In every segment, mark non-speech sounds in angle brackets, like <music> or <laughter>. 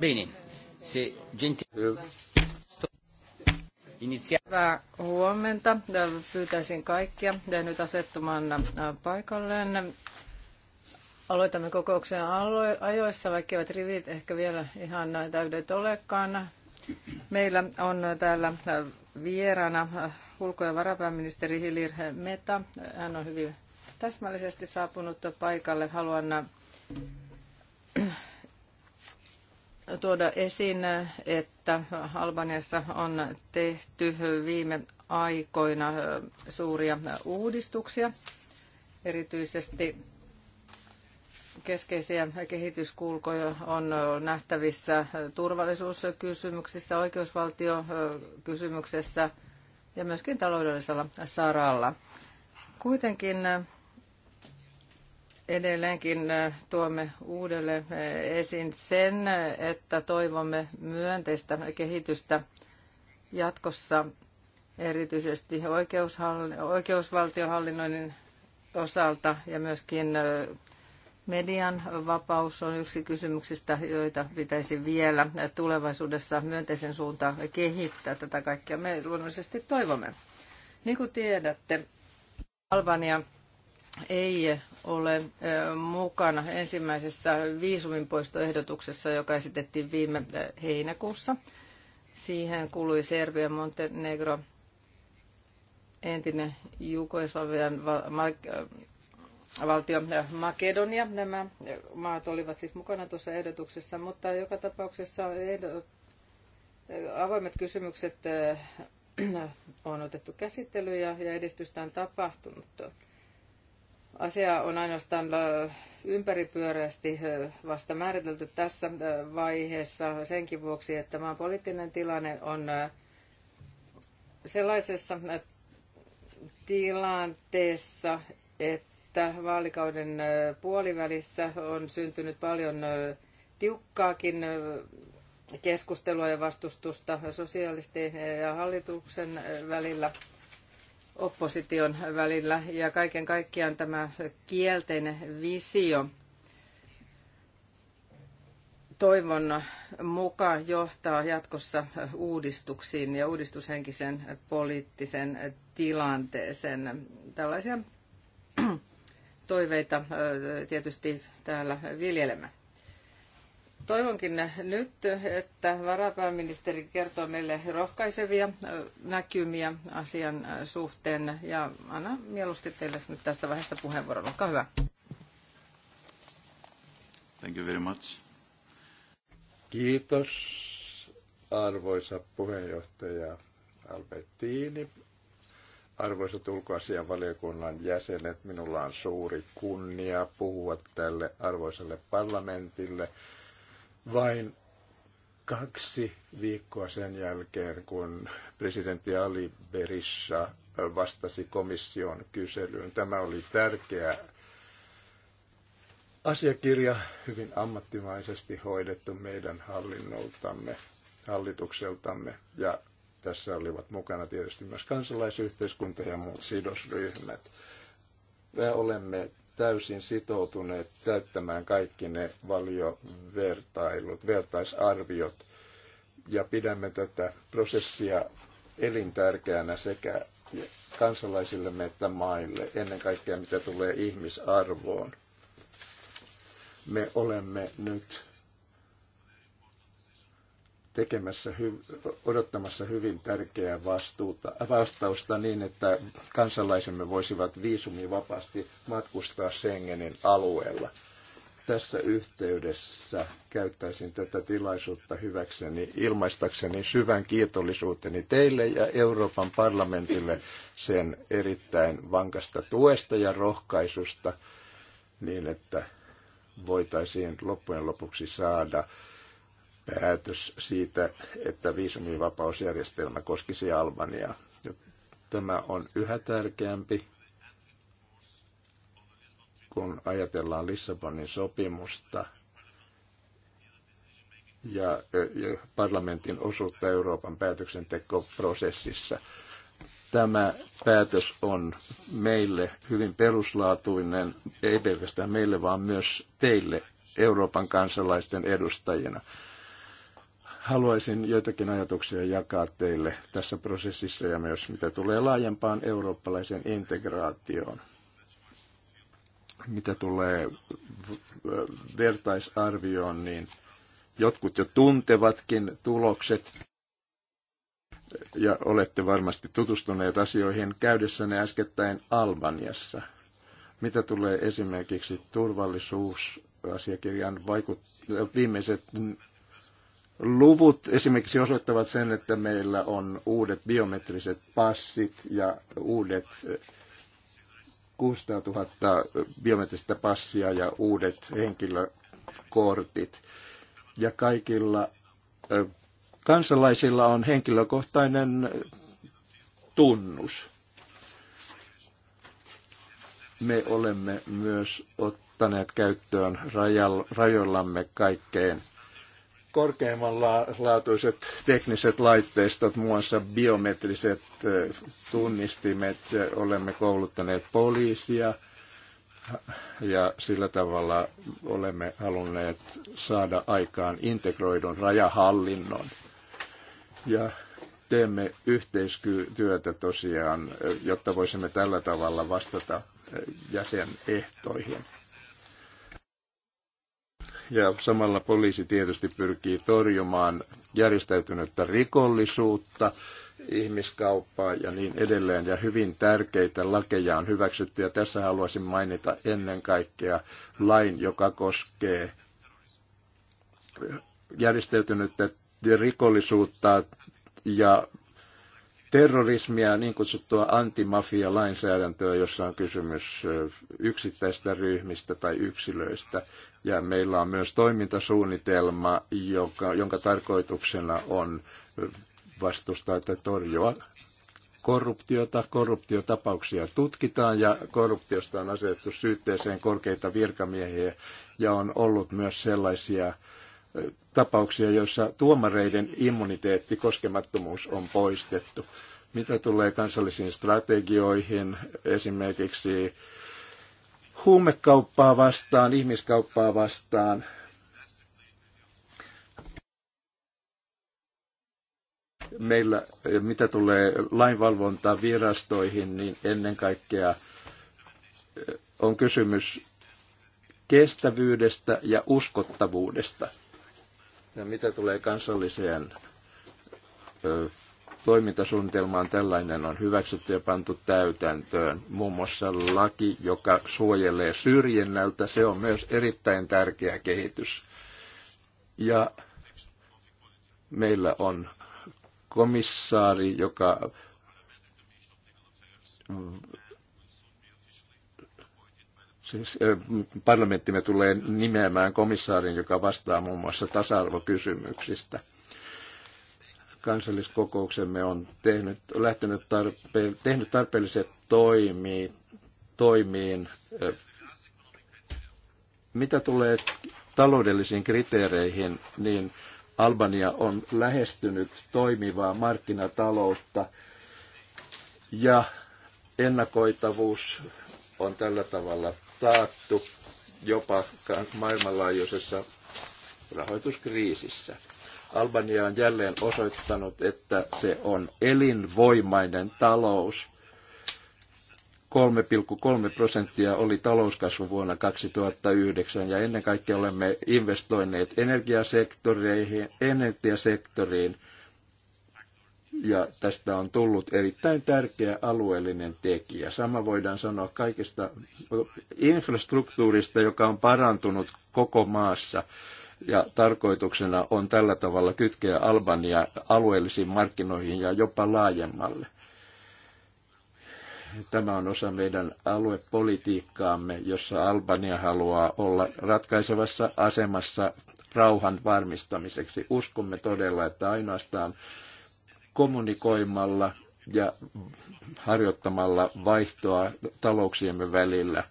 Bene, se gentile... Hyvää huomenta. Pyytäisin kaikkia nyt asettumaan äh, paikalleen. Aloitamme kokouksen ajoissa, vaikka eivät rivit ehkä vielä ihan täydet olekaan. Meillä on täällä äh, vieraana äh, ulko- ja varapääministeri Hilir Meta. Hän on hyvin täsmällisesti saapunut paikalle. Haluan tuoda esiin, että Albaniassa on tehty viime aikoina suuria uudistuksia, erityisesti keskeisiä kehityskulkoja on nähtävissä turvallisuuskysymyksissä, oikeusvaltiokysymyksessä ja myöskin taloudellisella saralla. Kuitenkin edelleenkin äh, tuomme uudelleen äh, esiin sen, että toivomme myönteistä kehitystä jatkossa erityisesti oikeusvaltiohallinnoinnin osalta ja myöskin äh, median vapaus on yksi kysymyksistä, joita pitäisi vielä tulevaisuudessa myönteisen suuntaan kehittää. Tätä kaikkea me luonnollisesti toivomme. Niin kuin tiedätte, Albania ei ole mukana ensimmäisessä viisuminpoistoehdotuksessa, joka esitettiin viime heinäkuussa. Siihen kuului Serbia, Montenegro, entinen Jugoslavian valtio Makedonia. Nämä maat olivat siis mukana tuossa ehdotuksessa, mutta joka tapauksessa ehdot, avoimet kysymykset on otettu käsittelyyn ja, ja edistystä on tapahtunut. Asia on ainoastaan äh, ympäripyöreästi äh, vasta määritelty tässä äh, vaiheessa senkin vuoksi, että maan poliittinen tilanne on sellaisessa tilanteessa, että vaalikauden puolivälissä on syntynyt paljon tiukkaakin keskustelua ja vastustusta sosiaalisten ja hallituksen välillä – opposition välillä. Ja kaiken kaikkiaan tämä kielten visio toivon mukaan johtaa jatkossa uudistuksiin ja uudistushenkisen poliittisen tilanteeseen. Tällaisia <clears throat> toiveita tietysti täällä viljelemme. Toivonkin nyt, että varapääministeri kertoo meille rohkaisevia näkymiä asian suhteen ja anna mieluusti teille nyt tässä vaiheessa puheenvuoron. Olkaa hyvä. Thank you very much. Kiitos arvoisa puheenjohtaja Albertini. Arvoisat ulkoasianvaliokunnan jäsenet, minulla on suuri kunnia puhua tälle arvoisalle parlamentille – vain kaksi viikkoa sen jälkeen, kun presidentti Ali Berisha vastasi komission kyselyyn. Tämä oli tärkeä asiakirja, hyvin ammattimaisesti hoidettu meidän hallinnoltamme, hallitukseltamme ja tässä olivat mukana tietysti myös kansalaisyhteiskunta ja muut sidosryhmät. Me olemme täysin sitoutuneet täyttämään kaikki ne valiovertailut, vertaisarviot. Ja pidämme tätä prosessia elintärkeänä sekä kansalaisillemme että maille, ennen kaikkea mitä tulee ihmisarvoon. Me olemme nyt tekemässä, odottamassa hyvin tärkeää vastuuta, vastausta niin, että kansalaisemme voisivat viisumivapaasti matkustaa Schengenin alueella. Tässä yhteydessä käyttäisin tätä tilaisuutta hyväkseni ilmaistakseni syvän kiitollisuuteni teille ja Euroopan parlamentille sen erittäin vankasta tuesta ja rohkaisusta niin, että voitaisiin loppujen lopuksi saada päätös siitä, että viisumivapausjärjestelmä koskisi Albaniaa. Tämä on yhä tärkeämpi, kun ajatellaan Lissabonin sopimusta ja parlamentin osuutta Euroopan päätöksentekoprosessissa. Tämä päätös on meille hyvin peruslaatuinen, ei pelkästään meille, vaan myös teille Euroopan kansalaisten edustajina haluaisin joitakin ajatuksia jakaa teille tässä prosessissa ja myös mitä tulee laajempaan eurooppalaiseen integraatioon. Mitä tulee äh, vertaisarvioon, niin jotkut jo tuntevatkin tulokset ja olette varmasti tutustuneet asioihin käydessänne äskettäin Albaniassa. Mitä tulee esimerkiksi turvallisuusasiakirjan vaikut- viimeiset Luvut esimerkiksi osoittavat sen, että meillä on uudet biometriset passit ja uudet 600 eh, 000 biometristä passia ja uudet henkilökortit. Ja kaikilla eh, kansalaisilla on henkilökohtainen eh, tunnus. Me olemme myös ottaneet käyttöön rajoillamme kaikkein korkeimmanlaatuiset tekniset laitteistot, muun muassa biometriset tunnistimet, olemme kouluttaneet poliisia ja sillä tavalla olemme halunneet saada aikaan integroidun rajahallinnon. Ja teemme yhteistyötä tosiaan, jotta voisimme tällä tavalla vastata jäsenehtoihin ja samalla poliisi tietysti pyrkii torjumaan järjestäytynyttä rikollisuutta, ihmiskauppaa ja niin edelleen. Ja hyvin tärkeitä lakeja on hyväksytty ja tässä haluaisin mainita ennen kaikkea lain, joka koskee järjestäytynyttä rikollisuutta ja terrorismia, niin kutsuttua antimafia-lainsäädäntöä, jossa on kysymys yksittäistä ryhmistä tai yksilöistä. Ja meillä on myös toimintasuunnitelma, joka, jonka tarkoituksena on vastustaa tai torjua korruptiota. Korruptiotapauksia tutkitaan ja korruptiosta on asetettu syytteeseen korkeita virkamiehiä ja on ollut myös sellaisia tapauksia, joissa tuomareiden immuniteetti, koskemattomuus on poistettu. Mitä tulee kansallisiin strategioihin, esimerkiksi huumekauppaa vastaan, ihmiskauppaa vastaan. Meillä, mitä tulee lainvalvontaa virastoihin, niin ennen kaikkea eh, on kysymys kestävyydestä ja uskottavuudesta. Ja mitä tulee kansalliseen eh, on tällainen on hyväksytty ja pantu täytäntöön. Muun muassa laki, joka suojelee syrjinnältä, se on myös erittäin tärkeä kehitys. Ja meillä on komissaari, joka siis parlamenttimme tulee nimeämään komissaarin, joka vastaa muun muassa tasa-arvokysymyksistä kansalliskokouksemme on tehnyt, lähtenyt tarpe, tehnyt tarpeelliset toimii, toimiin. Mitä tulee taloudellisiin kriteereihin, niin Albania on lähestynyt toimivaa markkinataloutta ja ennakoitavuus on tällä tavalla taattu jopa maailmanlaajuisessa rahoituskriisissä. Albania on jälleen osoittanut, että se on elinvoimainen talous. 3,3 prosenttia oli talouskasvu vuonna 2009 ja ennen kaikkea olemme investoineet energiasektoreihin, energiasektoriin ja tästä on tullut erittäin tärkeä alueellinen tekijä. Sama voidaan sanoa kaikista infrastruktuurista, joka on parantunut koko maassa ja tarkoituksena on tällä tavalla kytkeä Albania alueellisiin markkinoihin ja jopa laajemmalle. Tämä on osa meidän aluepolitiikkaamme, jossa Albania haluaa olla ratkaisevassa asemassa rauhan varmistamiseksi. Uskomme todella, että ainoastaan kommunikoimalla ja harjoittamalla vaihtoa talouksiemme välillä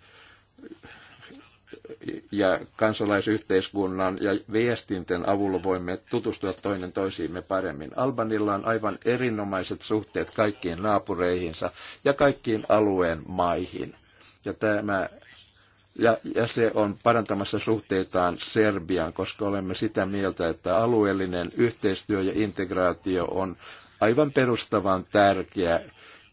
ja kansalaisyhteiskunnan ja viestinten avulla voimme tutustua toinen toisiimme paremmin. Albanilla on aivan erinomaiset suhteet kaikkiin naapureihinsa ja kaikkiin alueen maihin. Ja, tämä, ja, ja se on parantamassa suhteitaan Serbiaan, koska olemme sitä mieltä, että alueellinen yhteistyö ja integraatio on aivan perustavan tärkeä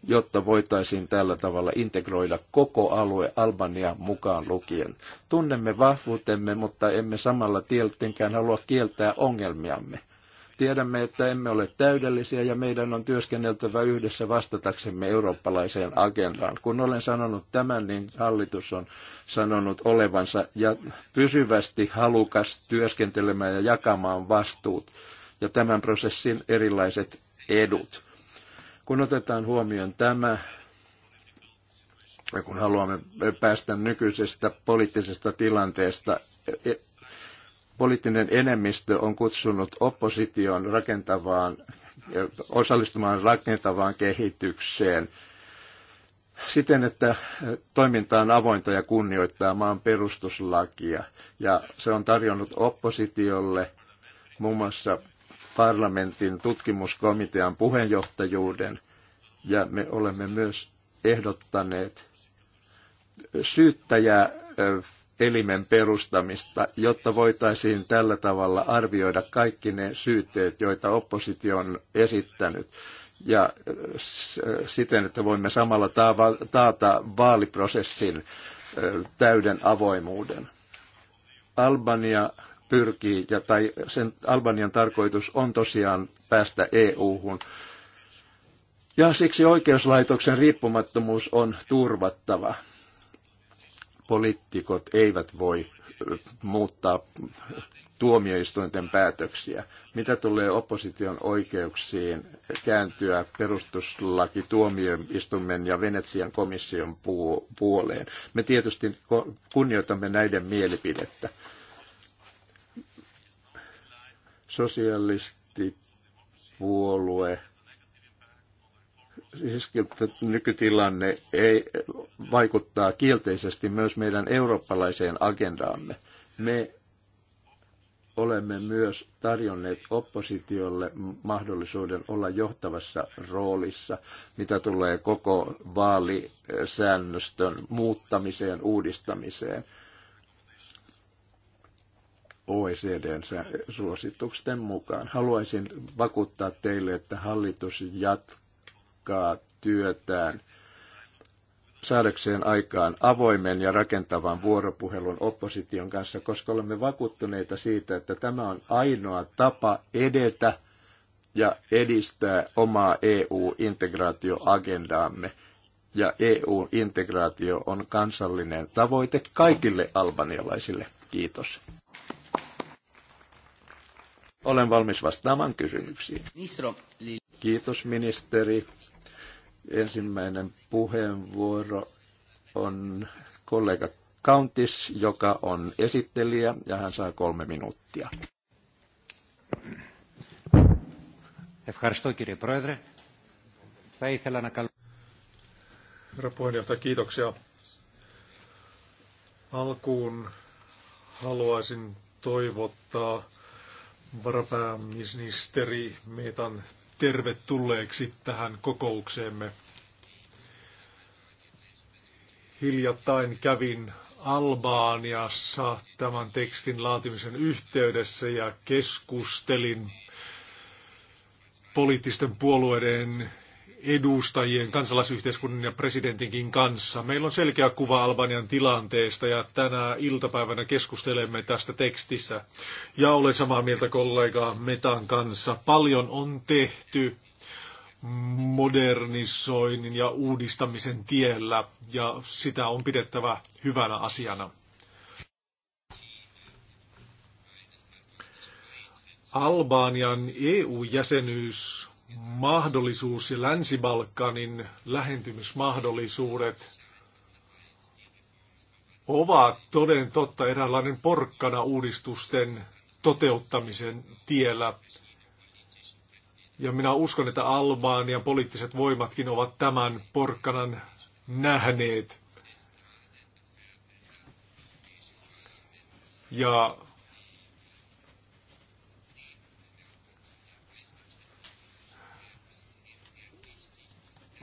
jotta voitaisiin tällä tavalla integroida koko alue Albania mukaan lukien. Tunnemme vahvuutemme, mutta emme samalla tietenkään halua kieltää ongelmiamme. Tiedämme, että emme ole täydellisiä ja meidän on työskenneltävä yhdessä vastataksemme eurooppalaiseen agendaan. Kun olen sanonut tämän, niin hallitus on sanonut olevansa ja pysyvästi halukas työskentelemään ja jakamaan vastuut ja tämän prosessin erilaiset edut. Kun otetaan huomioon tämä, ja kun haluamme päästä nykyisestä poliittisesta tilanteesta, e, e, poliittinen enemmistö on kutsunut opposition rakentavaan, osallistumaan rakentavaan kehitykseen siten, että toiminta on avointa ja kunnioittaa maan perustuslakia. Ja se on tarjonnut oppositiolle muun muassa parlamentin tutkimuskomitean puheenjohtajuuden ja me olemme myös ehdottaneet syyttäjä elimen perustamista, jotta voitaisiin tällä tavalla arvioida kaikki ne syytteet, joita oppositio on esittänyt. Ja siten, että voimme samalla taata vaaliprosessin täyden avoimuuden. Albania pyrkii, ja, tai sen Albanian tarkoitus on tosiaan päästä EU-hun. Ja siksi oikeuslaitoksen riippumattomuus on turvattava. Poliitikot eivät voi muuttaa tuomioistuinten päätöksiä. Mitä tulee opposition oikeuksiin kääntyä perustuslaki tuomioistuimen ja Venetsian komission puoleen? Me tietysti kunnioitamme näiden mielipidettä sosialistipuolue siis nykytilanne ei, vaikuttaa kielteisesti myös meidän eurooppalaiseen agendaamme. Me olemme myös tarjonneet oppositiolle mahdollisuuden olla johtavassa roolissa, mitä tulee koko vaalisäännöstön muuttamiseen, uudistamiseen – OECDn suositusten mukaan. Haluaisin vakuuttaa teille, että hallitus jatkaa työtään saadakseen aikaan avoimen ja rakentavan vuoropuhelun opposition kanssa, koska olemme vakuuttuneita siitä, että tämä on ainoa tapa edetä ja edistää omaa EU-integraatioagendaamme. Ja EU-integraatio on kansallinen tavoite kaikille albanialaisille. Kiitos. Olen valmis vastaamaan kysymyksiin. Kiitos ministeri. Ensimmäinen puheenvuoro on kollega Countis, joka on esittelijä, ja hän saa kolme minuuttia. Herra puheenjohtaja, kiitoksia. Alkuun haluaisin toivottaa varapääministeri Meetan tervetulleeksi tähän kokoukseemme. Hiljattain kävin Albaaniassa tämän tekstin laatimisen yhteydessä ja keskustelin poliittisten puolueiden edustajien, kansalaisyhteiskunnan ja presidentinkin kanssa. Meillä on selkeä kuva Albanian tilanteesta ja tänä iltapäivänä keskustelemme tästä tekstissä. Ja olen samaa mieltä kollega Metan kanssa. Paljon on tehty modernisoinnin ja uudistamisen tiellä ja sitä on pidettävä hyvänä asiana. Albanian EU-jäsenyys mahdollisuus ja Länsi-Balkanin lähentymismahdollisuudet ovat toden totta eräänlainen porkkana uudistusten toteuttamisen tiellä. Ja minä uskon, että Albanian poliittiset voimatkin ovat tämän porkkanan nähneet. Ja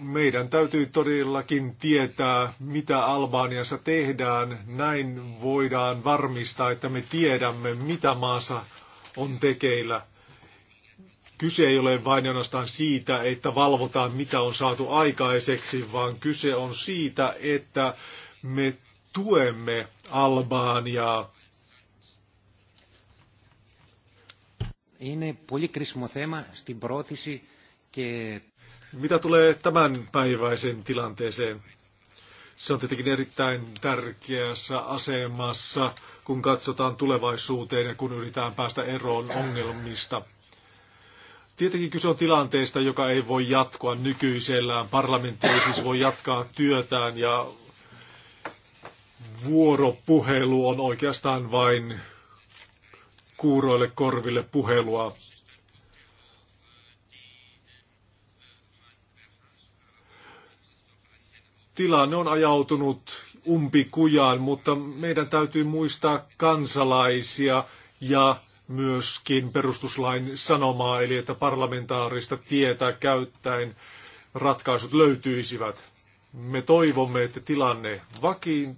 meidän täytyy todellakin tietää, mitä Albaniassa tehdään. Näin voidaan varmistaa, että me tiedämme, mitä maassa on tekeillä. Kyse ei ole vain ainoastaan siitä, että valvotaan, mitä on saatu aikaiseksi, vaan kyse on siitä, että me tuemme Albaniaa. Είναι πολύ κρίσιμο θέμα στην πρόθεση και mitä tulee tämän päiväisen tilanteeseen? Se on tietenkin erittäin tärkeässä asemassa, kun katsotaan tulevaisuuteen ja kun yritetään päästä eroon ongelmista. Tietenkin kyse on tilanteesta, joka ei voi jatkua nykyisellään. Parlamentti ei siis voi jatkaa työtään ja vuoropuhelu on oikeastaan vain kuuroille korville puhelua. tilanne on ajautunut umpikujaan, mutta meidän täytyy muistaa kansalaisia ja myöskin perustuslain sanomaa, eli että parlamentaarista tietä käyttäen ratkaisut löytyisivät. Me toivomme, että tilanne vakiin,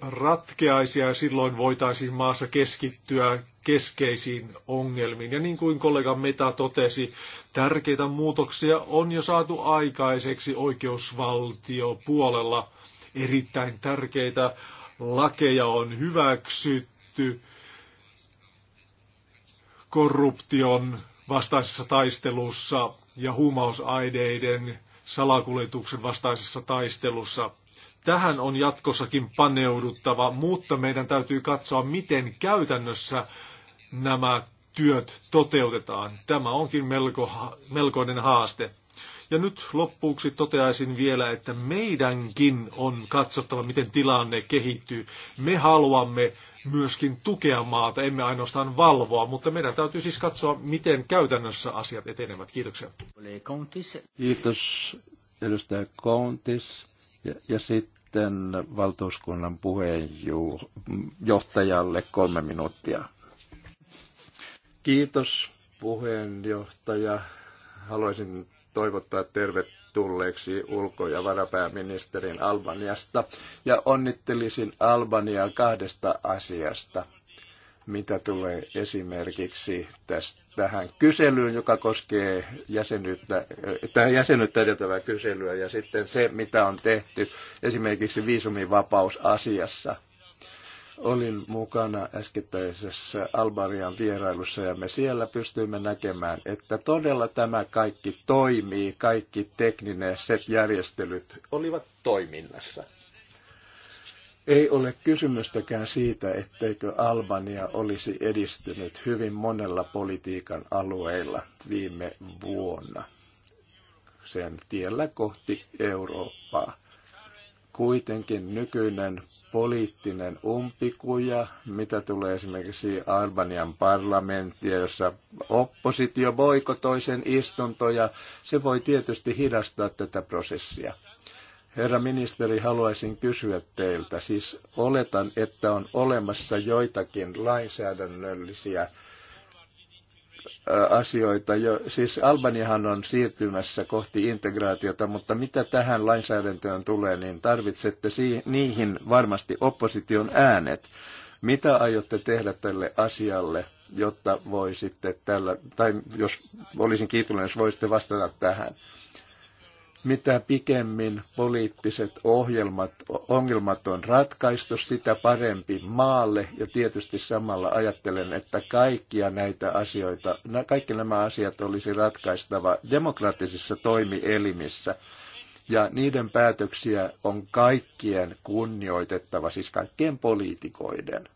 ratkeaisi ja silloin voitaisiin maassa keskittyä keskeisiin ongelmiin. Ja niin kuin kollega Meta totesi, tärkeitä muutoksia on jo saatu aikaiseksi oikeusvaltio puolella Erittäin tärkeitä lakeja on hyväksytty korruption vastaisessa taistelussa ja huumausaineiden salakuljetuksen vastaisessa taistelussa. Tähän on jatkossakin paneuduttava, mutta meidän täytyy katsoa, miten käytännössä nämä työt toteutetaan. Tämä onkin melko, melkoinen haaste. Ja nyt loppuksi toteaisin vielä, että meidänkin on katsottava, miten tilanne kehittyy. Me haluamme myöskin tukea maata, emme ainoastaan valvoa, mutta meidän täytyy siis katsoa, miten käytännössä asiat etenevät. Kiitoksia. Kiitos edustaja Kontis. Ja, ja sitten valtuuskunnan puheenjohtajalle kolme minuuttia. Kiitos puheenjohtaja. Haluaisin toivottaa tervetulleeksi ulko- ja varapääministerin Albaniasta ja onnittelisin Albaniaa kahdesta asiasta – mitä tulee esimerkiksi tästä, tähän kyselyyn, joka koskee jäsenyyttä, tähän jäsenyyttä edeltävää kyselyä ja sitten se, mitä on tehty esimerkiksi viisumivapausasiassa. Olin mukana äskettäisessä Albanian vierailussa ja me siellä pystyimme näkemään, että todella tämä kaikki toimii, kaikki tekniset järjestelyt olivat toiminnassa. Ei ole kysymystäkään siitä, etteikö Albania olisi edistynyt hyvin monella politiikan alueella viime vuonna sen tiellä kohti Eurooppaa. Kuitenkin nykyinen poliittinen umpikuja, mitä tulee esimerkiksi Albanian parlamenttia, jossa oppositio boikotoi sen istuntoja, se voi tietysti hidastaa tätä prosessia. Herra ministeri, haluaisin kysyä teiltä. Siis oletan, että on olemassa joitakin lainsäädännöllisiä asioita. Jo, siis Albaniahan on siirtymässä kohti integraatiota, mutta mitä tähän lainsäädäntöön tulee, niin tarvitsette niihin varmasti opposition äänet. Mitä aiotte tehdä tälle asialle, jotta voisitte tällä, tai jos olisin kiitollinen, jos voisitte vastata tähän mitä pikemmin poliittiset ohjelmat, ongelmat on ratkaistu, sitä parempi maalle. Ja tietysti samalla ajattelen, että kaikkia näitä asioita, kaikki nämä asiat olisi ratkaistava demokraattisissa toimielimissä. Ja niiden päätöksiä on kaikkien kunnioitettava, siis kaikkien poliitikoiden.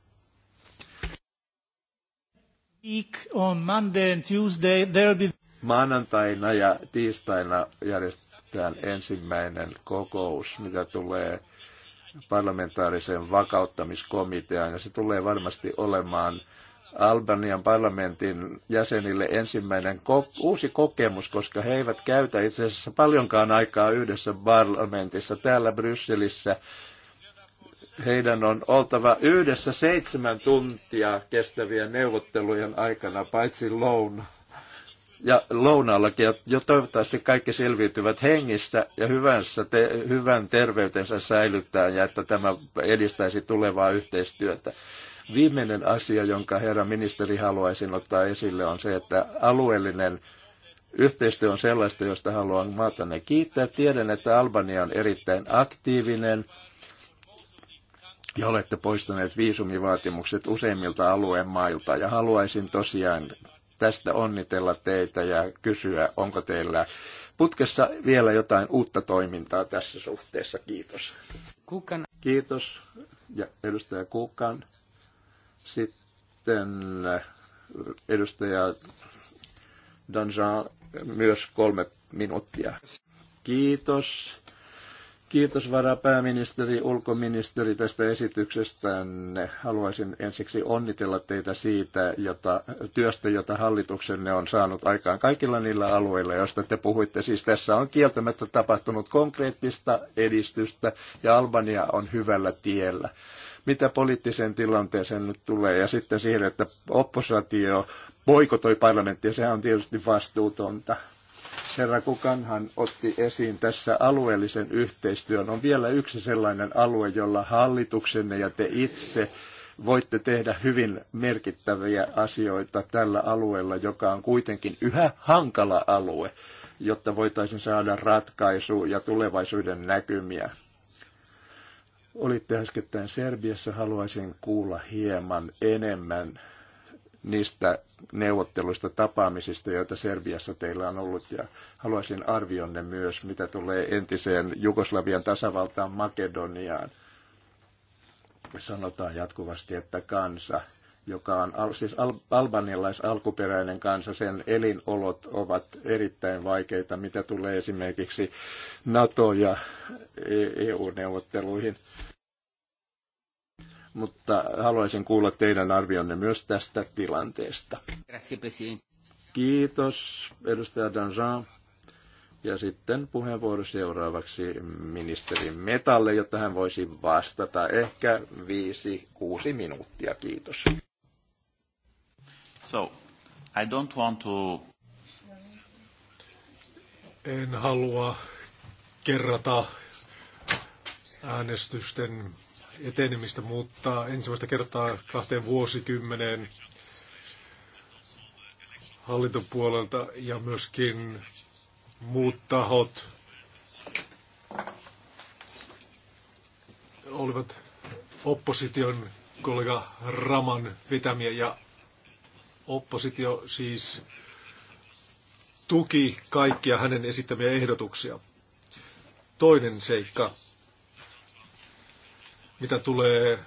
Maanantaina ja tiistaina järjestetään järjestetään ensimmäinen kokous, mitä tulee parlamentaarisen vakauttamiskomiteaan, ja se tulee varmasti olemaan Albanian parlamentin jäsenille ensimmäinen ko- uusi kokemus, koska he eivät käytä itse asiassa paljonkaan aikaa yhdessä parlamentissa täällä Brysselissä. Heidän on oltava yhdessä seitsemän tuntia kestävien neuvottelujen aikana, paitsi lounaa ja lounaallakin, ja toivottavasti kaikki selviytyvät hengistä ja hyvänsä te, hyvän terveytensä säilyttää ja että tämä edistäisi tulevaa yhteistyötä. Viimeinen asia, jonka herra ministeri haluaisin ottaa esille, on se, että alueellinen yhteistyö on sellaista, josta haluan maatanne kiittää. Tiedän, että Albania on erittäin aktiivinen ja olette poistaneet viisumivaatimukset useimmilta alueen mailta. Ja haluaisin tosiaan tästä onnitella teitä ja kysyä, onko teillä putkessa vielä jotain uutta toimintaa tässä suhteessa. Kiitos. Kukan. Kiitos. Ja edustaja Kukan. Sitten eh, edustaja Danjean myös kolme minuuttia. Kiitos. Kiitos varapääministeri, ulkoministeri tästä esityksestä Haluaisin ensiksi onnitella teitä siitä jota, työstä, jota hallituksenne on saanut aikaan kaikilla niillä alueilla, joista te puhuitte. Siis tässä on kieltämättä tapahtunut konkreettista edistystä ja Albania on hyvällä tiellä. Mitä poliittiseen tilanteeseen nyt tulee ja sitten siihen, että oppositio boikotoi parlamenttia, sehän on tietysti vastuutonta herra Kukanhan otti esiin tässä alueellisen yhteistyön. On vielä yksi sellainen alue, jolla hallituksenne ja te itse voitte tehdä hyvin merkittäviä asioita tällä alueella, joka on kuitenkin yhä hankala alue, jotta voitaisiin saada ratkaisu ja tulevaisuuden näkymiä. Olitte äskettäin Serbiassa, haluaisin kuulla hieman enemmän niistä neuvotteluista, tapaamisista, joita Serbiassa teillä on ollut. Ja haluaisin arvionne myös, mitä tulee entiseen Jugoslavian tasavaltaan Makedoniaan. Sanotaan jatkuvasti, että kansa, joka on al- siis al- albanialais-alkuperäinen kansa, sen elinolot ovat erittäin vaikeita, mitä tulee esimerkiksi NATO- ja EU-neuvotteluihin. E mutta haluaisin kuulla teidän arvionne myös tästä tilanteesta. Kiitos, edustaja Danjean. Ja sitten puheenvuoro seuraavaksi ministeri Metalle, jotta hän voisi vastata ehkä viisi, kuusi minuuttia. Kiitos. So, I don't want to... En halua kerrata äänestysten etenemistä, mutta ensimmäistä kertaa kahteen vuosikymmeneen hallintopuolelta ja myöskin muut tahot olivat opposition kollega Raman vetämiä ja oppositio siis tuki kaikkia hänen esittämiä ehdotuksia. Toinen seikka mitä tulee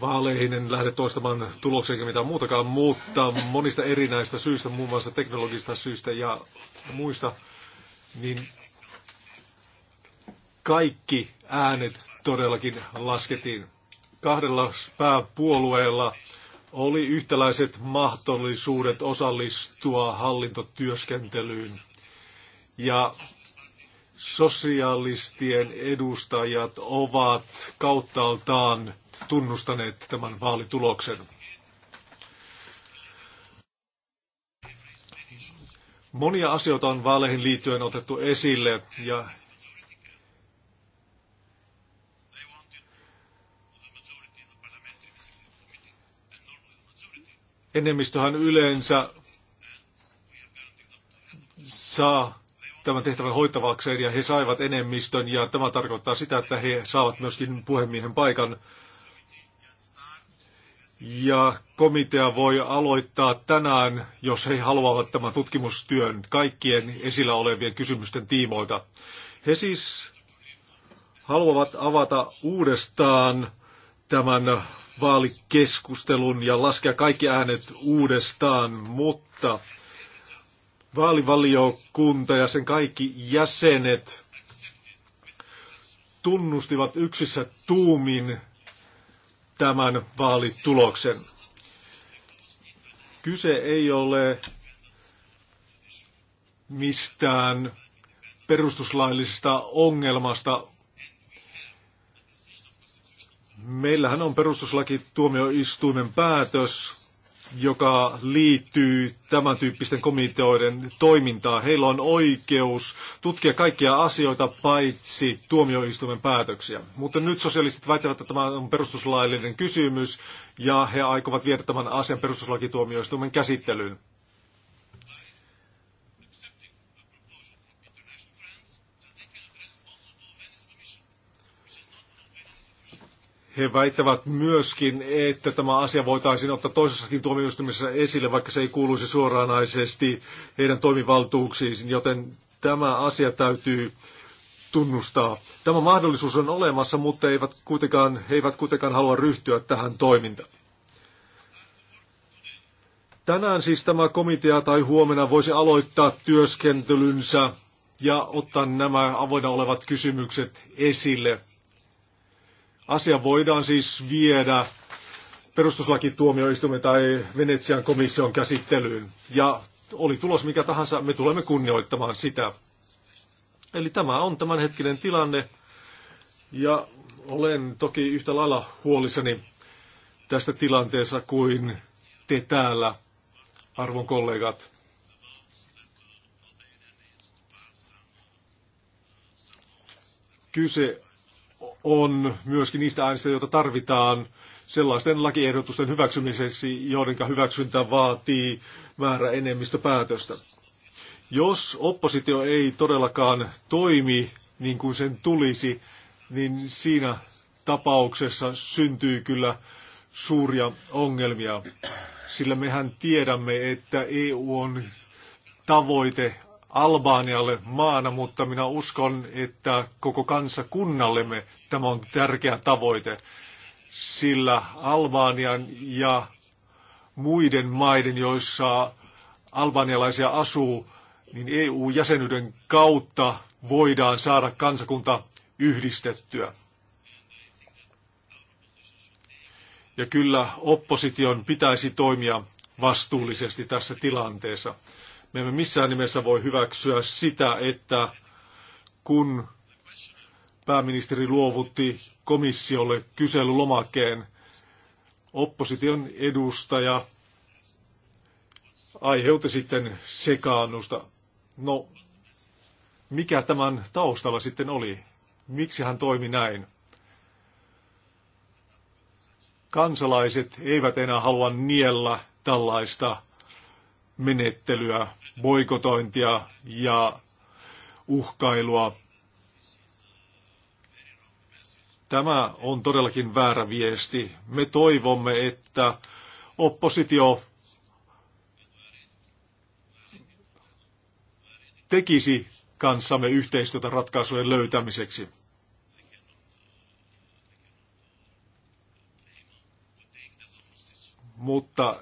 vaaleihin, en lähde toistamaan tuloksia eikä mitään muutakaan, mutta monista erinäistä syistä, muun muassa teknologista syistä ja muista, niin kaikki äänet todellakin laskettiin. Kahdella pääpuolueella oli yhtäläiset mahdollisuudet osallistua hallintotyöskentelyyn. Ja sosialistien edustajat ovat kauttaaltaan tunnustaneet tämän vaalituloksen. Monia asioita on vaaleihin liittyen otettu esille ja enemmistöhän yleensä saa tämän tehtävän hoitavakseen ja he saivat enemmistön ja tämä tarkoittaa sitä, että he saavat myöskin puhemiehen paikan. Ja komitea voi aloittaa tänään, jos he haluavat tämän tutkimustyön kaikkien esillä olevien kysymysten tiimoilta. He siis haluavat avata uudestaan tämän vaalikeskustelun ja laskea kaikki äänet uudestaan, mutta vaalivaliokunta ja sen kaikki jäsenet tunnustivat yksissä tuumin tämän vaalituloksen. Kyse ei ole mistään perustuslaillisesta ongelmasta. Meillähän on perustuslaki tuomioistuimen päätös joka liittyy tämän tyyppisten komiteoiden toimintaan. Heillä on oikeus tutkia kaikkia asioita paitsi tuomioistuimen päätöksiä. Mutta nyt sosialistit väittävät, että tämä on perustuslaillinen kysymys ja he aikovat viedä tämän asian perustuslakituomioistuimen käsittelyyn. He väittävät myöskin, että tämä asia voitaisiin ottaa toisessakin tuomioistumisessa esille, vaikka se ei kuuluisi suoranaisesti heidän toimivaltuuksiin, joten tämä asia täytyy tunnustaa. Tämä mahdollisuus on olemassa, mutta eivät kuitenkaan, he eivät kuitenkaan halua ryhtyä tähän toimintaan. Tänään siis tämä komitea tai huomenna voisi aloittaa työskentelynsä ja ottaa nämä avoinna olevat kysymykset esille. Asia voidaan siis viedä perustuslakituomioistuimen tai Venetsian komission käsittelyyn. Ja oli tulos mikä tahansa, me tulemme kunnioittamaan sitä. Eli tämä on tämänhetkinen tilanne. Ja olen toki yhtä lailla huolissani tästä tilanteessa kuin te täällä, arvon kollegat. Kyse on myöskin niistä äänistä, joita tarvitaan sellaisten lakiehdotusten hyväksymiseksi, joiden hyväksyntä vaatii määräenemmistöpäätöstä. Jos oppositio ei todellakaan toimi niin kuin sen tulisi, niin siinä tapauksessa syntyy kyllä suuria ongelmia, sillä mehän tiedämme, että EU on tavoite Albaanialle maana, mutta minä uskon, että koko kansakunnallemme tämä on tärkeä tavoite, sillä Albaanian ja muiden maiden, joissa albanialaisia asuu, niin EU-jäsenyyden kautta voidaan saada kansakunta yhdistettyä. Ja kyllä opposition pitäisi toimia vastuullisesti tässä tilanteessa. Me emme missään nimessä voi hyväksyä sitä, että kun pääministeri luovutti komissiolle kyselylomakeen, opposition edustaja aiheutti sitten sekaannusta. No, mikä tämän taustalla sitten oli? Miksi hän toimi näin? Kansalaiset eivät enää halua niellä tällaista menettelyä, boikotointia ja uhkailua. Tämä on todellakin väärä viesti. Me toivomme, että oppositio tekisi kanssamme yhteistyötä ratkaisujen löytämiseksi. Mutta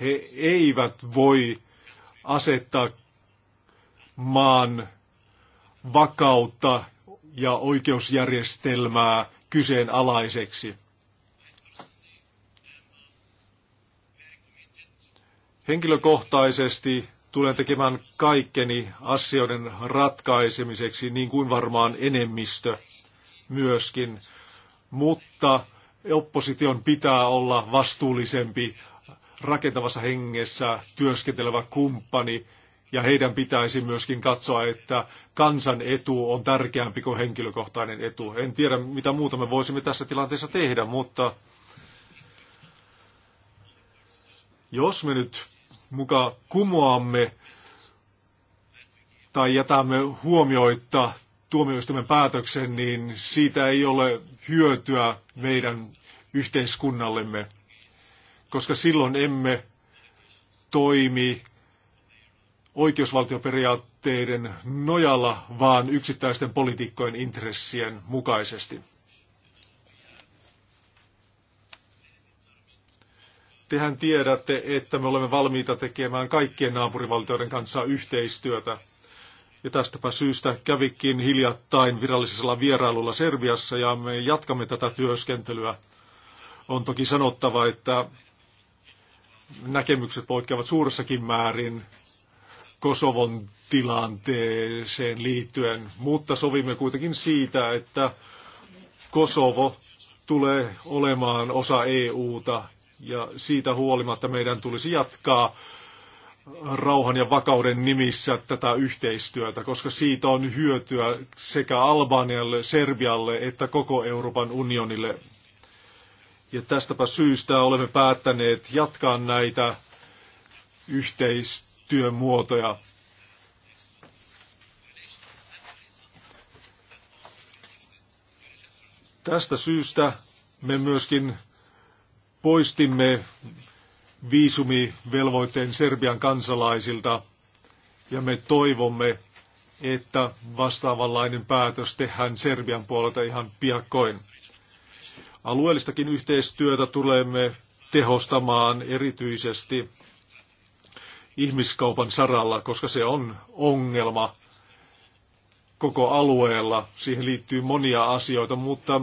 he eivät voi asettaa maan vakautta ja oikeusjärjestelmää kyseenalaiseksi. Henkilökohtaisesti tulen tekemään kaikkeni asioiden ratkaisemiseksi, niin kuin varmaan enemmistö myöskin, mutta opposition pitää olla vastuullisempi rakentavassa hengessä työskentelevä kumppani, ja heidän pitäisi myöskin katsoa, että kansan etu on tärkeämpi kuin henkilökohtainen etu. En tiedä, mitä muuta me voisimme tässä tilanteessa tehdä, mutta jos me nyt muka kumoamme tai jätämme huomioitta tuomioistuimen päätöksen, niin siitä ei ole hyötyä meidän yhteiskunnallemme koska silloin emme toimi oikeusvaltioperiaatteiden nojalla, vaan yksittäisten poliitikkojen intressien mukaisesti. Tehän tiedätte, että me olemme valmiita tekemään kaikkien naapurivaltioiden kanssa yhteistyötä. Ja tästäpä syystä kävikin hiljattain virallisella vierailulla Serbiassa ja me jatkamme tätä työskentelyä. On toki sanottava, että näkemykset poikkeavat suuressakin määrin Kosovon tilanteeseen liittyen, mutta sovimme kuitenkin siitä, että Kosovo tulee olemaan osa EUta ja siitä huolimatta meidän tulisi jatkaa rauhan ja vakauden nimissä tätä yhteistyötä, koska siitä on hyötyä sekä Albanialle, Serbialle että koko Euroopan unionille ja tästäpä syystä olemme päättäneet jatkaa näitä yhteistyömuotoja. Tästä syystä me myöskin poistimme viisumivelvoitteen Serbian kansalaisilta ja me toivomme, että vastaavanlainen päätös tehdään Serbian puolelta ihan piakkoin. Alueellistakin yhteistyötä tulemme tehostamaan erityisesti ihmiskaupan saralla, koska se on ongelma koko alueella. Siihen liittyy monia asioita, mutta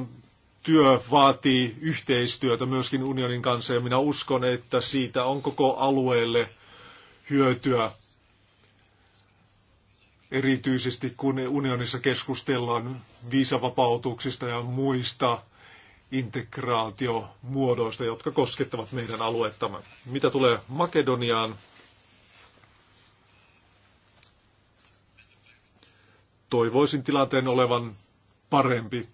työ vaatii yhteistyötä myöskin unionin kanssa ja minä uskon, että siitä on koko alueelle hyötyä. Erityisesti kun unionissa keskustellaan viisavapautuksista ja muista integraatiomuodoista, jotka koskettavat meidän aluettamme. Mitä tulee Makedoniaan, toivoisin tilanteen olevan parempi.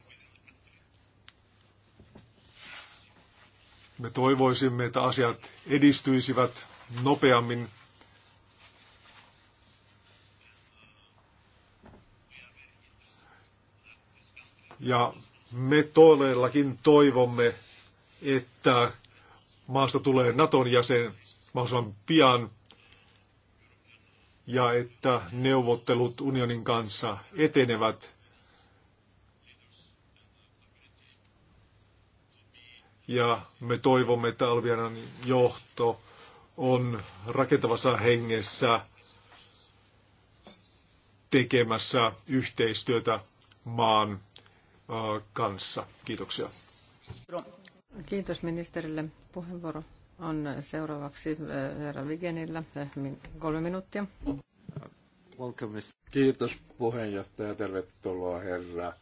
Me toivoisimme, että asiat edistyisivät nopeammin. Ja me todellakin toivomme, että maasta tulee Naton jäsen mahdollisimman pian ja että neuvottelut unionin kanssa etenevät. Ja me toivomme, että Alvianan johto on rakentavassa hengessä tekemässä yhteistyötä maan kanssa. Kiitoksia. Kiitos ministerille. Puheenvuoro on seuraavaksi herra Vigenillä. Kolme minuuttia. Kiitos puheenjohtaja. Tervetuloa herra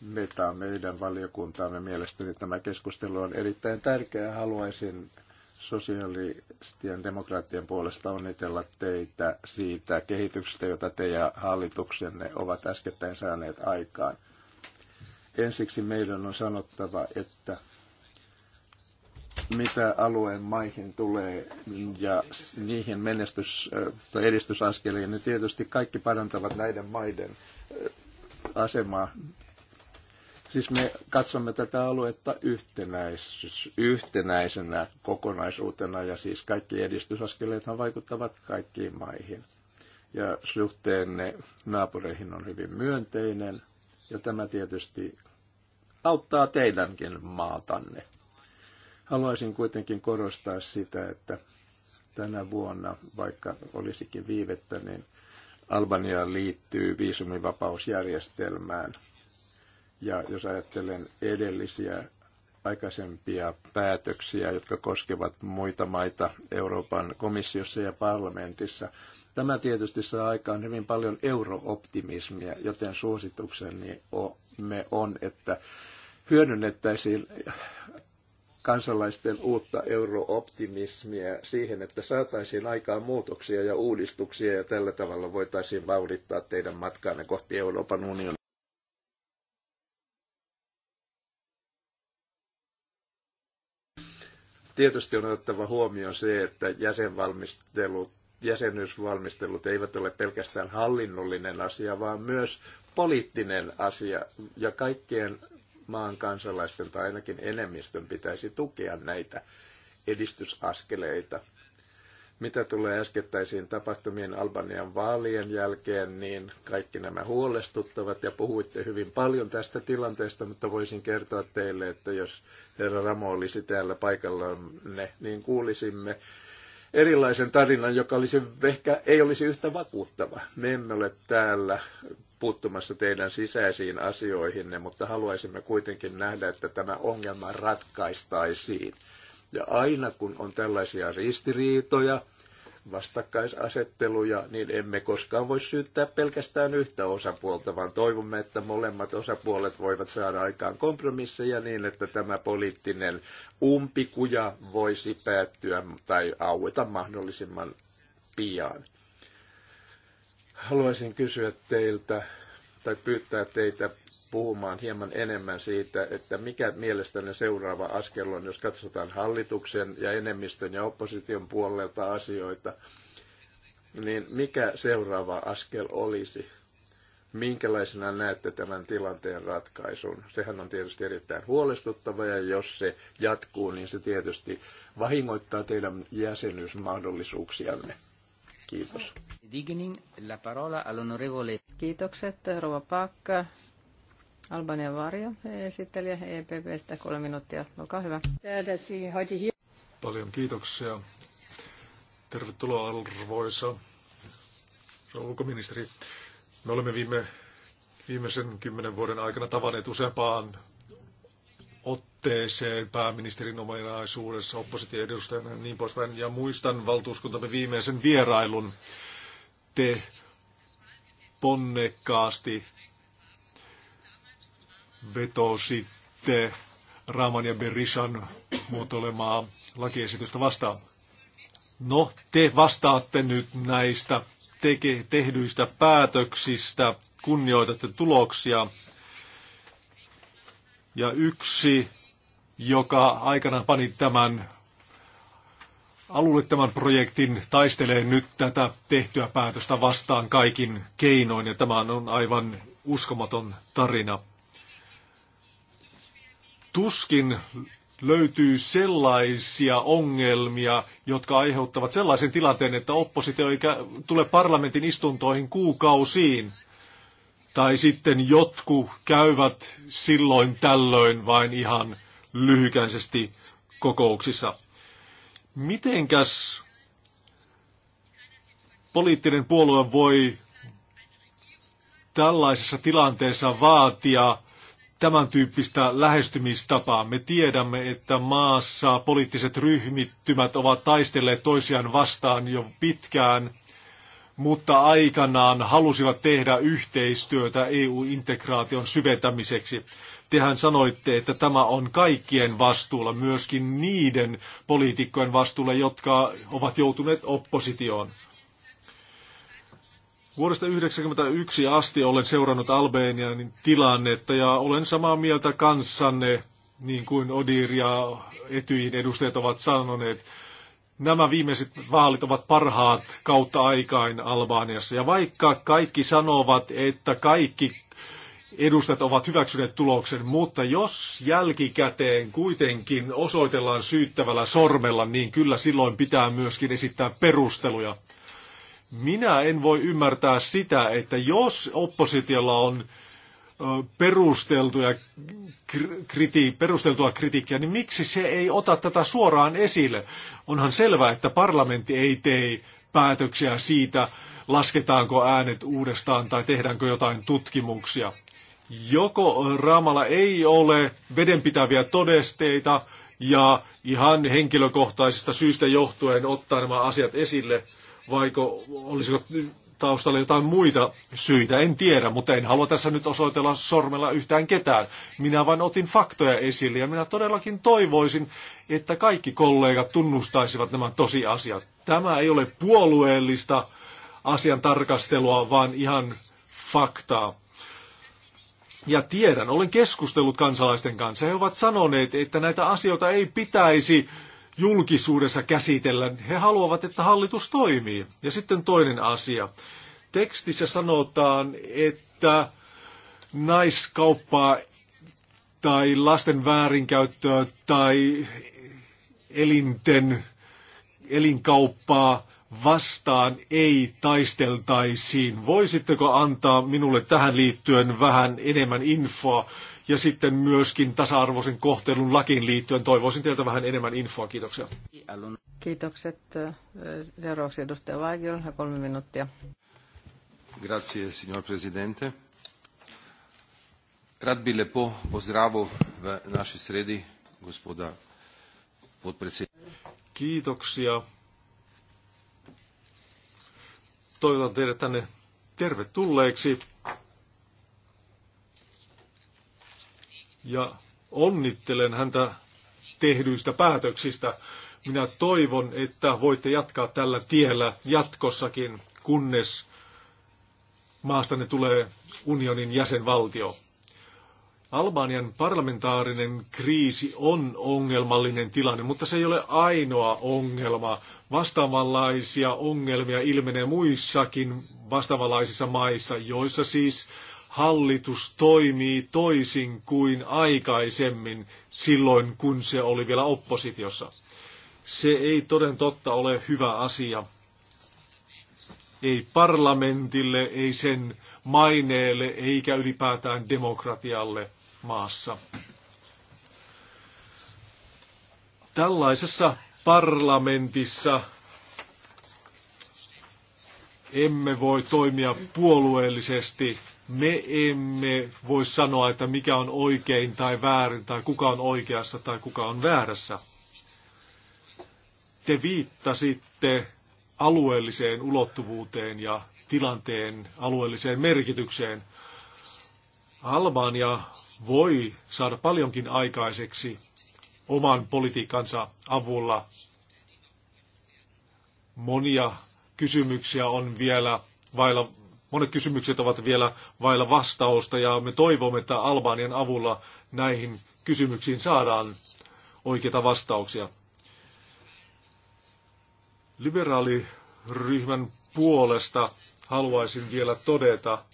Meta meidän valiokuntaamme. Mielestäni tämä keskustelu on erittäin tärkeää. Haluaisin sosialistien demokraattien puolesta onnitella teitä siitä kehityksestä, jota te ja hallituksenne ovat äskettäin saaneet aikaan. Ensiksi meidän on sanottava, että mitä alueen maihin tulee ja niihin menestys- tai edistysaskeliin, niin tietysti kaikki parantavat näiden maiden asemaa. Siis me katsomme tätä aluetta yhtenäis- yhtenäisenä kokonaisuutena ja siis kaikki edistysaskeleethan vaikuttavat kaikkiin maihin. Ja suhteenne naapureihin on hyvin myönteinen ja tämä tietysti auttaa teidänkin maatanne. Haluaisin kuitenkin korostaa sitä, että tänä vuonna, vaikka olisikin viivettä, niin Albania liittyy viisumivapausjärjestelmään. Ja jos ajattelen edellisiä aikaisempia päätöksiä, jotka koskevat muita maita Euroopan komissiossa ja parlamentissa, Tämä tietysti saa aikaan hyvin paljon eurooptimismia, joten suositukseni me on, että hyödynnettäisiin kansalaisten uutta eurooptimismia siihen, että saataisiin aikaan muutoksia ja uudistuksia ja tällä tavalla voitaisiin vauhdittaa teidän matkaanne kohti Euroopan unionia. Tietysti on otettava huomioon se, että jäsenvalmistelut, jäsenyysvalmistelut eivät ole pelkästään hallinnollinen asia, vaan myös poliittinen asia ja kaikkien maan kansalaisten tai ainakin enemmistön pitäisi tukea näitä edistysaskeleita. Mitä tulee äskettäisiin tapahtumien Albanian vaalien jälkeen, niin kaikki nämä huolestuttavat ja puhuitte hyvin paljon tästä tilanteesta, mutta voisin kertoa teille, että jos herra Ramo olisi täällä paikallanne, niin kuulisimme erilaisen tarinan, joka olisi ehkä ei olisi yhtä vakuuttava. Me emme ole täällä puuttumassa teidän sisäisiin asioihinne, mutta haluaisimme kuitenkin nähdä, että tämä ongelma ratkaistaisiin. Ja aina kun on tällaisia ristiriitoja, vastakkaisasetteluja, niin emme koskaan voi syyttää pelkästään yhtä osapuolta, vaan toivomme, että molemmat osapuolet voivat saada aikaan kompromisseja niin, että tämä poliittinen umpikuja voisi päättyä tai aueta mahdollisimman pian. Haluaisin kysyä teiltä tai pyytää teitä puhumaan hieman enemmän siitä, että mikä mielestäni seuraava askel on, jos katsotaan hallituksen ja enemmistön ja opposition puolelta asioita, niin mikä seuraava askel olisi? Minkälaisena näette tämän tilanteen ratkaisun? Sehän on tietysti erittäin huolestuttava ja jos se jatkuu, niin se tietysti vahingoittaa teidän jäsenyysmahdollisuuksianne. Kiitos. la parola all'onorevole. Kiitokset, Rova Pakka. Albanian varjo, esittelijä EPPstä, kolme minuuttia. Olkaa hyvä. Paljon kiitoksia. Tervetuloa arvoisa ulkoministeri. Me olemme viime, viimeisen kymmenen vuoden aikana tavanneet useampaan otteeseen pääministerin ominaisuudessa oppositioedustajana ja niin poispäin. Ja muistan valtuuskuntamme viimeisen vierailun. Te ponnekkaasti vetositte Raman ja Berishan muotoilemaa lakiesitystä vastaan. No, te vastaatte nyt näistä teke, tehdyistä päätöksistä, kunnioitatte tuloksia ja yksi, joka aikanaan pani tämän alulle tämän projektin, taistelee nyt tätä tehtyä päätöstä vastaan kaikin keinoin, ja tämä on aivan uskomaton tarina. Tuskin löytyy sellaisia ongelmia, jotka aiheuttavat sellaisen tilanteen, että oppositio ei tule parlamentin istuntoihin kuukausiin – tai sitten jotkut käyvät silloin tällöin vain ihan lyhykäisesti kokouksissa. Mitenkäs poliittinen puolue voi tällaisessa tilanteessa vaatia tämän tyyppistä lähestymistapaa. Me tiedämme, että maassa poliittiset ryhmittymät ovat taistelleet toisiaan vastaan jo pitkään – mutta aikanaan halusivat tehdä yhteistyötä EU-integraation syventämiseksi. Tehän sanoitte, että tämä on kaikkien vastuulla, myöskin niiden poliitikkojen vastuulla, jotka ovat joutuneet oppositioon. Vuodesta 1991 asti olen seurannut Albanian tilannetta ja olen samaa mieltä kanssanne, niin kuin Odir ja Etyin edustajat ovat sanoneet Nämä viimeiset vaalit ovat parhaat kautta aikain Albaniassa. Ja vaikka kaikki sanovat, että kaikki edustajat ovat hyväksyneet tuloksen, mutta jos jälkikäteen kuitenkin osoitellaan syyttävällä sormella, niin kyllä silloin pitää myöskin esittää perusteluja. Minä en voi ymmärtää sitä, että jos oppositiolla on perusteltuja, kriti, perusteltua kritiikkiä, niin miksi se ei ota tätä suoraan esille? Onhan selvää, että parlamentti ei tee päätöksiä siitä, lasketaanko äänet uudestaan tai tehdäänkö jotain tutkimuksia. Joko Raamalla ei ole vedenpitäviä todesteita ja ihan henkilökohtaisista syistä johtuen ottaa nämä asiat esille, vaiko olisiko taustalla jotain muita syitä, en tiedä, mutta en halua tässä nyt osoitella sormella yhtään ketään. Minä vain otin faktoja esille ja minä todellakin toivoisin, että kaikki kollegat tunnustaisivat nämä tosiasiat. Tämä ei ole puolueellista asian tarkastelua, vaan ihan faktaa. Ja tiedän, olen keskustellut kansalaisten kanssa. He ovat sanoneet, että näitä asioita ei pitäisi äh, julkisuudessa käsitellä. He haluavat, että hallitus toimii. Ja sitten toinen asia. Tekstissä sanotaan, että naiskauppaa tai lasten väärinkäyttöä tai elinten, elinkauppaa vastaan ei taisteltaisiin. Voisitteko antaa minulle tähän liittyen vähän enemmän infoa, ja sitten myöskin tasa-arvoisen kohtelun lakiin liittyen. Toivoisin teiltä vähän enemmän infoa. Kiitoksia. Kiitokset. Seuraavaksi edustaja Weigel, kolme minuuttia. Grazie, signor Presidente. Rad bi lepo pozdravil v naši sredi gospoda podpredsednika. Kiitoksia. Toivotan teidät tänne tervetulleeksi. ja onnittelen häntä tehdyistä päätöksistä. Minä toivon, että voitte jatkaa tällä tiellä jatkossakin, kunnes maastanne tulee unionin jäsenvaltio. Albanian parlamentaarinen kriisi on ongelmallinen tilanne, mutta se ei ole ainoa ongelma. Vastaavanlaisia ongelmia ilmenee muissakin vastaavanlaisissa maissa, joissa siis hallitus toimii toisin kuin aikaisemmin silloin, kun se oli vielä oppositiossa. Se ei toden totta ole hyvä asia. Ei parlamentille, ei sen maineelle, eikä ylipäätään demokratialle maassa. Tällaisessa parlamentissa emme voi toimia puolueellisesti me emme voi sanoa, että mikä on oikein tai väärin, tai kuka on oikeassa tai kuka on väärässä. Te viittasitte alueelliseen ulottuvuuteen ja tilanteen alueelliseen merkitykseen. Albania voi saada paljonkin aikaiseksi oman politiikkansa avulla. Monia kysymyksiä on vielä vailla Monet kysymykset ovat vielä vailla vastausta ja me toivomme, että Albanian avulla näihin kysymyksiin saadaan oikeita vastauksia. Liberaaliryhmän puolesta haluaisin vielä todeta,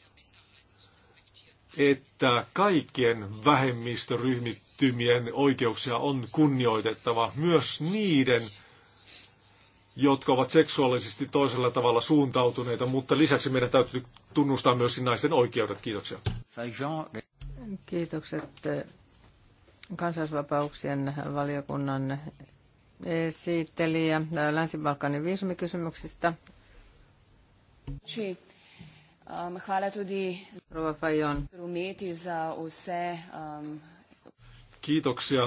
että kaikkien vähemmistöryhmittymien oikeuksia on kunnioitettava, myös niiden jotka ovat seksuaalisesti toisella tavalla suuntautuneita, mutta lisäksi meidän täytyy tunnustaa myöskin naisten oikeudet. Kiitoksia. Kiitokset eh, kansallisvapauksien valiokunnan esittelijä Länsi-Balkanin viisumikysymyksistä. Eh, eh, Kiitoksia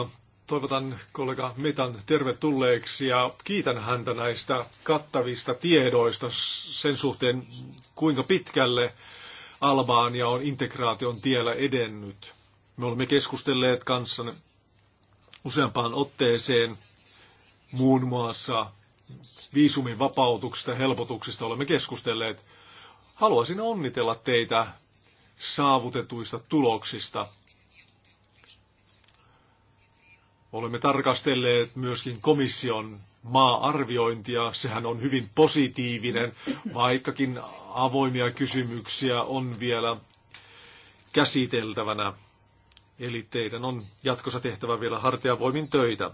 toivotan kollega Metan tervetulleeksi ja kiitän häntä näistä kattavista tiedoista sen suhteen, kuinka pitkälle Albaania on integraation tiellä edennyt. Me olemme keskustelleet kanssanne useampaan otteeseen muun muassa viisumin vapautuksista ja helpotuksista olemme keskustelleet. Haluaisin onnitella teitä saavutetuista tuloksista. Olemme tarkastelleet myöskin komission maa-arviointia. Sehän on hyvin positiivinen, vaikkakin avoimia kysymyksiä on vielä käsiteltävänä. Eli teidän on jatkossa tehtävä vielä hartiavoimin töitä.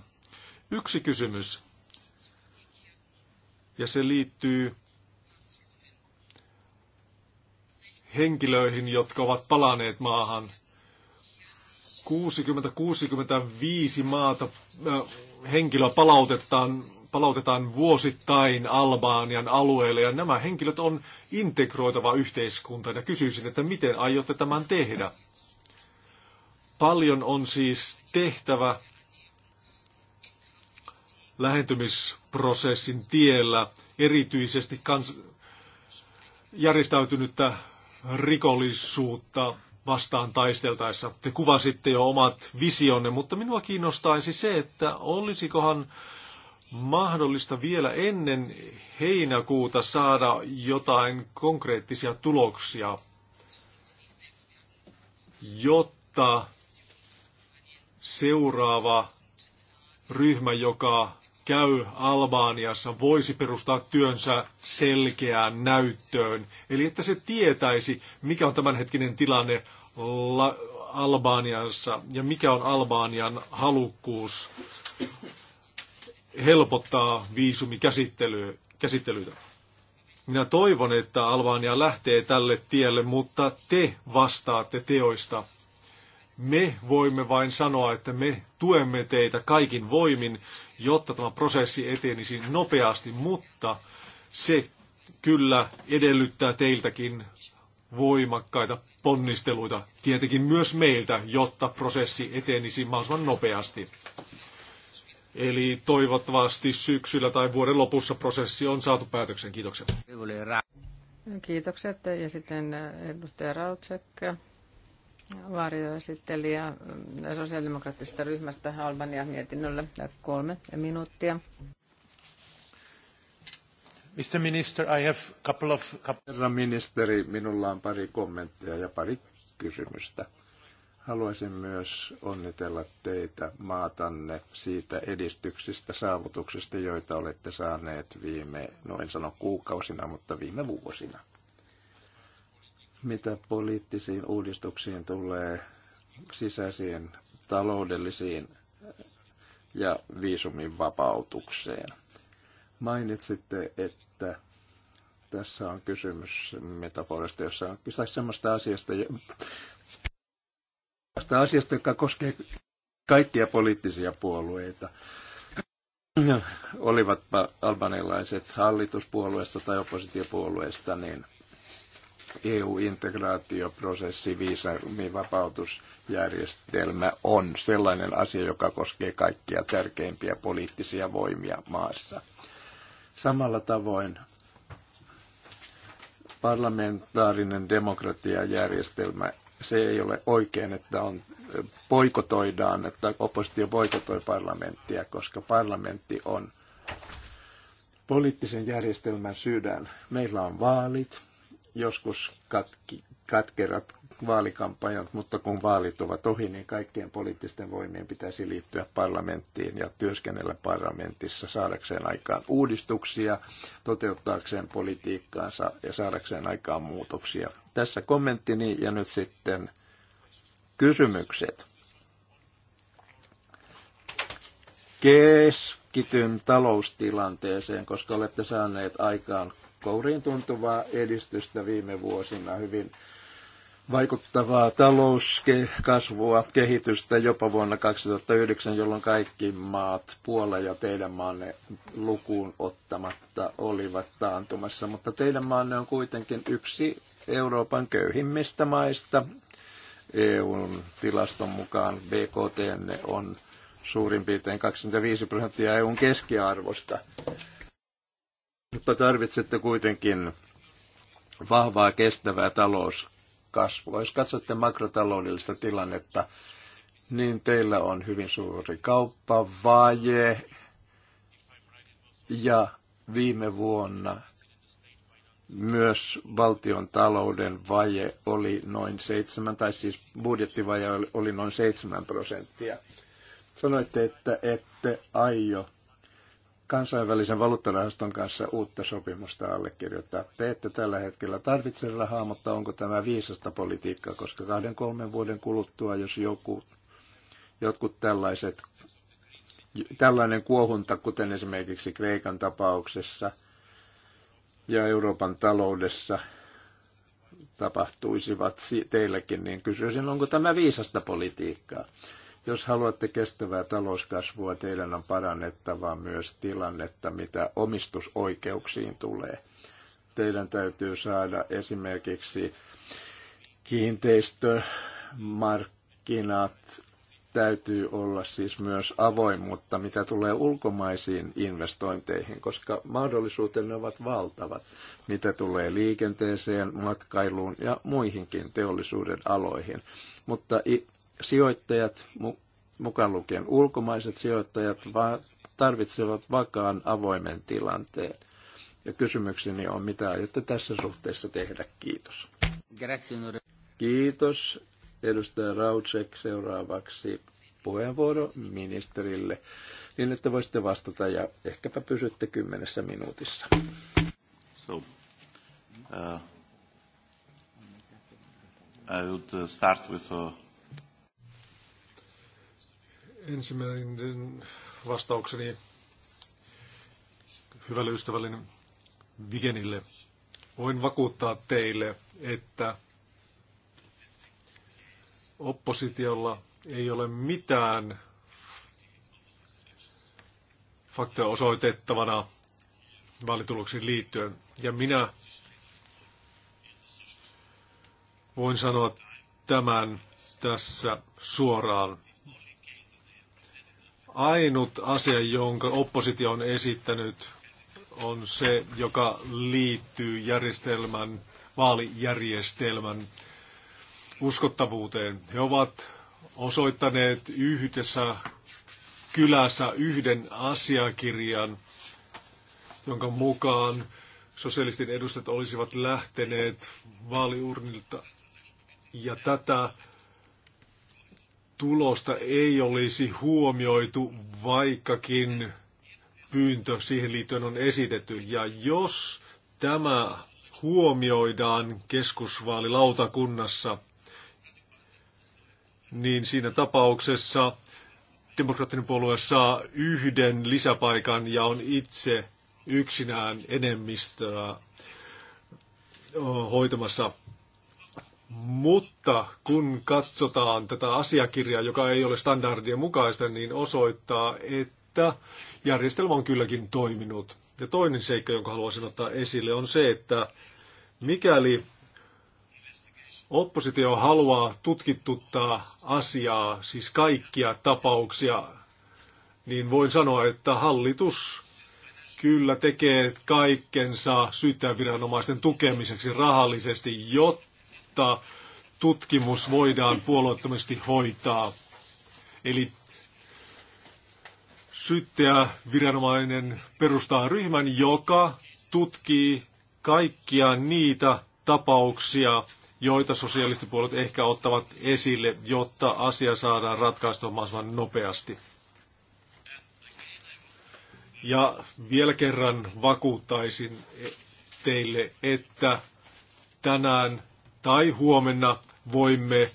Yksi kysymys, ja se liittyy henkilöihin, jotka ovat palaneet maahan 60-65 maata äh, henkilöä palautetaan, palautetaan vuosittain Albaanian alueelle ja nämä henkilöt on integroitava yhteiskunta ja kysyisin, että miten aiotte tämän tehdä? Paljon on siis tehtävä lähentymisprosessin tiellä, erityisesti kans- järjestäytynyttä rikollisuutta vastaan taisteltaessa. Te kuvasitte jo omat visionne, mutta minua kiinnostaisi se, että olisikohan mahdollista vielä ennen heinäkuuta saada jotain konkreettisia tuloksia, jotta seuraava ryhmä, joka käy Albaaniassa, voisi perustaa työnsä selkeään näyttöön. Eli että se tietäisi, mikä on tämänhetkinen tilanne La- Albaaniassa ja mikä on Albaanian halukkuus helpottaa viisumikäsittelyitä. Minä toivon, että Albaania lähtee tälle tielle, mutta te vastaatte teoista. Me voimme vain sanoa, että me tuemme teitä kaikin voimin, jotta tämä prosessi etenisi nopeasti, mutta se kyllä edellyttää teiltäkin voimakkaita ponnisteluita, tietenkin myös meiltä, jotta prosessi etenisi mahdollisimman nopeasti. Eli toivottavasti syksyllä tai vuoden lopussa prosessi on saatu päätöksen. Kiitoksia. Kiitokset. Ja sitten edustaja Rautsekka varjoesittelijä sosiaalidemokraattisesta ryhmästä Albania mietinnölle kolme minuuttia. Mr. Minister, I have couple of... Herra ministeri, minulla on pari kommenttia ja pari kysymystä. Haluaisin myös onnitella teitä maatanne siitä edistyksistä, saavutuksista, joita olette saaneet viime, noin en sano kuukausina, mutta viime vuosina. Mitä poliittisiin uudistuksiin tulee sisäisiin taloudellisiin ja viisumin vapautukseen. Mainitsitte, että tässä on kysymys metaforista, jossa on kyse sellaista asiasta, sellaista asiasta, joka koskee kaikkia poliittisia puolueita. Olivatpa albanilaiset hallituspuolueesta tai oppositiopuolueesta, niin EU-integraatioprosessi, viisumivapautusjärjestelmä on sellainen asia, joka koskee kaikkia tärkeimpiä poliittisia voimia maassa. Samalla tavoin parlamentaarinen demokratiajärjestelmä, se ei ole oikein, että on poikotoidaan, että oppositio poikotoi parlamenttia, koska parlamentti on poliittisen järjestelmän sydän. Meillä on vaalit, joskus katki, katkerat vaalikampanjat, mutta kun vaalit ovat ohi, niin kaikkien poliittisten voimien pitäisi liittyä parlamenttiin ja työskennellä parlamentissa saadakseen aikaan uudistuksia, toteuttaakseen politiikkaansa ja saadakseen aikaan muutoksia. Tässä kommenttini ja nyt sitten kysymykset. Keskityn taloustilanteeseen, koska olette saaneet aikaan kouriin tuntuvaa edistystä viime vuosina, hyvin vaikuttavaa talouskasvua, kehitystä jopa vuonna 2009, jolloin kaikki maat, Puola ja teidän maanne lukuun ottamatta, olivat taantumassa. Mutta teidän maanne on kuitenkin yksi Euroopan köyhimmistä maista. EUn tilaston mukaan BKT on suurin piirtein 25 prosenttia EUn keskiarvosta. Mutta tarvitsette kuitenkin vahvaa kestävää talouskasvua. Jos katsotte makrotaloudellista tilannetta, niin teillä on hyvin suuri kauppavaje ja viime vuonna myös valtion talouden vaje oli noin 7, tai siis budjettivaje oli noin 7 prosenttia. Sanoitte, että ette aio kansainvälisen valuuttarahaston kanssa uutta sopimusta allekirjoittaa. Te ette tällä hetkellä tarvitse rahaa, mutta onko tämä viisasta politiikkaa, koska kahden kolmen vuoden kuluttua, jos joku, jotkut tällaiset, tällainen kuohunta, kuten esimerkiksi Kreikan tapauksessa ja Euroopan taloudessa, tapahtuisivat teillekin, niin kysyisin, onko tämä viisasta politiikkaa? Jos haluatte kestävää talouskasvua, teidän on parannettava myös tilannetta, mitä omistusoikeuksiin tulee. Teidän täytyy saada esimerkiksi kiinteistömarkkinat täytyy olla siis myös avoimuutta, mitä tulee ulkomaisiin investointeihin, koska mahdollisuutemme ovat valtavat, mitä tulee liikenteeseen, matkailuun ja muihinkin teollisuuden aloihin. Mutta sijoittajat, mukaan lukien ulkomaiset sijoittajat, tarvitsevat vakaan avoimen tilanteen. Ja kysymykseni on, mitä aiotte tässä suhteessa tehdä? Kiitos. Kiitos. Edustaja Rautsek seuraavaksi puheenvuoro ministerille, niin että voisitte vastata ja ehkäpä pysytte kymmenessä minuutissa. So, uh, I would uh, start with a uh, Ensimmäinen vastaukseni hyvälle ystävälleni Vigenille. Voin vakuuttaa teille, että oppositiolla ei ole mitään faktoja osoitettavana vaalituloksiin liittyen. Ja minä voin sanoa tämän tässä suoraan. Ainut asia, jonka oppositio on esittänyt, on se, joka liittyy järjestelmän, vaalijärjestelmän uskottavuuteen. He ovat osoittaneet yhdessä kylässä yhden asiakirjan, jonka mukaan sosialistin edustajat olisivat lähteneet vaaliurnilta. Ja tätä tulosta ei olisi huomioitu, vaikkakin pyyntö siihen liittyen on esitetty. Ja jos tämä huomioidaan keskusvaalilautakunnassa, niin siinä tapauksessa demokraattinen puolue saa yhden lisäpaikan ja on itse yksinään enemmistöä hoitamassa. Mutta kun katsotaan tätä asiakirjaa, joka ei ole standardien mukaista, niin osoittaa, että järjestelmä on kylläkin toiminut. Ja toinen seikka, jonka haluaisin ottaa esille, on se, että mikäli oppositio haluaa tutkituttaa asiaa, siis kaikkia tapauksia, niin voin sanoa, että hallitus kyllä tekee kaikkensa syyttäjäviranomaisten tukemiseksi rahallisesti, jotta jotta tutkimus voidaan puolueettomasti hoitaa. Eli syyttäjä viranomainen perustaa ryhmän, joka tutkii kaikkia niitä tapauksia, joita sosialistipuolet ehkä ottavat esille, jotta asia saadaan ratkaistua mahdollisimman nopeasti. Ja vielä kerran vakuuttaisin teille, että tänään tai huomenna voimme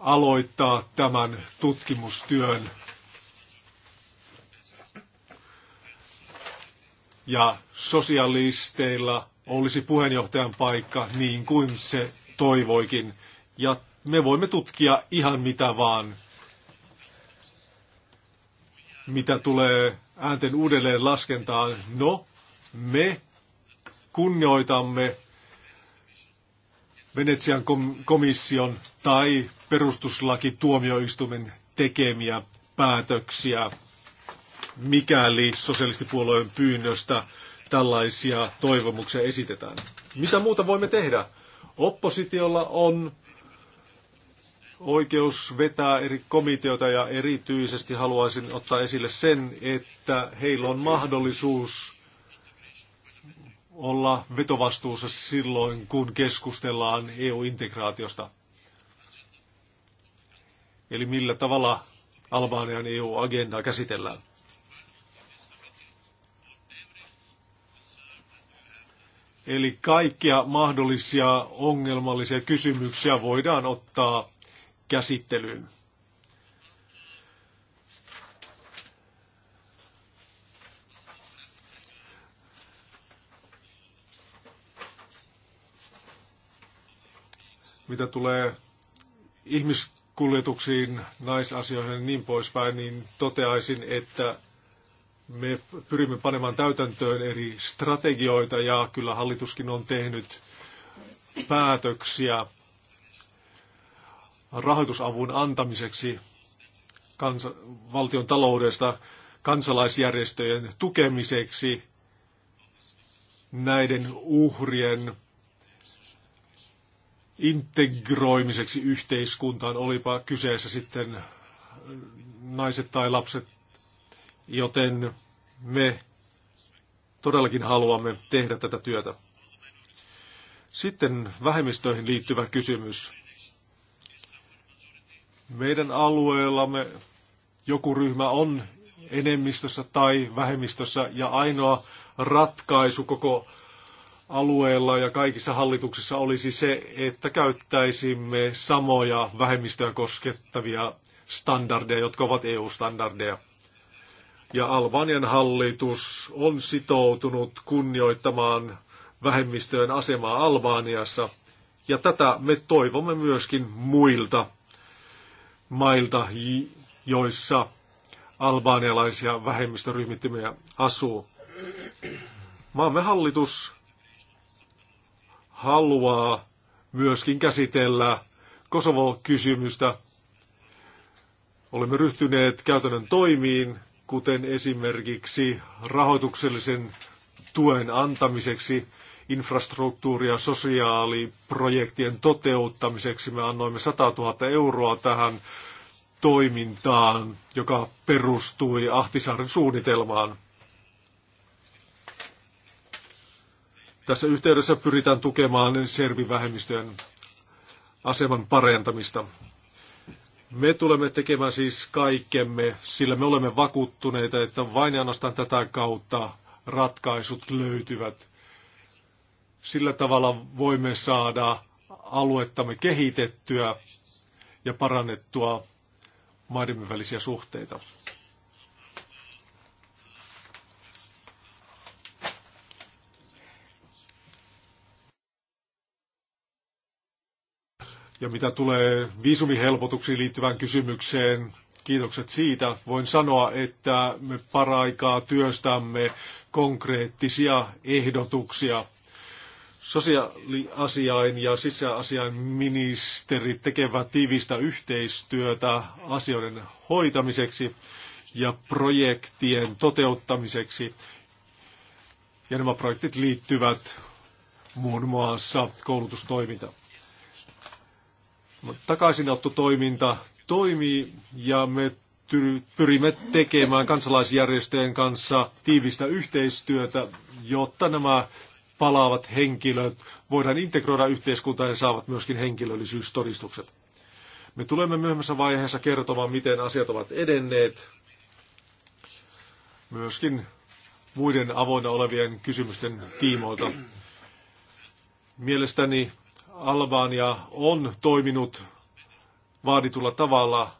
aloittaa tämän tutkimustyön. Ja sosialisteilla olisi puheenjohtajan paikka niin kuin se toivoikin. Ja me voimme tutkia ihan mitä vaan, mitä tulee äänten uudelleen laskentaan. No, me kunnioitamme Venetsian komission tai perustuslaki tuomioistuimen tekemiä päätöksiä, mikäli sosialistipuolueen pyynnöstä tällaisia toivomuksia esitetään. Mitä muuta voimme tehdä? Oppositiolla on oikeus vetää eri komiteoita ja erityisesti haluaisin ottaa esille sen, että heillä on mahdollisuus olla vetovastuussa silloin, kun keskustellaan EU-integraatiosta. Eli millä tavalla Albanian EU-agendaa käsitellään. Eli kaikkia mahdollisia ongelmallisia kysymyksiä voidaan ottaa käsittelyyn. mitä tulee ihmiskuljetuksiin, naisasioihin ja niin poispäin, niin toteaisin, että me pyrimme panemaan täytäntöön eri strategioita ja kyllä hallituskin on tehnyt päätöksiä rahoitusavun antamiseksi kansa- valtion taloudesta kansalaisjärjestöjen tukemiseksi näiden uhrien integroimiseksi yhteiskuntaan, olipa kyseessä sitten naiset tai lapset, joten me todellakin haluamme tehdä tätä työtä. Sitten vähemmistöihin liittyvä kysymys. Meidän alueellamme joku ryhmä on enemmistössä tai vähemmistössä ja ainoa ratkaisu koko alueella ja kaikissa hallituksissa olisi se, että käyttäisimme samoja vähemmistöä koskettavia standardeja, jotka ovat EU-standardeja. Ja Albanian hallitus on sitoutunut kunnioittamaan vähemmistöjen asemaa Albaniassa. Ja tätä me toivomme myöskin muilta mailta, joissa albaanialaisia vähemmistöryhmittymiä asuu. Maamme hallitus haluaa myöskin käsitellä Kosovo-kysymystä. Olemme ryhtyneet käytännön toimiin, kuten esimerkiksi rahoituksellisen tuen antamiseksi, infrastruktuuri- ja sosiaaliprojektien toteuttamiseksi. Me annoimme 100 000 euroa tähän toimintaan, joka perustui Ahtisaaren suunnitelmaan. Tässä yhteydessä pyritään tukemaan servivähemmistöjen aseman parantamista. Me tulemme tekemään siis kaikkemme, sillä me olemme vakuuttuneita, että vain ja ainoastaan tätä kautta ratkaisut löytyvät. Sillä tavalla voimme saada aluettamme kehitettyä ja parannettua maidemme välisiä suhteita. Ja mitä tulee viisumihelpotuksiin liittyvään kysymykseen, kiitokset siitä. Voin sanoa, että me paraikaa työstämme konkreettisia ehdotuksia. Sosiaaliasiain ja sisäasiain ministerit tekevät tiivistä yhteistyötä asioiden hoitamiseksi ja projektien toteuttamiseksi. Ja nämä projektit liittyvät muun muassa koulutustoimintaan takaisinottotoiminta toimii ja me pyrimme tekemään kansalaisjärjestöjen kanssa tiivistä yhteistyötä, jotta nämä palaavat henkilöt voidaan integroida yhteiskuntaan ja saavat myöskin henkilöllisyystodistukset. Me tulemme myöhemmässä vaiheessa kertomaan, miten asiat ovat edenneet. Myöskin muiden avoinna olevien kysymysten tiimoilta. Mielestäni Albania on toiminut vaaditulla tavalla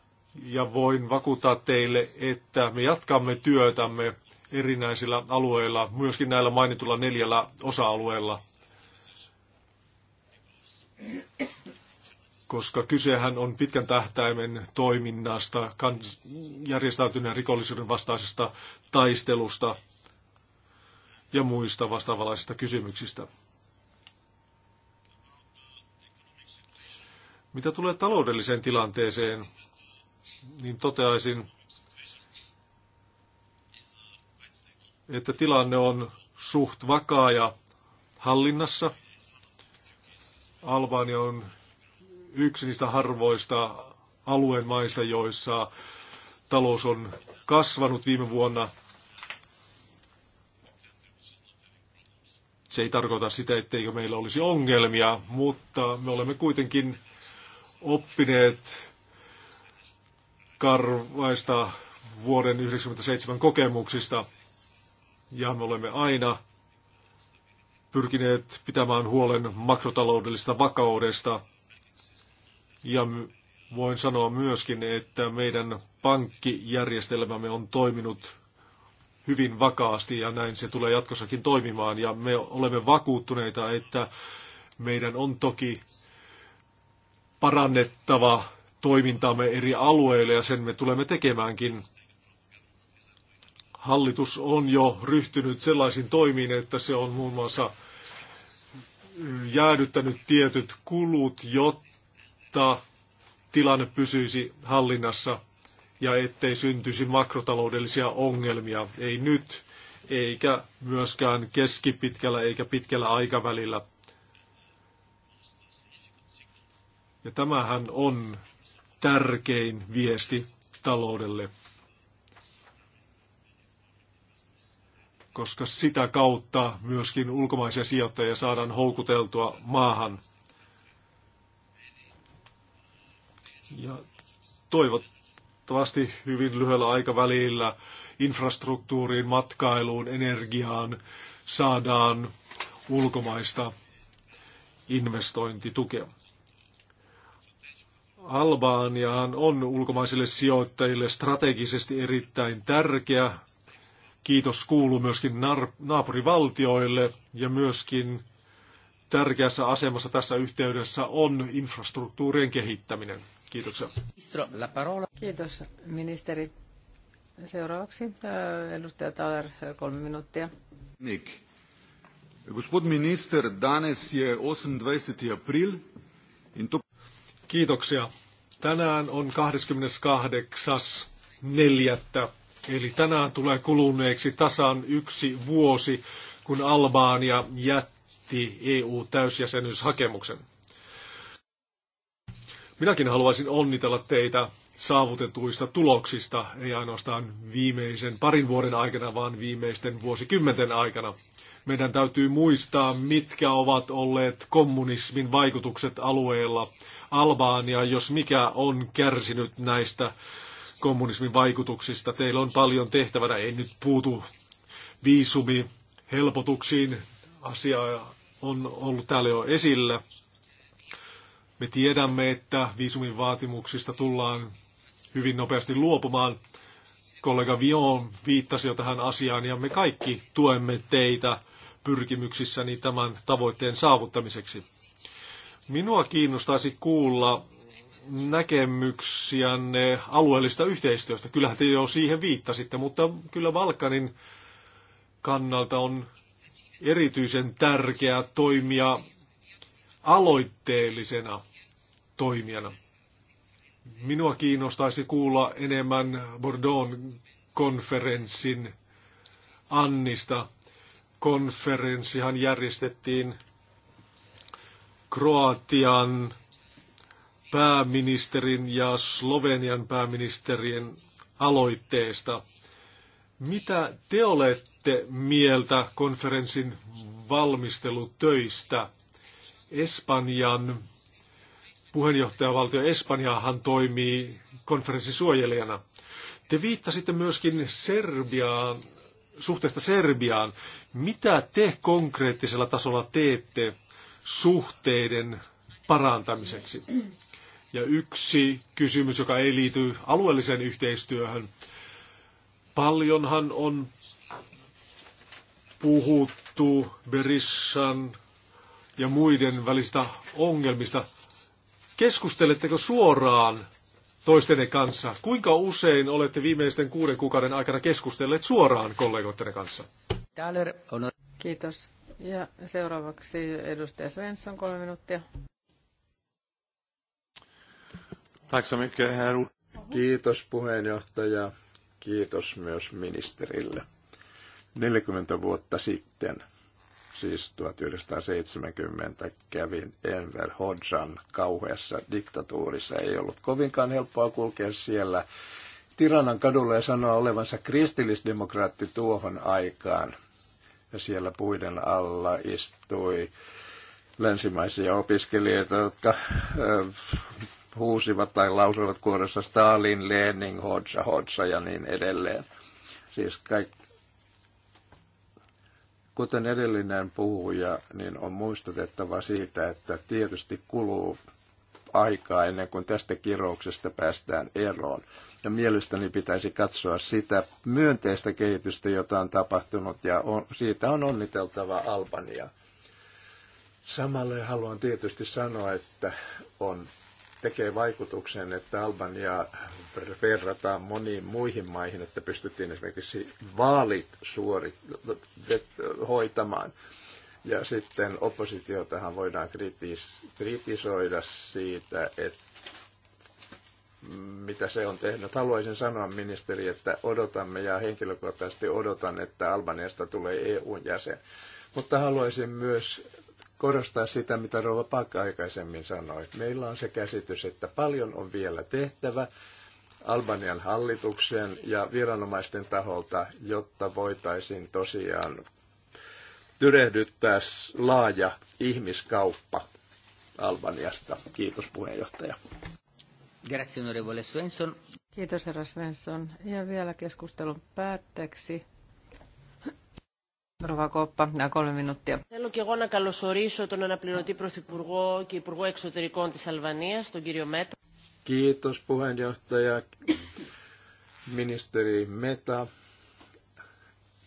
ja voin vakuuttaa teille, että me jatkamme työtämme erinäisillä alueilla, myöskin näillä mainitulla neljällä osa-alueella. Koska kysehän on pitkän tähtäimen toiminnasta, kans- järjestäytyneen rikollisuuden vastaisesta taistelusta ja muista vastaavanlaisista kysymyksistä. Mitä tulee taloudelliseen tilanteeseen, niin toteaisin, että tilanne on suht vakaa ja hallinnassa. Albania on yksi niistä harvoista alueen maista, joissa talous on kasvanut viime vuonna. Se ei tarkoita sitä, etteikö meillä olisi ongelmia, mutta me olemme kuitenkin oppineet karvaista vuoden 1997 kokemuksista ja me olemme aina pyrkineet pitämään huolen makrotaloudellisesta vakaudesta. Ja voin sanoa myöskin, että meidän pankkijärjestelmämme on toiminut hyvin vakaasti ja näin se tulee jatkossakin toimimaan. Ja me olemme vakuuttuneita, että meidän on toki parannettava toimintaamme eri alueille ja sen me tulemme tekemäänkin. Hallitus on jo ryhtynyt sellaisiin toimiin, että se on muun muassa jäädyttänyt tietyt kulut, jotta tilanne pysyisi hallinnassa ja ettei syntyisi makrotaloudellisia ongelmia. Ei nyt, eikä myöskään keskipitkällä eikä pitkällä aikavälillä. Ja tämähän on tärkein viesti taloudelle, koska sitä kautta myöskin ulkomaisia sijoittajia saadaan houkuteltua maahan. Ja toivottavasti hyvin lyhyellä aikavälillä infrastruktuuriin, matkailuun, energiaan saadaan ulkomaista investointitukea. Albaaniaan on ulkomaisille sijoittajille strategisesti erittäin tärkeä. Kiitos kuuluu myöskin naapurivaltioille ja myöskin tärkeässä asemassa tässä yhteydessä on infrastruktuurien kehittäminen. Kiitoksia. Kiitos ministeri. Seuraavaksi äh, edustaja Taler, kolme minuuttia. Nik. Gospod minister, danes je 28. april in to... Kiitoksia. Tänään on 28.4. Eli tänään tulee kuluneeksi tasan yksi vuosi, kun Albaania jätti EU-täysjäsenyyshakemuksen. Minäkin haluaisin onnitella teitä saavutetuista tuloksista, ei ainoastaan viimeisen parin vuoden aikana, vaan viimeisten vuosikymmenten aikana. Meidän täytyy muistaa, mitkä ovat olleet kommunismin vaikutukset alueella. Albaania, jos mikä, on kärsinyt näistä kommunismin vaikutuksista. Teillä on paljon tehtävänä, ei nyt puutu viisumi helpotuksiin. Asia on ollut täällä jo esillä. Me tiedämme, että viisumin vaatimuksista tullaan hyvin nopeasti luopumaan. Kollega Vion viittasi jo tähän asiaan ja me kaikki tuemme teitä pyrkimyksissäni tämän tavoitteen saavuttamiseksi. Minua kiinnostaisi kuulla näkemyksiänne alueellista yhteistyöstä. Kyllähän te jo siihen viittasitte, mutta kyllä Balkanin kannalta on erityisen tärkeää toimia aloitteellisena toimijana. Minua kiinnostaisi kuulla enemmän Bordeaux konferenssin Annista konferenssihan järjestettiin Kroatian pääministerin ja Slovenian pääministerien aloitteesta. Mitä te olette mieltä konferenssin valmistelutöistä? Espanjan puheenjohtajavaltio Espanjahan toimii konferenssin suojelijana. Te viittasitte myöskin Serbiaan suhteesta Serbiaan. Mitä te konkreettisella tasolla teette suhteiden parantamiseksi? Ja yksi kysymys, joka ei liity alueelliseen yhteistyöhön. Paljonhan on puhuttu Berissan ja muiden välistä ongelmista. Keskusteletteko suoraan toistenne kanssa. Kuinka usein olette viimeisten kuuden kuukauden aikana keskustelleet suoraan kollegoittenne kanssa? Kiitos. Ja seuraavaksi edustaja Svensson, kolme minuuttia. Kiitos puheenjohtaja. Kiitos myös ministerille. 40 vuotta sitten siis 1970 kävin Enver Hodjan kauheassa diktatuurissa. Ei ollut kovinkaan helppoa kulkea siellä Tiranan kadulla ja sanoa olevansa kristillisdemokraatti tuohon aikaan. Ja siellä puiden alla istui länsimaisia opiskelijoita, jotka huusivat tai lausuivat kuoressa Stalin, Lenin, Hodja, Hodja ja niin edelleen. Siis kaikki Kuten edellinen puhuja, niin on muistutettava siitä, että tietysti kuluu aikaa ennen kuin tästä kirouksesta päästään eroon. Ja mielestäni pitäisi katsoa sitä myönteistä kehitystä, jota on tapahtunut, ja on, siitä on onniteltava Albania. Samalle haluan tietysti sanoa, että on tekee vaikutuksen, että Albania verrataan moniin muihin maihin, että pystyttiin esimerkiksi vaalit suorit, hoitamaan. Ja sitten oppositiotahan voidaan kritis- kritisoida siitä, että mitä se on tehnyt. Haluaisin sanoa ministeri, että odotamme ja henkilökohtaisesti odotan, että Albaniasta tulee EUn jäsen. Mutta haluaisin myös korostaa sitä, mitä Rova Pakka aikaisemmin sanoi. Meillä on se käsitys, että paljon on vielä tehtävä Albanian hallituksen ja viranomaisten taholta, jotta voitaisiin tosiaan tyrehdyttää laaja ihmiskauppa Albaniasta. Kiitos puheenjohtaja. Grazie onorevole Svensson. Kiitos herra Svensson. Ja vielä keskustelun päätteeksi Ροβα Κόπα, kolme minuuttia. Θέλω και εγώ να καλωσορίσω τον αναπληρωτή Πρωθυπουργό και Υπουργό Εξωτερικών της Αλβανίας, τον κύριο Μέτα. Kiitos puheenjohtaja, ministeri Meta.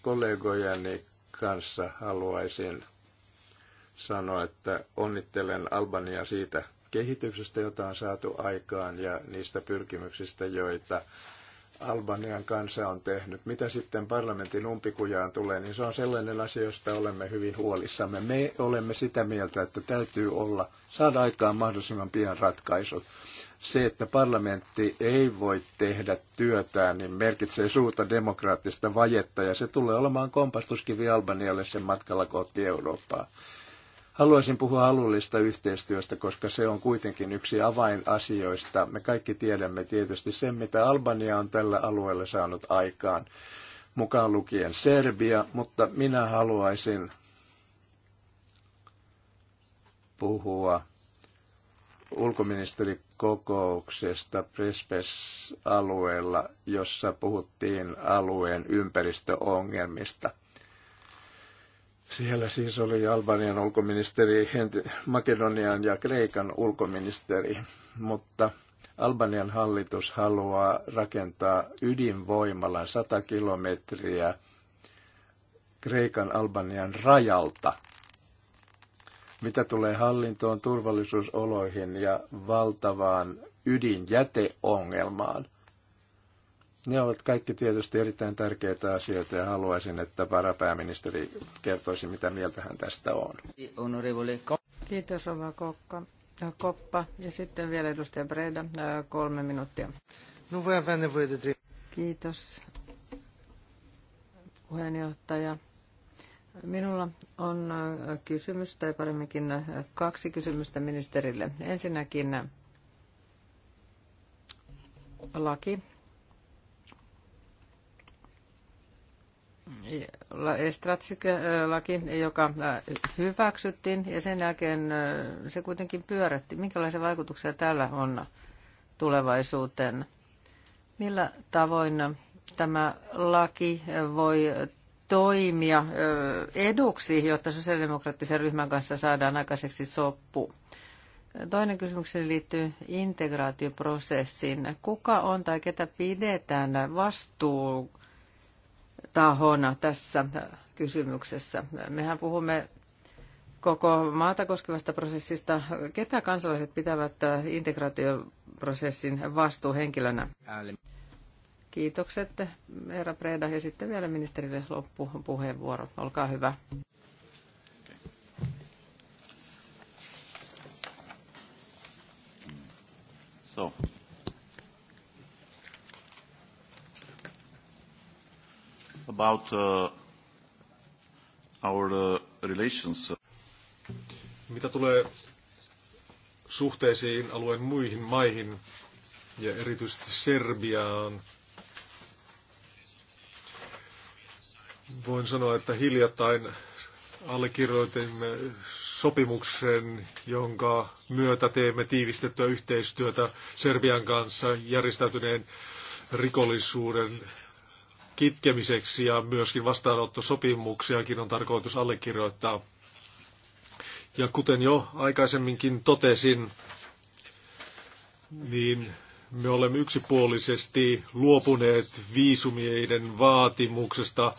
Kollegojani kanssa haluaisin sanoa, että onnittelen Albania siitä kehityksestä, jota on saatu aikaan ja niistä pyrkimyksistä, joita Albanian kansa on tehnyt. Mitä sitten parlamentin umpikujaan tulee, niin se on sellainen asia, josta olemme hyvin huolissamme. Me olemme sitä mieltä, että täytyy olla, saada aikaan mahdollisimman pian ratkaisut. Se, että parlamentti ei voi tehdä työtään, niin merkitsee suurta demokraattista vajetta ja se tulee olemaan kompastuskivi Albanialle sen matkalla kohti Eurooppaa. Haluaisin puhua alueellisesta yhteistyöstä, koska se on kuitenkin yksi avainasioista. Me kaikki tiedämme tietysti sen, mitä Albania on tällä alueella saanut aikaan, mukaan lukien Serbia, mutta minä haluaisin puhua ulkoministerikokouksesta Prespes-alueella, jossa puhuttiin alueen ympäristöongelmista. Siellä siis oli Albanian ulkoministeri, Makedonian ja Kreikan ulkoministeri, mutta Albanian hallitus haluaa rakentaa ydinvoimalan 100 kilometriä Kreikan Albanian rajalta – mitä tulee hallintoon, turvallisuusoloihin ja valtavaan ydinjäteongelmaan, ne ovat kaikki tietysti erittäin tärkeitä asioita ja haluaisin, että varapääministeri kertoisi, mitä mieltä hän tästä on. Kiitos Rova Kokka. Koppa ja sitten vielä edustaja Breda, äh, kolme minuuttia. No voi Kiitos puheenjohtaja. Minulla on äh, kysymys, tai paremminkin äh, kaksi kysymystä ministerille. Ensinnäkin äh, laki Estratsik-laki, joka hyväksyttiin ja sen jälkeen se kuitenkin pyörätti. Minkälaisia vaikutuksia tällä on tulevaisuuteen? Millä tavoin tämä laki voi toimia eduksi, jotta sosiaalidemokraattisen ryhmän kanssa saadaan aikaiseksi soppu. Toinen kysymykseni liittyy integraatioprosessiin. Kuka on tai ketä pidetään vastuutahona tässä kysymyksessä? Mehän puhumme koko maata koskevasta prosessista. Ketä kansalaiset pitävät integraatioprosessin vastuuhenkilönä? Kiitokset, herra Preda, ja sitten vielä ministerille loppupuheenvuoro. Olkaa hyvä. So. About uh, our uh, relations. Mitä tulee suhteisiin alueen muihin maihin ja erityisesti Serbiaan, voin sanoa, että hiljattain allekirjoitimme sopimuksen, jonka myötä teemme tiivistettyä yhteistyötä Serbian kanssa järjestäytyneen rikollisuuden kitkemiseksi ja myöskin vastaanottosopimuksiakin on tarkoitus allekirjoittaa. Ja kuten jo aikaisemminkin totesin, niin me olemme yksipuolisesti luopuneet viisumieiden vaatimuksesta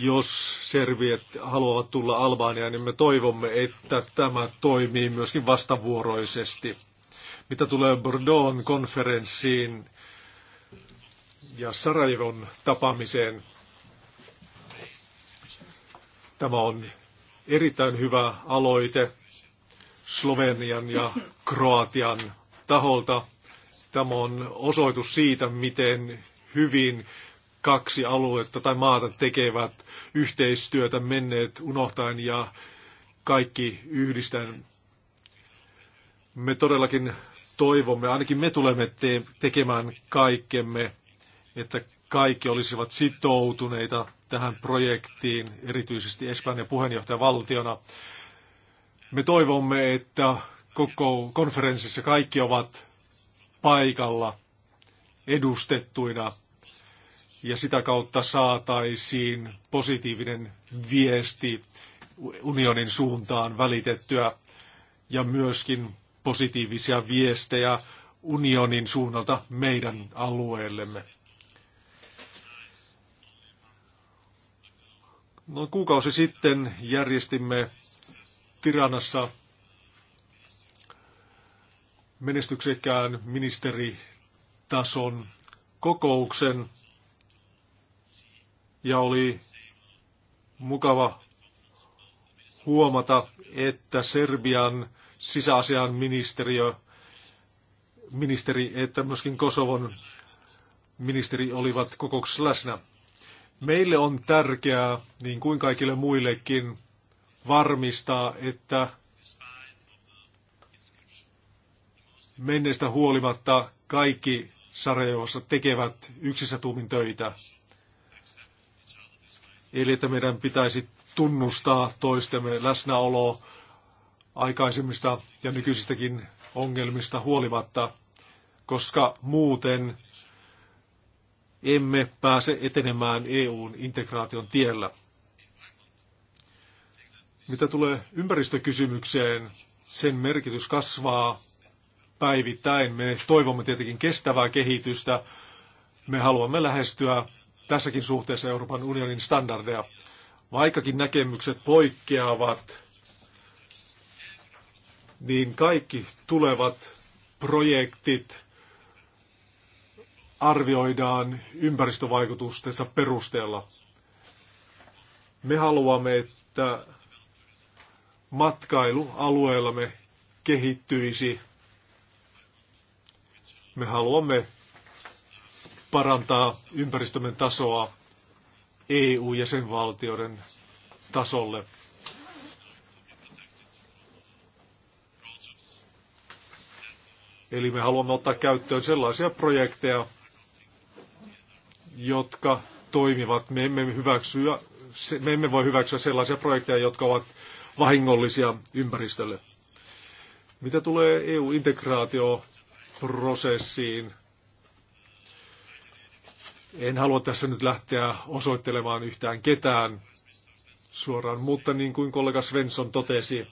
jos serviet haluavat tulla Albaniaan, niin me toivomme, että tämä toimii myöskin vastavuoroisesti. Mitä tulee Bordeauxn konferenssiin ja Sarajevon tapaamiseen, tämä on erittäin hyvä aloite Slovenian ja Kroatian taholta. Tämä on osoitus siitä, miten hyvin kaksi aluetta tai maata tekevät yhteistyötä menneet unohtain ja kaikki yhdistäen. Me todellakin toivomme, ainakin me tulemme te- tekemään kaikkemme, että kaikki olisivat sitoutuneita tähän projektiin, erityisesti Espanjan puheenjohtajavaltiona. Me toivomme, että koko konferenssissa kaikki ovat paikalla edustettuina ja sitä kautta saataisiin positiivinen viesti unionin suuntaan välitettyä ja myöskin positiivisia viestejä unionin suunnalta meidän alueellemme. Noin kuukausi sitten järjestimme Tiranassa menestyksekään ministeritason kokouksen ja oli mukava huomata, että Serbian sisäasian ministeriö, ministeri, että myöskin Kosovon ministeri olivat kokouksessa läsnä. Meille on tärkeää, niin kuin kaikille muillekin, varmistaa, että menneestä huolimatta kaikki Sarajevossa tekevät yksissä tuumin töitä Eli että meidän pitäisi tunnustaa toistemme läsnäolo aikaisemmista ja nykyisistäkin ongelmista huolimatta, koska muuten emme pääse etenemään EUn integraation tiellä. Mitä tulee ympäristökysymykseen, sen merkitys kasvaa päivittäin. Me toivomme tietenkin kestävää kehitystä. Me haluamme lähestyä tässäkin suhteessa Euroopan unionin standardeja. Vaikkakin näkemykset poikkeavat, niin kaikki tulevat projektit arvioidaan ympäristövaikutustensa perusteella. Me haluamme, että matkailu alueellamme kehittyisi. Me haluamme parantaa ympäristömme tasoa EU-jäsenvaltioiden tasolle. Eli me haluamme ottaa käyttöön sellaisia projekteja, jotka toimivat. Me emme, hyväksyä, me emme voi hyväksyä sellaisia projekteja, jotka ovat vahingollisia ympäristölle. Mitä tulee EU-integraatioprosessiin, en halua tässä nyt lähteä osoittelemaan yhtään ketään suoraan, mutta niin kuin kollega Svensson totesi,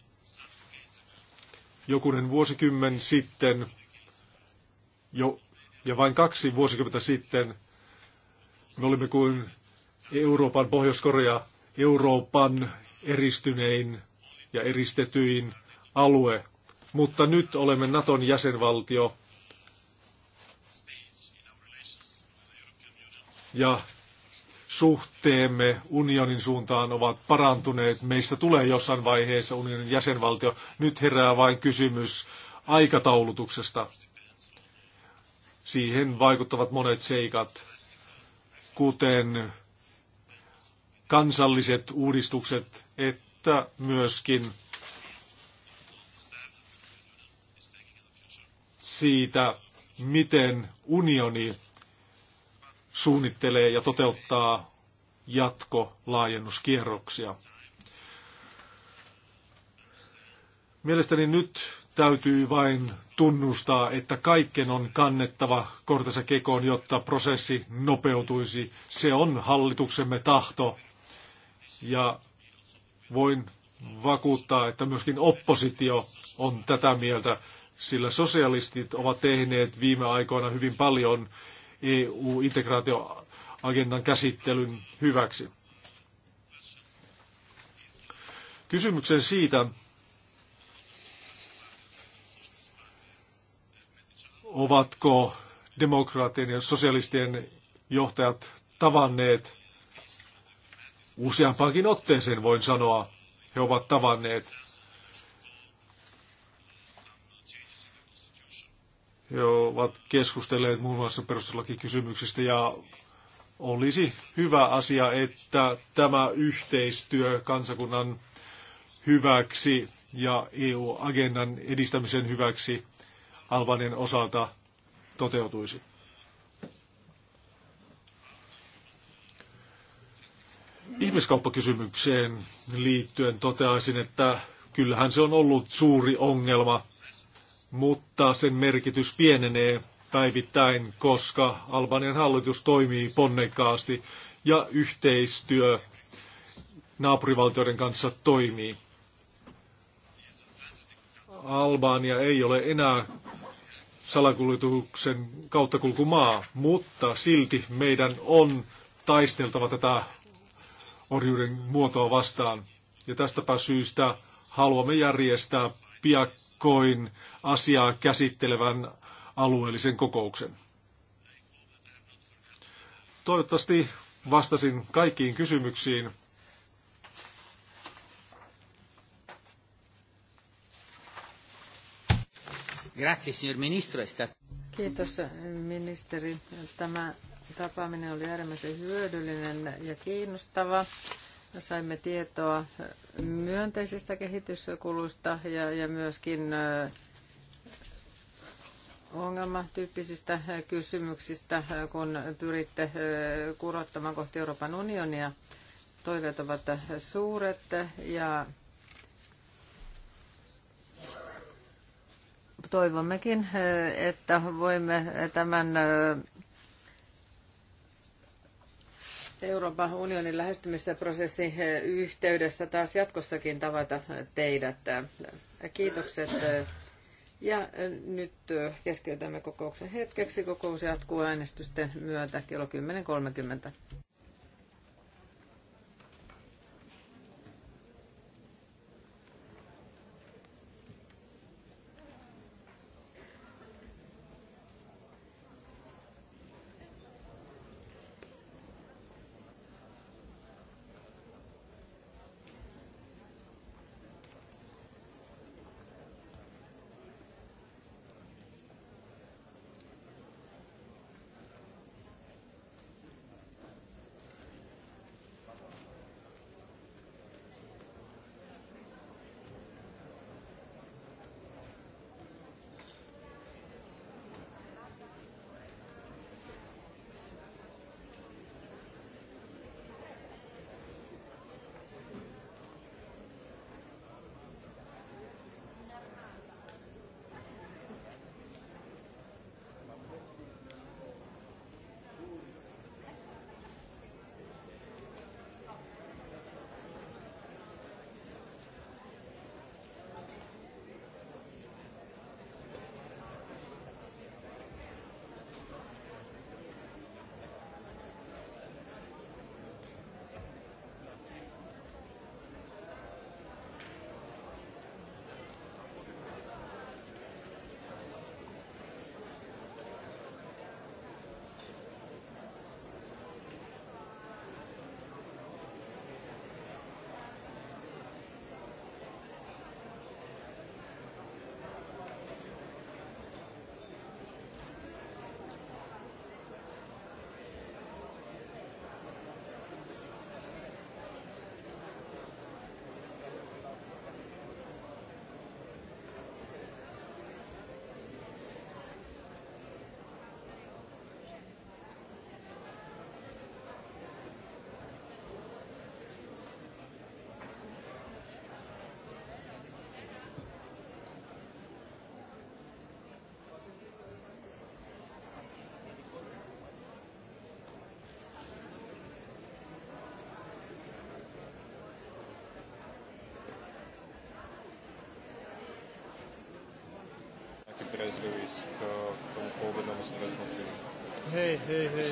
jokunen vuosikymmen sitten, jo, ja vain kaksi vuosikymmentä sitten, me olimme kuin Euroopan, Pohjois-Korea, Euroopan eristynein ja eristetyin alue. Mutta nyt olemme Naton jäsenvaltio ja suhteemme unionin suuntaan ovat parantuneet. Meistä tulee jossain vaiheessa unionin jäsenvaltio. Nyt herää vain kysymys aikataulutuksesta. Siihen vaikuttavat monet seikat, kuten kansalliset uudistukset, että myöskin siitä, miten unioni suunnittelee ja toteuttaa jatkolaajennuskierroksia. Mielestäni nyt täytyy vain tunnustaa, että kaiken on kannettava kortensa kekoon, jotta prosessi nopeutuisi. Se on hallituksemme tahto. Ja voin vakuuttaa, että myöskin oppositio on tätä mieltä, sillä sosialistit ovat tehneet viime aikoina hyvin paljon EU-integraatioagendan käsittelyn hyväksi. Kysymyksen siitä, ovatko demokraattien ja sosialistien johtajat tavanneet useampaankin otteeseen, voin sanoa, he ovat tavanneet he ovat keskustelleet muun muassa perustuslakikysymyksistä ja olisi hyvä asia, että tämä yhteistyö kansakunnan hyväksi ja EU-agendan edistämisen hyväksi Albanian osalta toteutuisi. Ihmiskauppakysymykseen liittyen toteaisin, että kyllähän se on ollut suuri ongelma mutta sen merkitys pienenee päivittäin, koska Albanian hallitus toimii ponnekkaasti ja yhteistyö naapurivaltioiden kanssa toimii. Albania ei ole enää salakuljetuksen kauttakulkumaa, mutta silti meidän on taisteltava tätä orjuuden muotoa vastaan. Ja tästäpä syystä haluamme järjestää piakkoin asiaa käsittelevän alueellisen kokouksen. Toivottavasti vastasin kaikkiin kysymyksiin. Grazie, signor ministro. Kiitos ministeri. Tämä tapaaminen oli äärimmäisen hyödyllinen ja kiinnostava. Saimme tietoa myönteisistä kehityskulusta ja, ja myöskin ongelmatyyppisistä kysymyksistä, kun pyritte kurottamaan kohti Euroopan unionia. Toiveet ovat suuret ja toivommekin, että voimme tämän Euroopan unionin lähestymisprosessin eh, yhteydessä taas jatkossakin tavata teidät. Kiitokset. Ja eh, nyt eh, keskeytämme kokouksen hetkeksi. Kokous jatkuu äänestysten myötä kello 10.30. Marquez k tomu pôvodnému stretnutiu. Hej, hej, hej.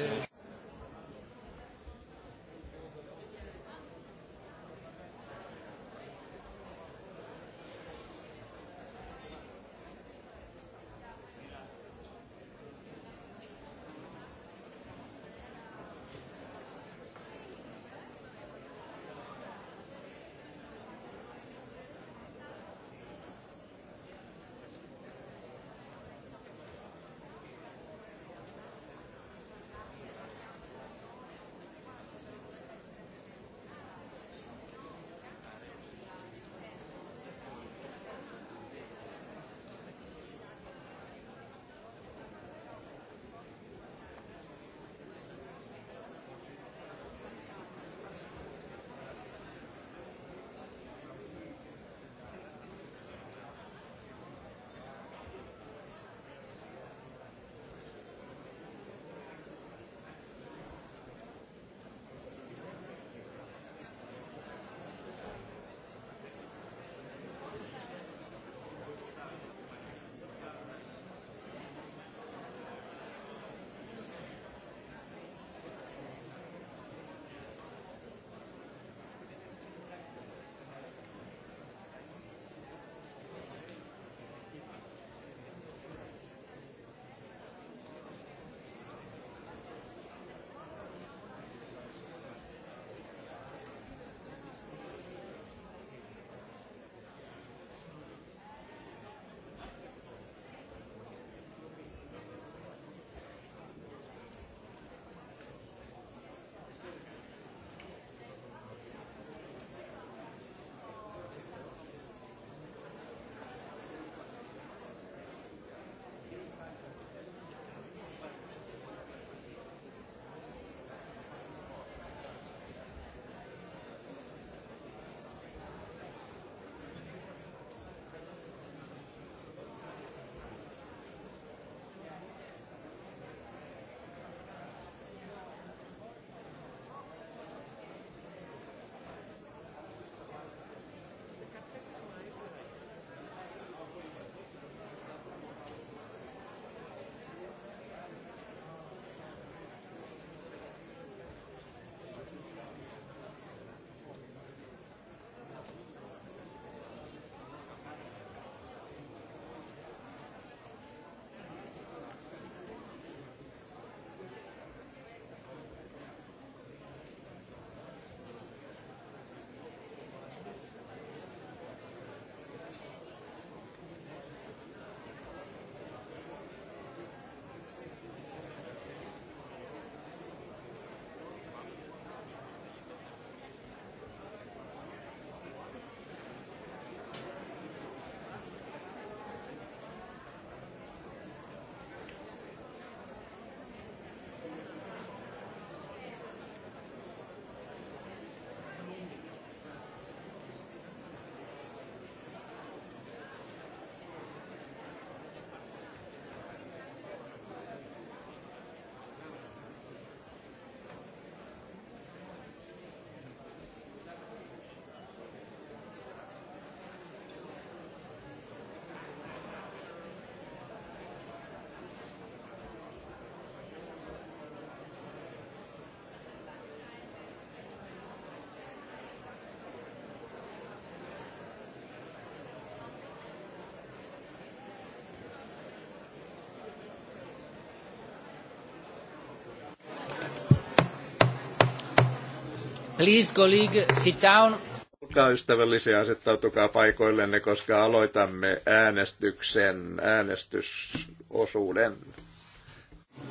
Please, colleague, sit down. Olkaa ystävällisiä, asettautukaa paikoillenne, koska aloitamme äänestyksen, äänestysosuuden.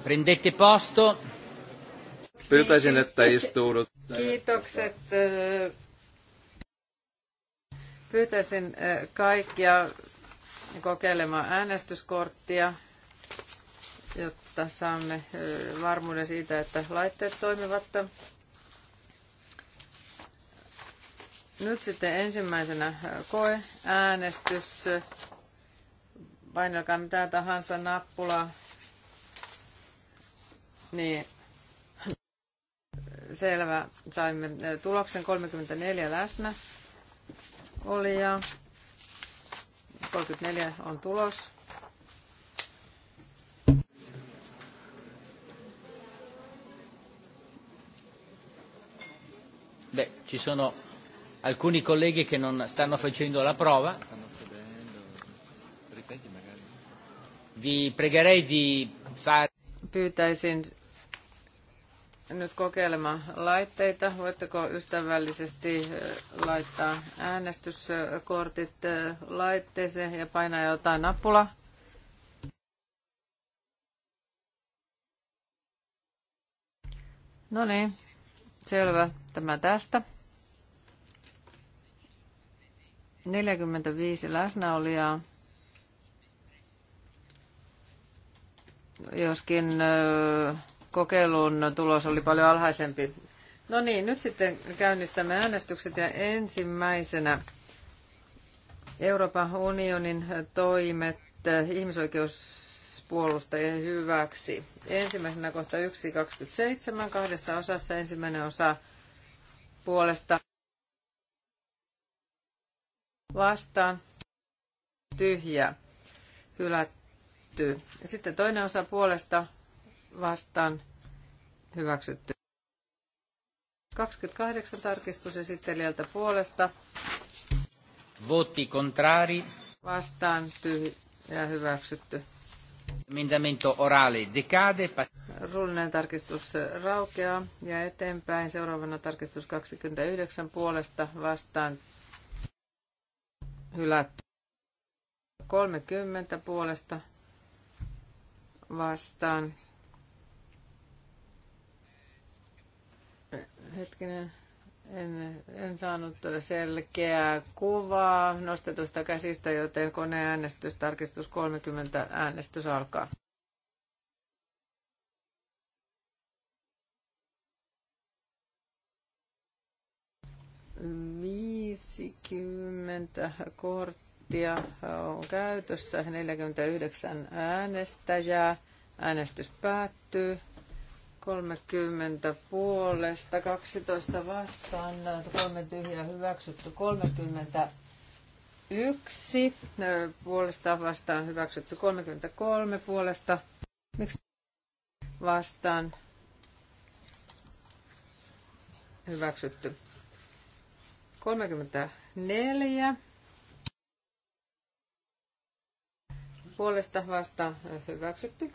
Prendette posto. Pyytäisin, että istuudut. Kiitokset. Äh, pyytäisin äh, kaikkia kokeilemaan äänestyskorttia, jotta saamme äh, varmuuden siitä, että laitteet toimivat. Nyt sitten ensimmäisenä koeäänestys. Painelkaa mitä tahansa nappula. Niin, selvä. Saimme tuloksen 34 läsnä oli ja 34 on tulos. Beh, ci sono alcuni colleghi che non stanno facendo la prova. Vi pregherei di fare... Pyytäisin nyt kokeilemaan laitteita. Voitteko ystävällisesti eh, laittaa äänestyskortit eh, laitteeseen ja painaa jotain nappulaa? No niin, selvä tämä tästä. 45 läsnäolijaa, joskin kokeilun tulos oli paljon alhaisempi. No niin, nyt sitten käynnistämme äänestykset ja ensimmäisenä Euroopan unionin toimet ihmisoikeuspuolustajien hyväksi. Ensimmäisenä kohta 1.27 kahdessa osassa. Ensimmäinen osa puolesta vastaan tyhjä hylätty. Sitten toinen osa puolesta vastaan hyväksytty. 28 tarkistus esittelijältä puolesta. Voti contrari. Vastaan tyhjä hyväksytty. Emendamento orale decade. Rullinen tarkistus raukeaa ja eteenpäin. Seuraavana tarkistus 29 puolesta vastaan hylätty. 30 puolesta vastaan. Hetkinen, en, en saanut selkeää kuvaa nostetusta käsistä, joten koneäänestys, tarkistus 30, äänestys alkaa. 40 korttia on käytössä, 49 äänestäjää. Äänestys päättyy. 30 puolesta, 12 vastaan, 3 tyhjää hyväksytty, 31 puolesta vastaan hyväksytty, 33 puolesta. Miksi vastaan hyväksytty? 30 neljä. Puolesta vasta hyväksytty.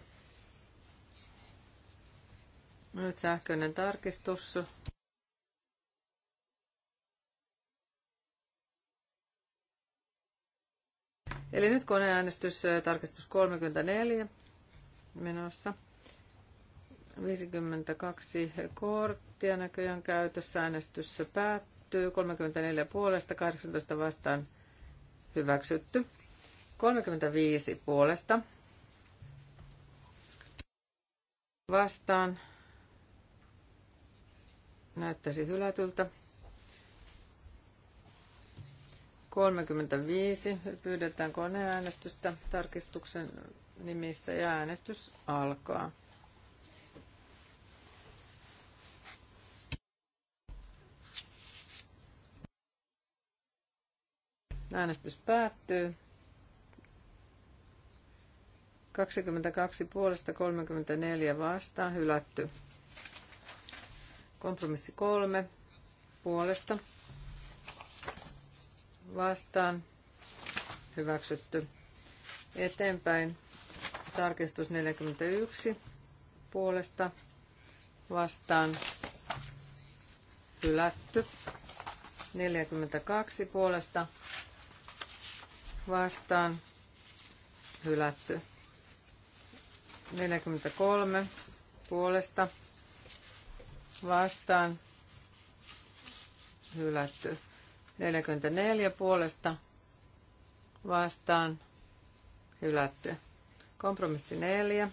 Nyt sähköinen tarkistus. Eli nyt koneäänestys tarkistus 34 menossa. 52 korttia näköjään käytössä. Äänestys päättyy päättyy. 34 puolesta, 18 vastaan hyväksytty. 35 puolesta vastaan näyttäisi hylätyltä. 35. Pyydetään koneäänestystä tarkistuksen nimissä ja äänestys alkaa. Äänestys päättyy. 22 puolesta 34 vastaan hylätty. Kompromissi 3 puolesta vastaan hyväksytty. Eteenpäin tarkistus 41 puolesta vastaan hylätty. 42 puolesta vastaan hylätty. 43 puolesta vastaan hylätty. 44 puolesta vastaan hylätty. Kompromissi 4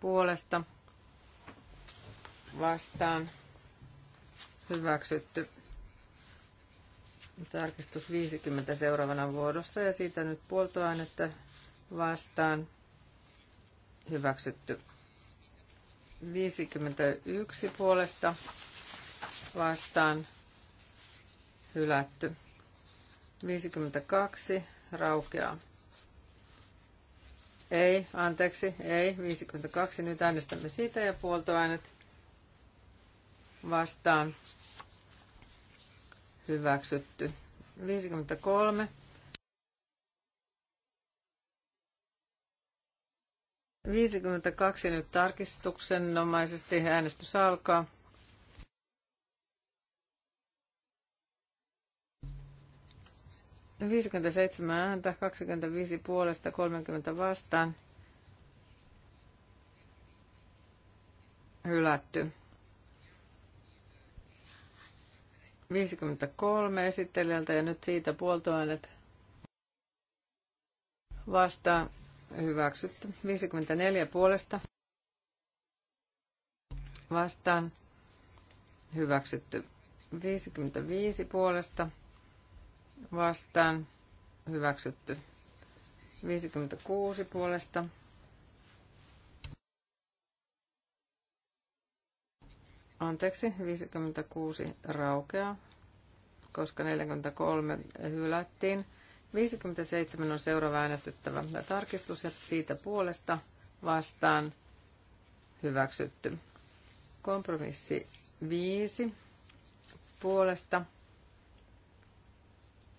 puolesta vastaan hyväksytty. Tarkistus 50 seuraavana vuodossa ja siitä nyt puoltoainetta vastaan hyväksytty. 51 puolesta vastaan hylätty. 52 raukeaa. Ei, anteeksi, ei, 52. Nyt äänestämme siitä ja puoltoainet vastaan hyväksytty. 53. 52 nyt tarkistuksenomaisesti äänestys alkaa. Viisikymmentäseitsemän ääntä, 25 puolesta, 30 vastaan. Hylätty. 53 esittelijältä ja nyt siitä puoltoäänet vastaan hyväksytty. 54 puolesta vastaan hyväksytty. 55 puolesta vastaan hyväksytty. 56 puolesta Anteeksi, 56 raukeaa, koska 43 hylättiin. 57 on seuraava äänestettävä tarkistus ja siitä puolesta vastaan hyväksytty. Kompromissi 5 puolesta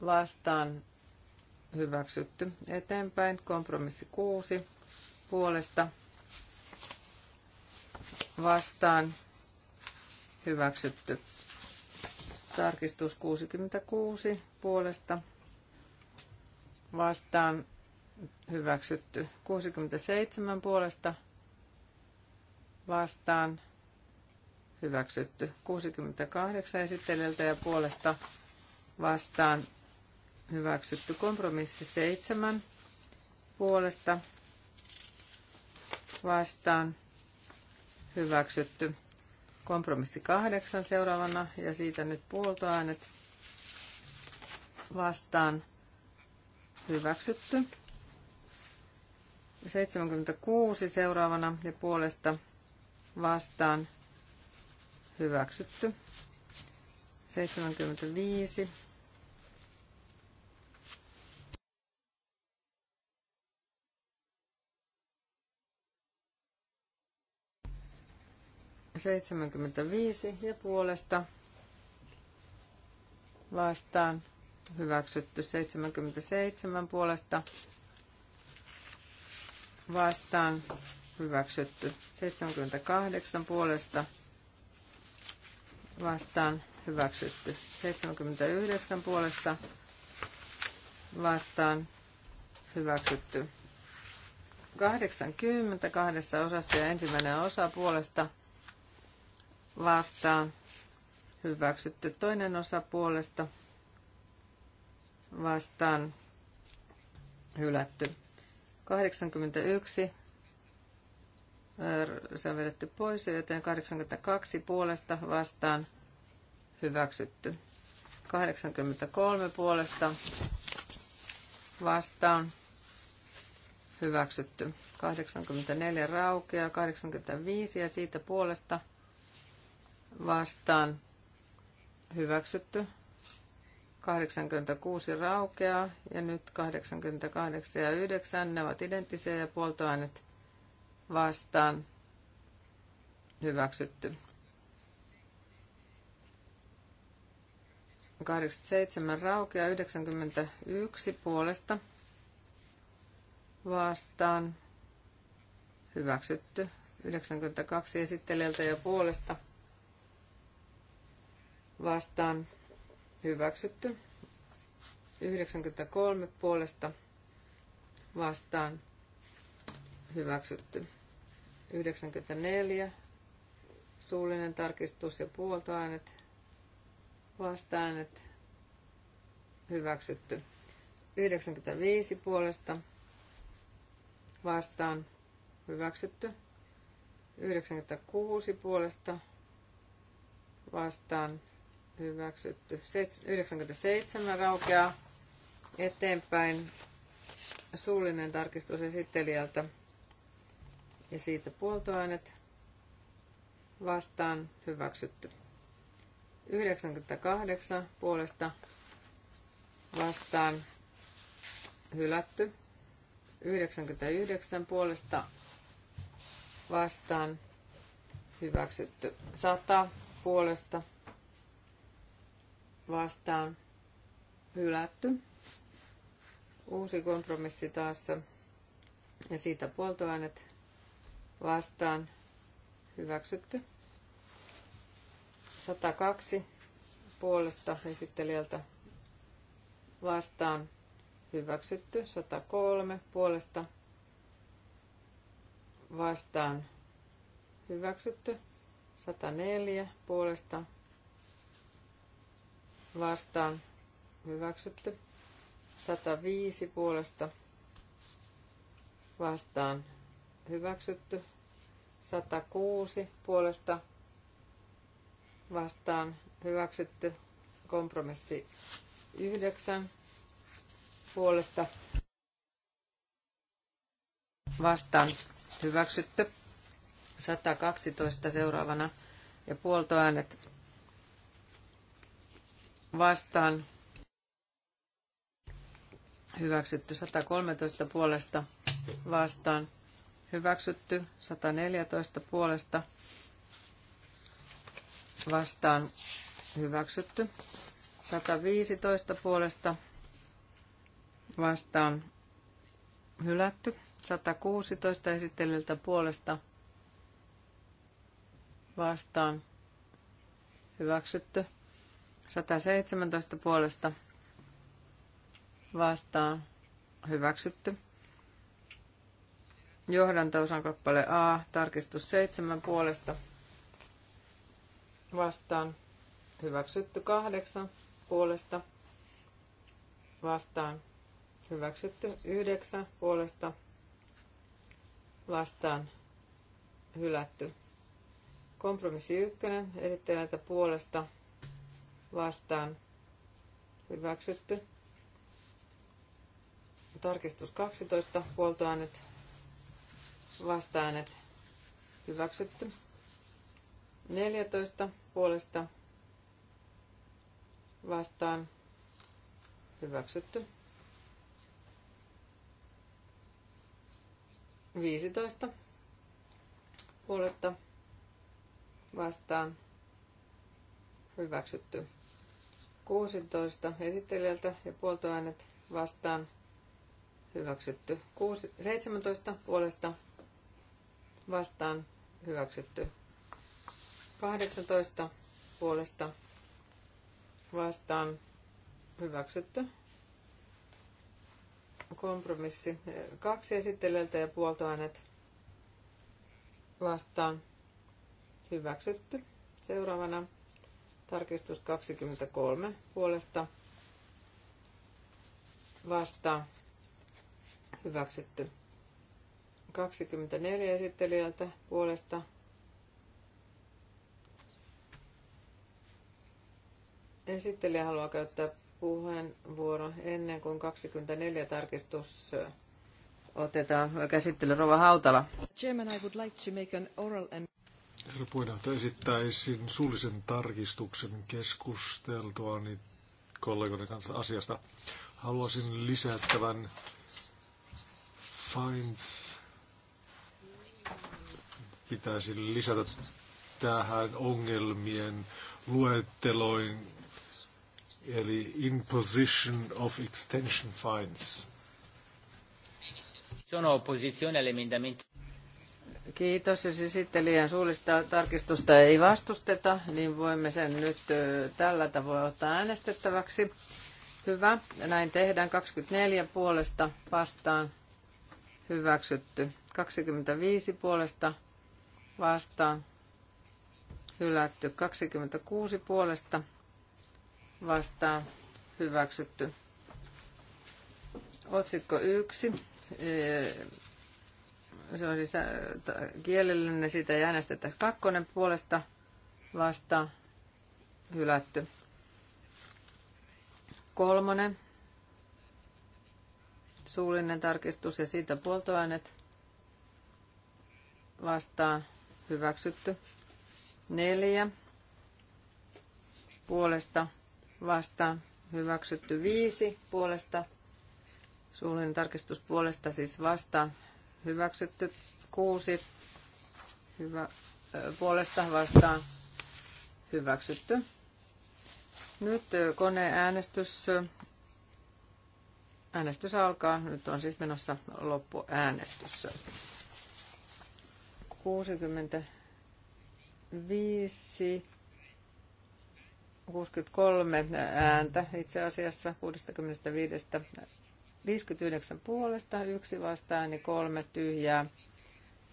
vastaan hyväksytty. Eteenpäin kompromissi 6 puolesta vastaan hyväksytty. Tarkistus 66 puolesta vastaan hyväksytty. 67 puolesta vastaan hyväksytty. 68 esittelijältä ja puolesta vastaan hyväksytty. Kompromissi 7 puolesta vastaan hyväksytty. Kompromissi kahdeksan seuraavana ja siitä nyt puoltoäänet vastaan hyväksytty. 76 seuraavana ja puolesta vastaan hyväksytty. 75 75 ja puolesta vastaan hyväksytty 77 puolesta vastaan hyväksytty 78 puolesta vastaan hyväksytty 79 puolesta vastaan hyväksytty 80 kahdessa osassa ja ensimmäinen osa puolesta vastaan hyväksytty toinen osa puolesta vastaan hylätty. 81 äh, se on vedetty pois, joten 82 puolesta vastaan hyväksytty. 83 puolesta vastaan hyväksytty. 84 raukeaa, 85 ja siitä puolesta vastaan hyväksytty. 86 raukeaa ja nyt 88 ja 9, ne ovat identtisiä ja puoltoainet vastaan hyväksytty. 87 raukea 91 puolesta vastaan hyväksytty. 92 esittelijältä ja puolesta vastaan hyväksytty. 93 puolesta vastaan hyväksytty. 94 suullinen tarkistus ja puoltoäänet vastaäänet hyväksytty. 95 puolesta vastaan hyväksytty. 96 puolesta vastaan hyväksytty. 97 raukeaa eteenpäin suullinen tarkistus esittelijältä ja siitä puoltoäänet vastaan hyväksytty. 98 puolesta vastaan hylätty. 99 puolesta vastaan hyväksytty. 100 puolesta vastaan hylätty. Uusi kompromissi taas ja siitä puoltoainet vastaan hyväksytty. 102 puolesta esittelijältä vastaan hyväksytty. 103 puolesta vastaan hyväksytty. 104 puolesta vastaan hyväksytty. 105 puolesta vastaan hyväksytty. 106 puolesta vastaan hyväksytty. Kompromissi 9 puolesta vastaan hyväksytty. 112 seuraavana ja puoltoäänet vastaan hyväksytty 113 puolesta vastaan hyväksytty 114 puolesta vastaan hyväksytty 115 puolesta vastaan hylätty 116 esittelijältä puolesta vastaan hyväksytty 117 puolesta vastaan hyväksytty. Johdantoosan kappale A, tarkistus 7 puolesta vastaan hyväksytty 8 puolesta vastaan hyväksytty 9 puolesta vastaan hylätty. Kompromissi 1 erittäin puolesta vastaan hyväksytty. Tarkistus 12 Huoltoäänet vastaanet hyväksytty. 14 puolesta vastaan hyväksytty. 15 puolesta vastaan hyväksytty. 16 esittelijältä ja puoltoäänet vastaan hyväksytty. 17 puolesta vastaan hyväksytty. 18 puolesta vastaan hyväksytty. Kompromissi. Kaksi esittelijältä ja puoltoäänet vastaan hyväksytty. Seuraavana Tarkistus 23 puolesta vasta hyväksytty. 24 esittelijältä puolesta esittelijä haluaa käyttää puheenvuoron ennen kuin 24 tarkistus otetaan käsittely. Rova Hautala. Chairman, I would like to make an oral Herra puheenjohtaja, esittäisin suullisen tarkistuksen keskusteltua niin kollegoiden kanssa asiasta. Haluaisin lisättävän fines pitäisi lisätä tähän ongelmien luetteloin, eli imposition of extension fines. Sono opposizione all'emendamento. Kiitos. Jos siis esittelijän suullista tarkistusta ei vastusteta, niin voimme sen nyt tällä tavoin ottaa äänestettäväksi. Hyvä. Näin tehdään. 24 puolesta vastaan hyväksytty. 25 puolesta vastaan hylätty. 26 puolesta vastaan hyväksytty. Otsikko 1 se on siis äh, kielellinen, siitä ei äänestetä kakkonen puolesta vasta hylätty. Kolmonen, suullinen tarkistus ja siitä puoltoäänet vastaan hyväksytty. Neljä, puolesta vastaan hyväksytty. Viisi, puolesta suullinen tarkistus puolesta siis vastaan hyväksytty. Kuusi hyvä, puolesta vastaan hyväksytty. Nyt koneäänestys. Äänestys alkaa. Nyt on siis menossa loppuäänestys. 65 63 ääntä itse asiassa 65 59 puolesta, yksi vastaan ja kolme tyhjää.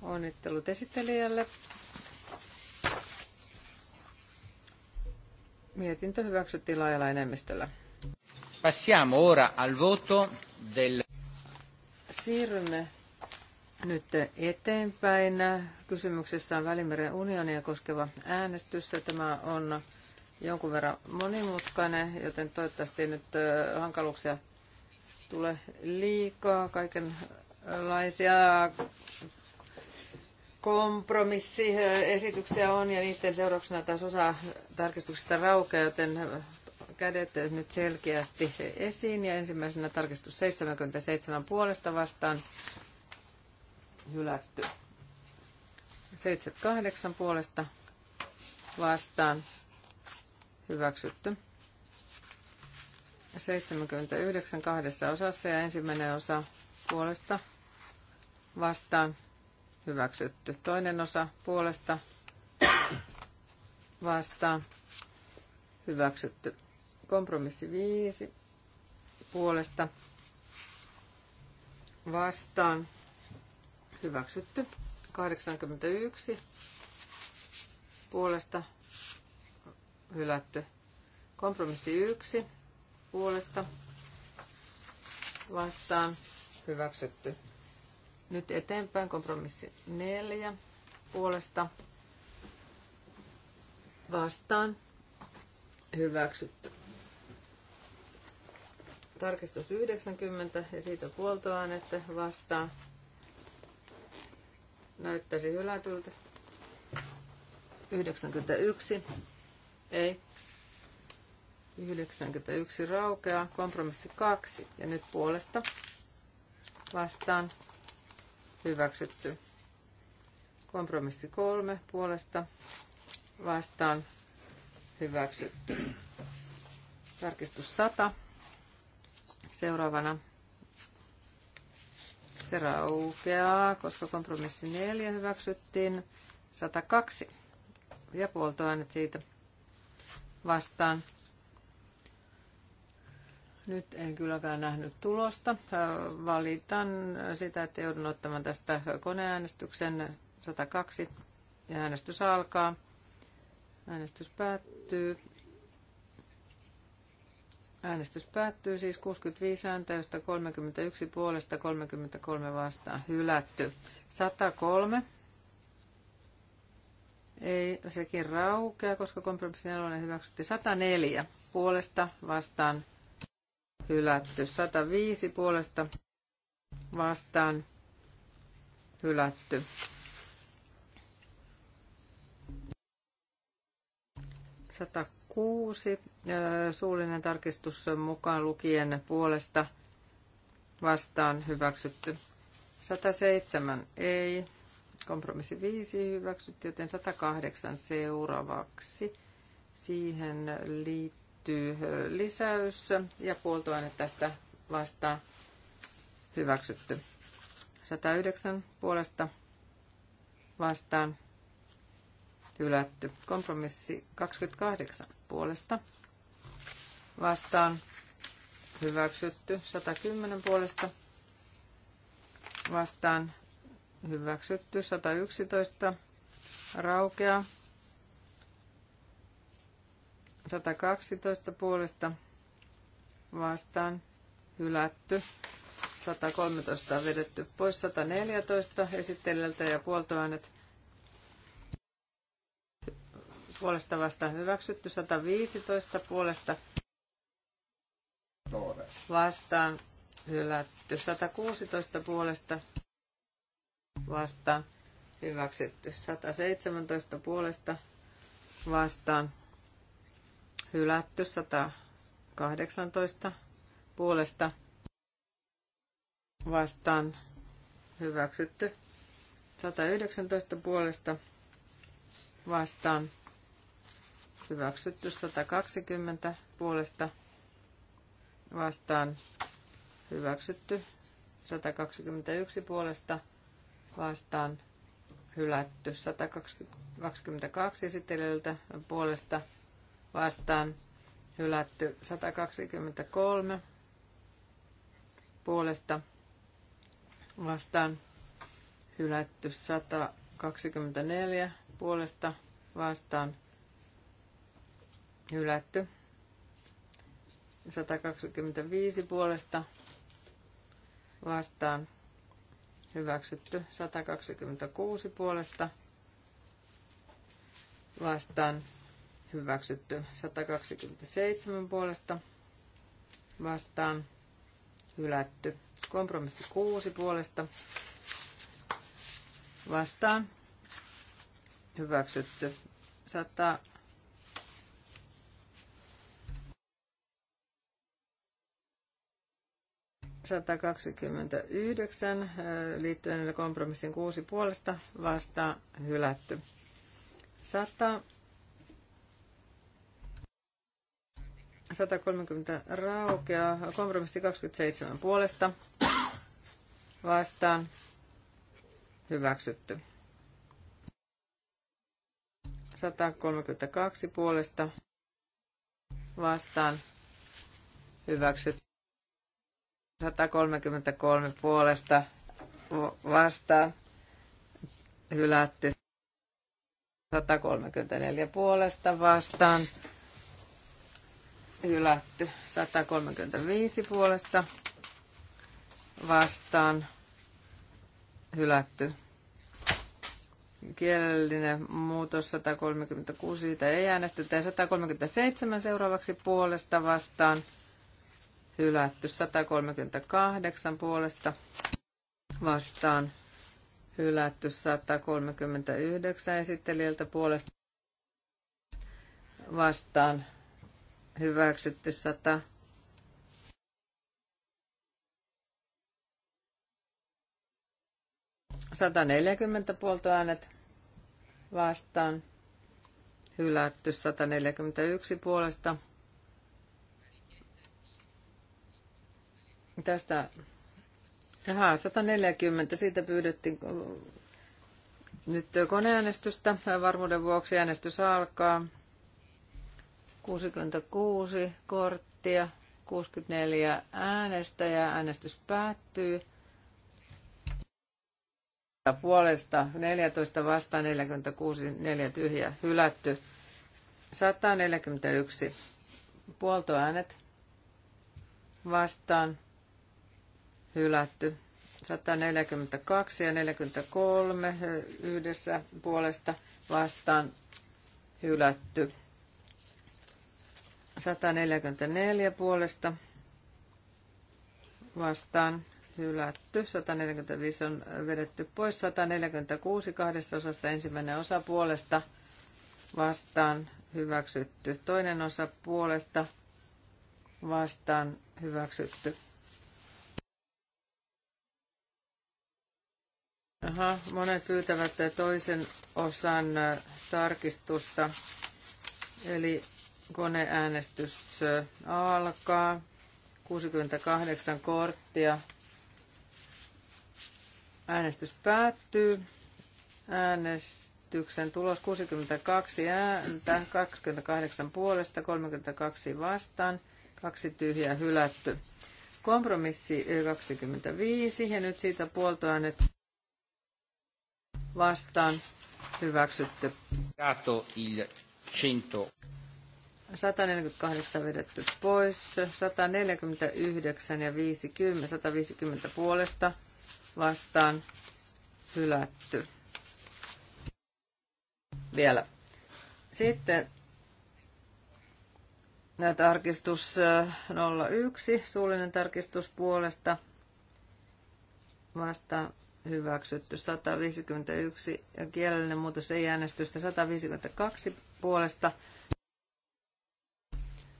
Onnittelut esittelijälle. Mietintö hyväksyttiin laajalla enemmistöllä. Passiamo ora al voto del... Siirrymme nyt eteenpäin. Kysymyksessä on Välimeren unionia koskeva äänestys. Tämä on jonkun verran monimutkainen, joten toivottavasti nyt hankaluuksia tule liikaa kaikenlaisia kompromissiesityksiä on ja niiden seurauksena taas osa tarkistuksista raukeaa, joten kädet nyt selkeästi esiin ja ensimmäisenä tarkistus 77 puolesta vastaan hylätty. 78 puolesta vastaan hyväksytty. 79 kahdessa osassa ja ensimmäinen osa puolesta vastaan hyväksytty. Toinen osa puolesta vastaan hyväksytty. Kompromissi 5 puolesta vastaan hyväksytty. 81 puolesta hylätty. Kompromissi 1 puolesta vastaan hyväksytty. Nyt eteenpäin kompromissi neljä puolesta vastaan hyväksytty. Tarkistus 90 ja siitä puoltoainetta vastaan näyttäisi hylätyltä. 91. Ei. 91 raukeaa, kompromissi 2 ja nyt puolesta vastaan hyväksytty. Kompromissi 3 puolesta vastaan hyväksytty. Tarkistus 100. Seuraavana se raukeaa, koska kompromissi 4 hyväksyttiin. 102 ja puoltoainet siitä vastaan nyt en kylläkään nähnyt tulosta. Valitan sitä, että joudun ottamaan tästä koneäänestyksen 102. Ja äänestys alkaa. Äänestys päättyy. Äänestys päättyy siis 65 ääntä, josta 31 puolesta 33 vastaan hylätty. 103. Ei, sekin raukea, koska kompromissi 4 hyväksytti. 104 puolesta vastaan hylätty. 105 puolesta vastaan hylätty. Sata kuusi suullinen tarkistus mukaan lukien puolesta vastaan hyväksytty. 107 ei, kompromissi 5 hyväksytty, joten 108 seuraavaksi. Siihen liittyy Hyväksytty lisäys ja puoltoaine tästä vastaan hyväksytty. 109 puolesta vastaan hylätty. Kompromissi 28 puolesta vastaan hyväksytty. 110 puolesta vastaan hyväksytty. 111 raukea. 112 puolesta vastaan hylätty. 113 on vedetty pois, 114 esittelijältä ja puoltoäänet puolesta vastaan hyväksytty, 115 puolesta vastaan hylätty, 116 puolesta vastaan hyväksytty, 117 puolesta vastaan hylätty 118 puolesta vastaan hyväksytty 119 puolesta vastaan hyväksytty 120 puolesta vastaan hyväksytty 121 puolesta vastaan hylätty 122 esittelijältä puolesta vastaan hylätty 123 puolesta vastaan hylätty 124 puolesta vastaan hylätty 125 puolesta vastaan hyväksytty 126 puolesta vastaan hyväksytty. 127 puolesta vastaan hylätty. Kompromissi 6 puolesta vastaan hyväksytty. 100 129 äh, liittyen kompromissin 6 puolesta vastaan hylätty. 100 130 raukeaa. Kompromissi 27 puolesta vastaan hyväksytty. 132 puolesta vastaan hyväksytty. 133 puolesta vastaan hylätty. 134 puolesta vastaan hylätty. 135 puolesta vastaan hylätty. Kielellinen muutos 136, siitä ei äänestetä. 137 seuraavaksi puolesta vastaan hylätty. 138 puolesta vastaan hylätty. 139 esittelijältä puolesta vastaan hyväksytty sata. Sata neljäkymmentä puoltoäänet vastaan, hylätty 141 puolesta. Tästä, jaha, 140, siitä pyydettiin nyt koneäänestystä varmuuden vuoksi äänestys alkaa. 66 korttia, 64 ja äänestys päättyy. Puolesta 14 vastaan 46, 4 tyhjää, hylätty. 141 puoltoäänet vastaan, hylätty. 142 ja 43 yhdessä puolesta vastaan, hylätty. 144 puolesta vastaan hylätty. 145 on vedetty pois. 146 kahdessa osassa ensimmäinen osa puolesta vastaan hyväksytty. Toinen osa puolesta vastaan hyväksytty. Aha, monet pyytävät toisen osan tarkistusta. Eli Koneäänestys alkaa. 68 korttia. Äänestys päättyy. Äänestyksen tulos 62 ääntä, 28 puolesta, 32 vastaan, kaksi tyhjää hylätty. Kompromissi 25 ja nyt siitä puoltoäänet vastaan hyväksytty. il 100. 148 vedetty pois, 149 ja 50, 150 puolesta vastaan hylätty. Vielä. Sitten tarkistus 01, suullinen tarkistus puolesta vastaan hyväksytty 151 ja kielellinen muutos ei äänestystä 152 puolesta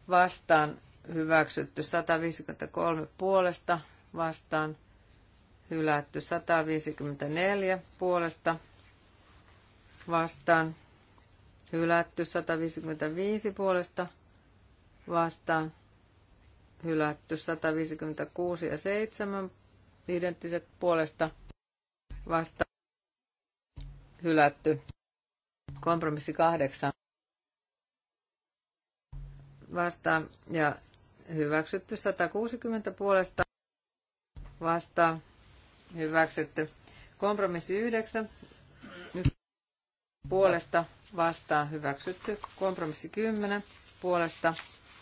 vastaan hyväksytty 153 puolesta vastaan hylätty 154 puolesta vastaan hylätty 155 puolesta vastaan hylätty 156 ja 7 identtiset puolesta vastaan hylätty kompromissi 8 vastaan ja hyväksytty 160 puolesta vastaan hyväksytty. Kompromissi 9 puolesta vastaan hyväksytty. Kompromissi 10 puolesta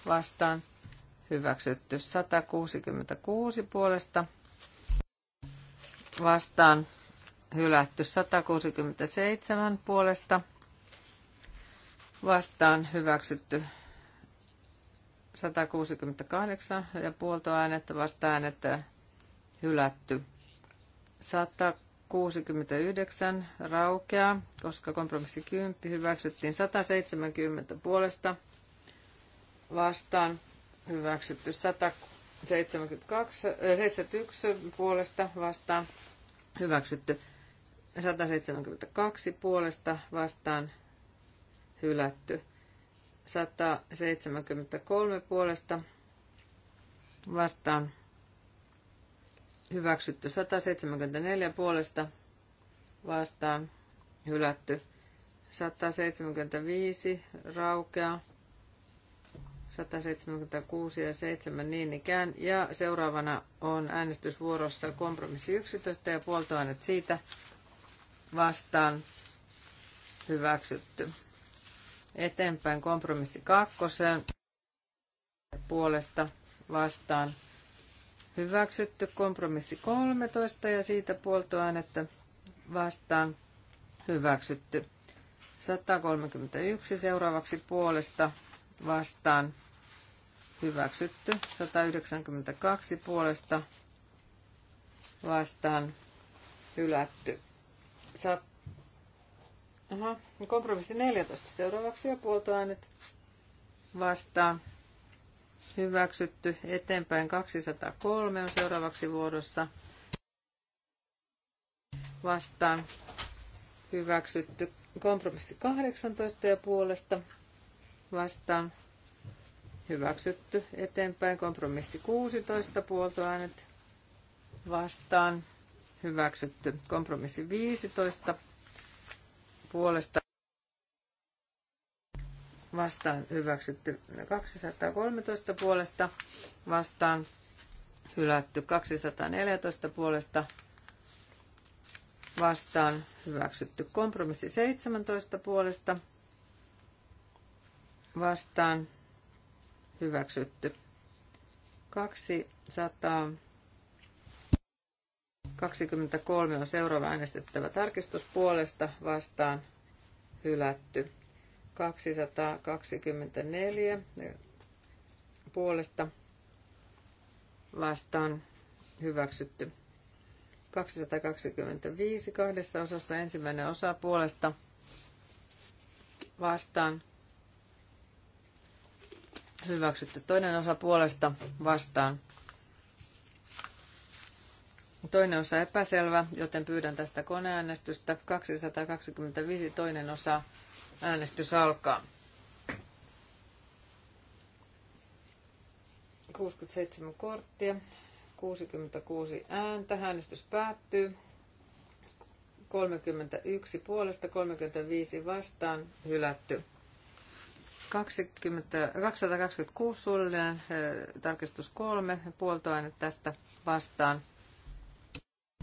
vastaan hyväksytty. 166 puolesta vastaan hylätty. 167 puolesta vastaan hyväksytty 168 ja puoltoäänettä vastaäänettä hylätty. 169 raukeaa, koska kompromissi 10 hyväksyttiin 170 puolesta vastaan hyväksytty 172, 71 äh, puolesta vastaan hyväksytty 172 puolesta vastaan hylätty 173 puolesta vastaan hyväksytty 174 puolesta vastaan hylätty 175 raukea. 176 ja 7 niin ikään. Ja seuraavana on äänestysvuorossa kompromissi 11 ja puoltoainet siitä vastaan hyväksytty eteenpäin kompromissi kakkoseen puolesta vastaan hyväksytty kompromissi 13 ja siitä puoltoainetta vastaan hyväksytty 131 seuraavaksi puolesta vastaan hyväksytty 192 puolesta vastaan hylätty 100 Aha, no kompromissi 14 seuraavaksi ja puoltoainet vastaan. Hyväksytty eteenpäin 203 on seuraavaksi vuodossa vastaan. Hyväksytty kompromissi 18 ja puolesta vastaan. Hyväksytty eteenpäin kompromissi 16 puoltoäänet vastaan. Hyväksytty kompromissi 15 puolesta vastaan hyväksytty 213 puolesta vastaan hylätty 214 puolesta vastaan hyväksytty kompromissi 17 puolesta vastaan hyväksytty 200 23 on seuraava äänestettävä tarkistus puolesta vastaan hylätty. 224 puolesta vastaan hyväksytty. 225 kahdessa osassa ensimmäinen osa puolesta vastaan hyväksytty. Toinen osa puolesta vastaan Toinen osa epäselvä, joten pyydän tästä koneäänestystä. 225 toinen osa äänestys alkaa. 67 korttia, 66 ääntä, äänestys päättyy. 31 puolesta, 35 vastaan, hylätty. 20, 226 suullinen, eh, tarkistus 3, puoltoaine tästä vastaan,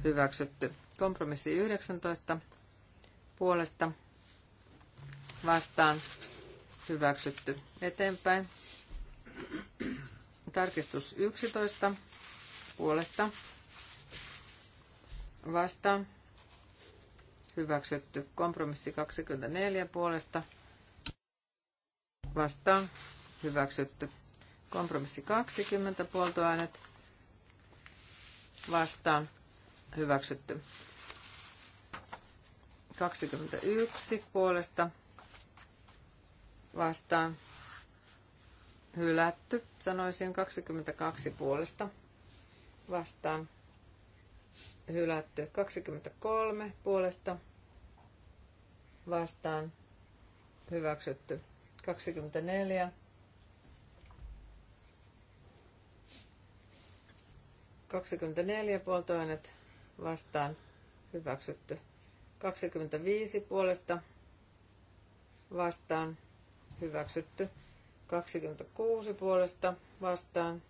hyväksytty. Kompromissi 19 puolesta vastaan hyväksytty. Eteenpäin. Tarkistus 11 puolesta vastaan hyväksytty. Kompromissi 24 puolesta vastaan hyväksytty. Kompromissi 20 puoltoäänet vastaan hyväksytty. 21 puolesta vastaan hylätty, sanoisin 22 puolesta vastaan hylätty, 23 puolesta vastaan hyväksytty, 24 24 puolta vastaan hyväksytty. 25 puolesta vastaan hyväksytty. 26 puolesta vastaan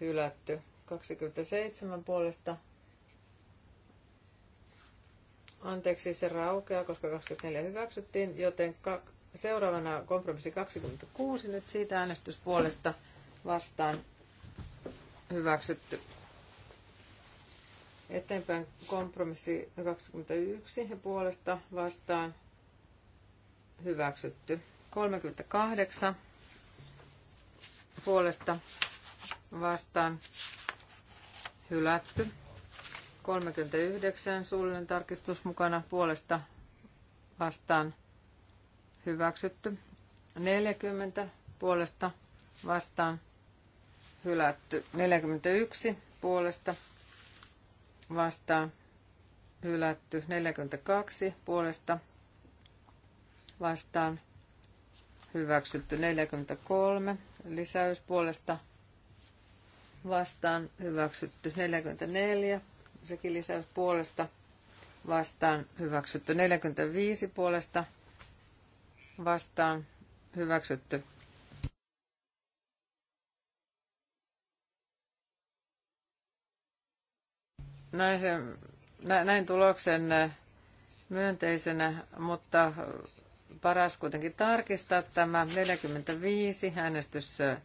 hylätty. 27 puolesta anteeksi se raukeaa, koska 24 hyväksyttiin, joten seuraavana kompromissi 26 nyt siitä äänestyspuolesta vastaan hyväksytty. Eteenpäin kompromissi 21 ja puolesta vastaan hyväksytty. 38 puolesta vastaan hylätty. 39 suullinen tarkistus mukana puolesta vastaan hyväksytty. 40 puolesta vastaan hylätty. 41 puolesta vastaan hylätty 42 puolesta vastaan hyväksytty 43 lisäys puolesta vastaan hyväksytty 44 sekin lisäys puolesta vastaan hyväksytty 45 puolesta vastaan hyväksytty näin, sen, näin tuloksen äh, myönteisenä, mutta äh, paras kuitenkin tarkistaa tämä 45. Äänestys äh,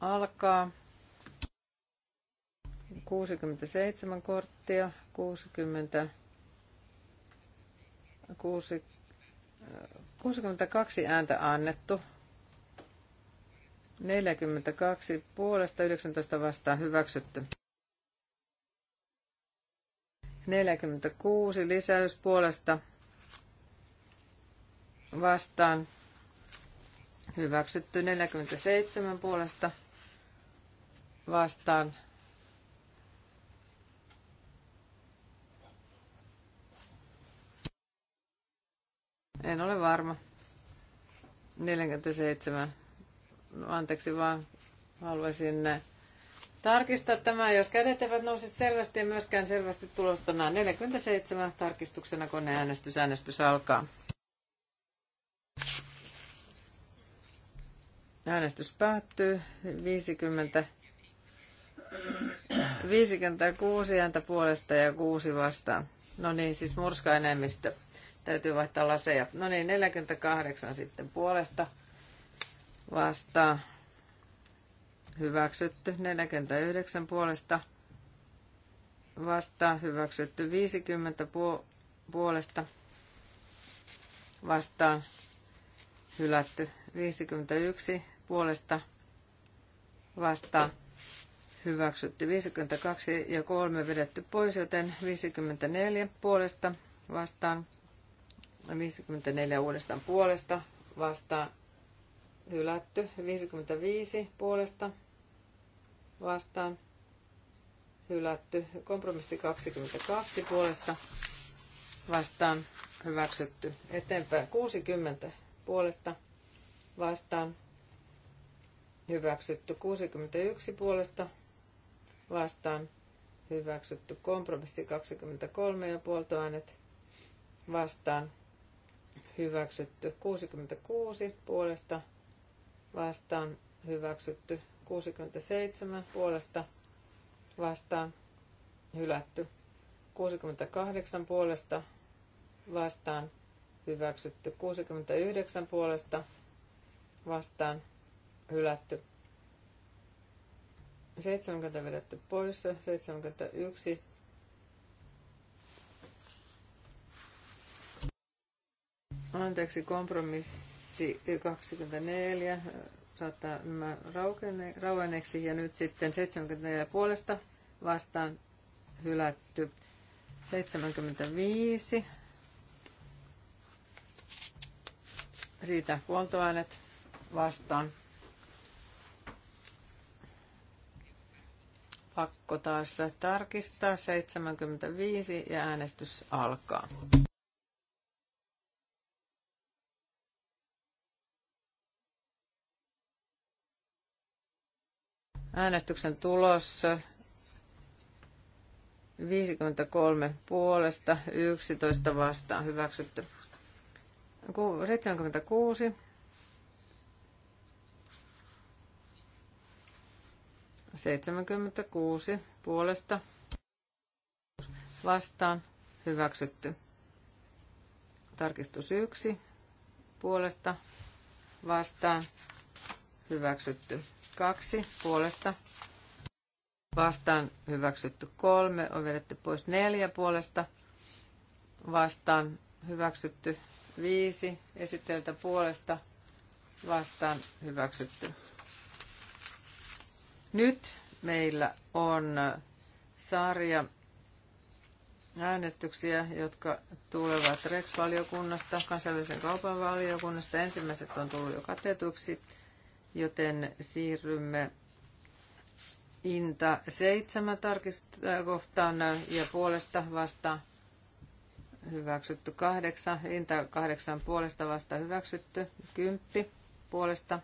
alkaa. 67 korttia, 60, 6, 62 ääntä annettu, 42 puolesta, 19 vastaan hyväksytty. 46 lisäys puolesta vastaan. Hyväksytty 47 puolesta vastaan. En ole varma. 47. No, anteeksi vaan, haluaisin tarkistaa tämä. Jos kädet eivät nouse selvästi ja myöskään selvästi tulostana 47 tarkistuksena äänestys, Äänestys alkaa. Äänestys päättyy. 50, 56 ääntä puolesta ja 6 vastaan. No niin, siis murska enemmistö. Täytyy vaihtaa laseja. No niin, 48 sitten puolesta vastaan hyväksytty 49 puolesta, vastaan hyväksytty 50 puolesta, vastaan hylätty 51 puolesta, vastaan hyväksytty 52 ja 3 vedetty pois, joten 54 puolesta vastaan, 54 uudestaan puolesta vastaan, hylätty 55 puolesta vastaan hylätty. Kompromissi 22 puolesta vastaan hyväksytty. Eteenpäin 60 puolesta vastaan hyväksytty. 61 puolesta vastaan hyväksytty. Kompromissi 23 ja puoltoainet vastaan hyväksytty. 66 puolesta vastaan hyväksytty. 67 puolesta vastaan hylätty. 68 puolesta vastaan hyväksytty. 69 puolesta vastaan hylätty. 70 vedetty pois, 71 Anteeksi, kompromissi 24 saattaa nämä rauenneeksi ja nyt sitten 74 puolesta vastaan hylätty 75. Siitä huoltoäänet vastaan. Pakko taas tarkistaa 75 ja äänestys alkaa. Äänestyksen tulos 53 puolesta, 11 vastaan hyväksytty. 76. kuusi puolesta vastaan hyväksytty. Tarkistus yksi puolesta vastaan hyväksytty kaksi puolesta. Vastaan hyväksytty kolme, on vedetty pois neljä puolesta. Vastaan hyväksytty viisi, esiteltä puolesta. Vastaan hyväksytty. Nyt meillä on sarja äänestyksiä, jotka tulevat REX-valiokunnasta, kansainvälisen kaupan valiokunnasta. Ensimmäiset on tullut jo katetuksi joten siirrymme Inta seitsemän tarkistuskohtaan ja puolesta vasta hyväksytty kahdeksan. Inta kahdeksan puolesta vasta hyväksytty kymppi puolesta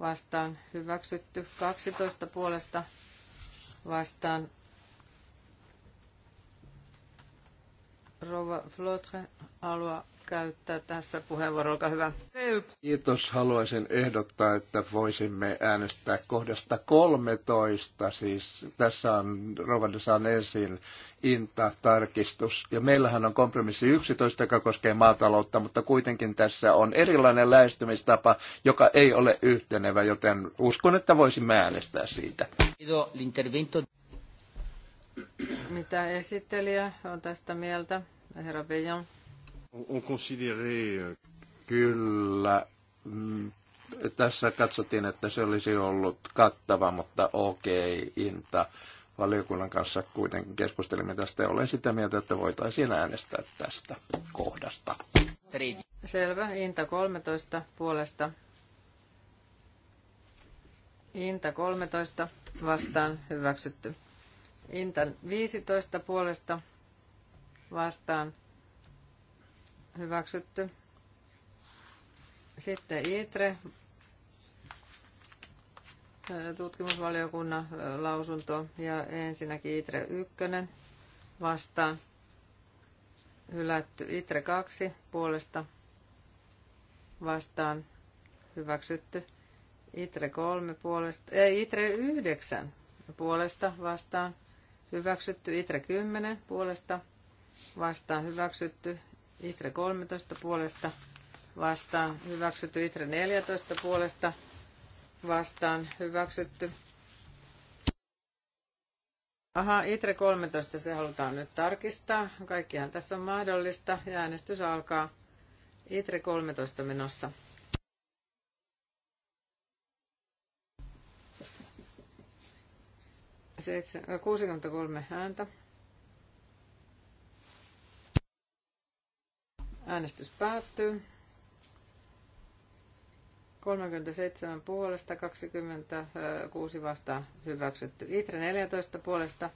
vastaan hyväksytty 12 puolesta vastaan Rova Flotre haluaa käyttää tässä puheenvuoro. Olkaa hyvä. Kiitos. Haluaisin ehdottaa, että voisimme äänestää kohdasta 13. Siis tässä on Rovadesaan ensin Inta-tarkistus. Ja meillähän on kompromissi 11, joka koskee maataloutta, mutta kuitenkin tässä on erilainen lähestymistapa, joka ei ole yhtenevä, joten uskon, että voisimme äänestää siitä. Mitä esittelijä on tästä mieltä, herra Bejon? On considéré... Euh, Kyllä. Mm, tässä katsottiin, että se olisi ollut kattava, mutta okei, okay, Inta valiokunnan kanssa kuitenkin keskustelimme tästä ja olen sitä mieltä, että voitaisiin äänestää tästä kohdasta. Selvä. Inta 13 puolesta. Inta 13 vastaan hyväksytty. Intan 15 puolesta vastaan hyväksytty. Sitten ITRE, tutkimusvaliokunnan lausunto ja ensinnäkin ITRE 1 vastaan hylätty. ITRE 2 puolesta vastaan hyväksytty. ITRE 3 puolesta, ei, ITRE 9 puolesta vastaan hyväksytty. Itre 10 puolesta vastaan hyväksytty. Itre 13 puolesta vastaan hyväksytty. Itre 14 puolesta vastaan hyväksytty. Aha, ITRE 13, se halutaan nyt tarkistaa. Kaikkihan tässä on mahdollista ja äänestys alkaa ITRE 13 menossa. 63 ääntä. Äänestys päättyy. 37 puolesta, 26 vastaan hyväksytty. Itre 14 puolesta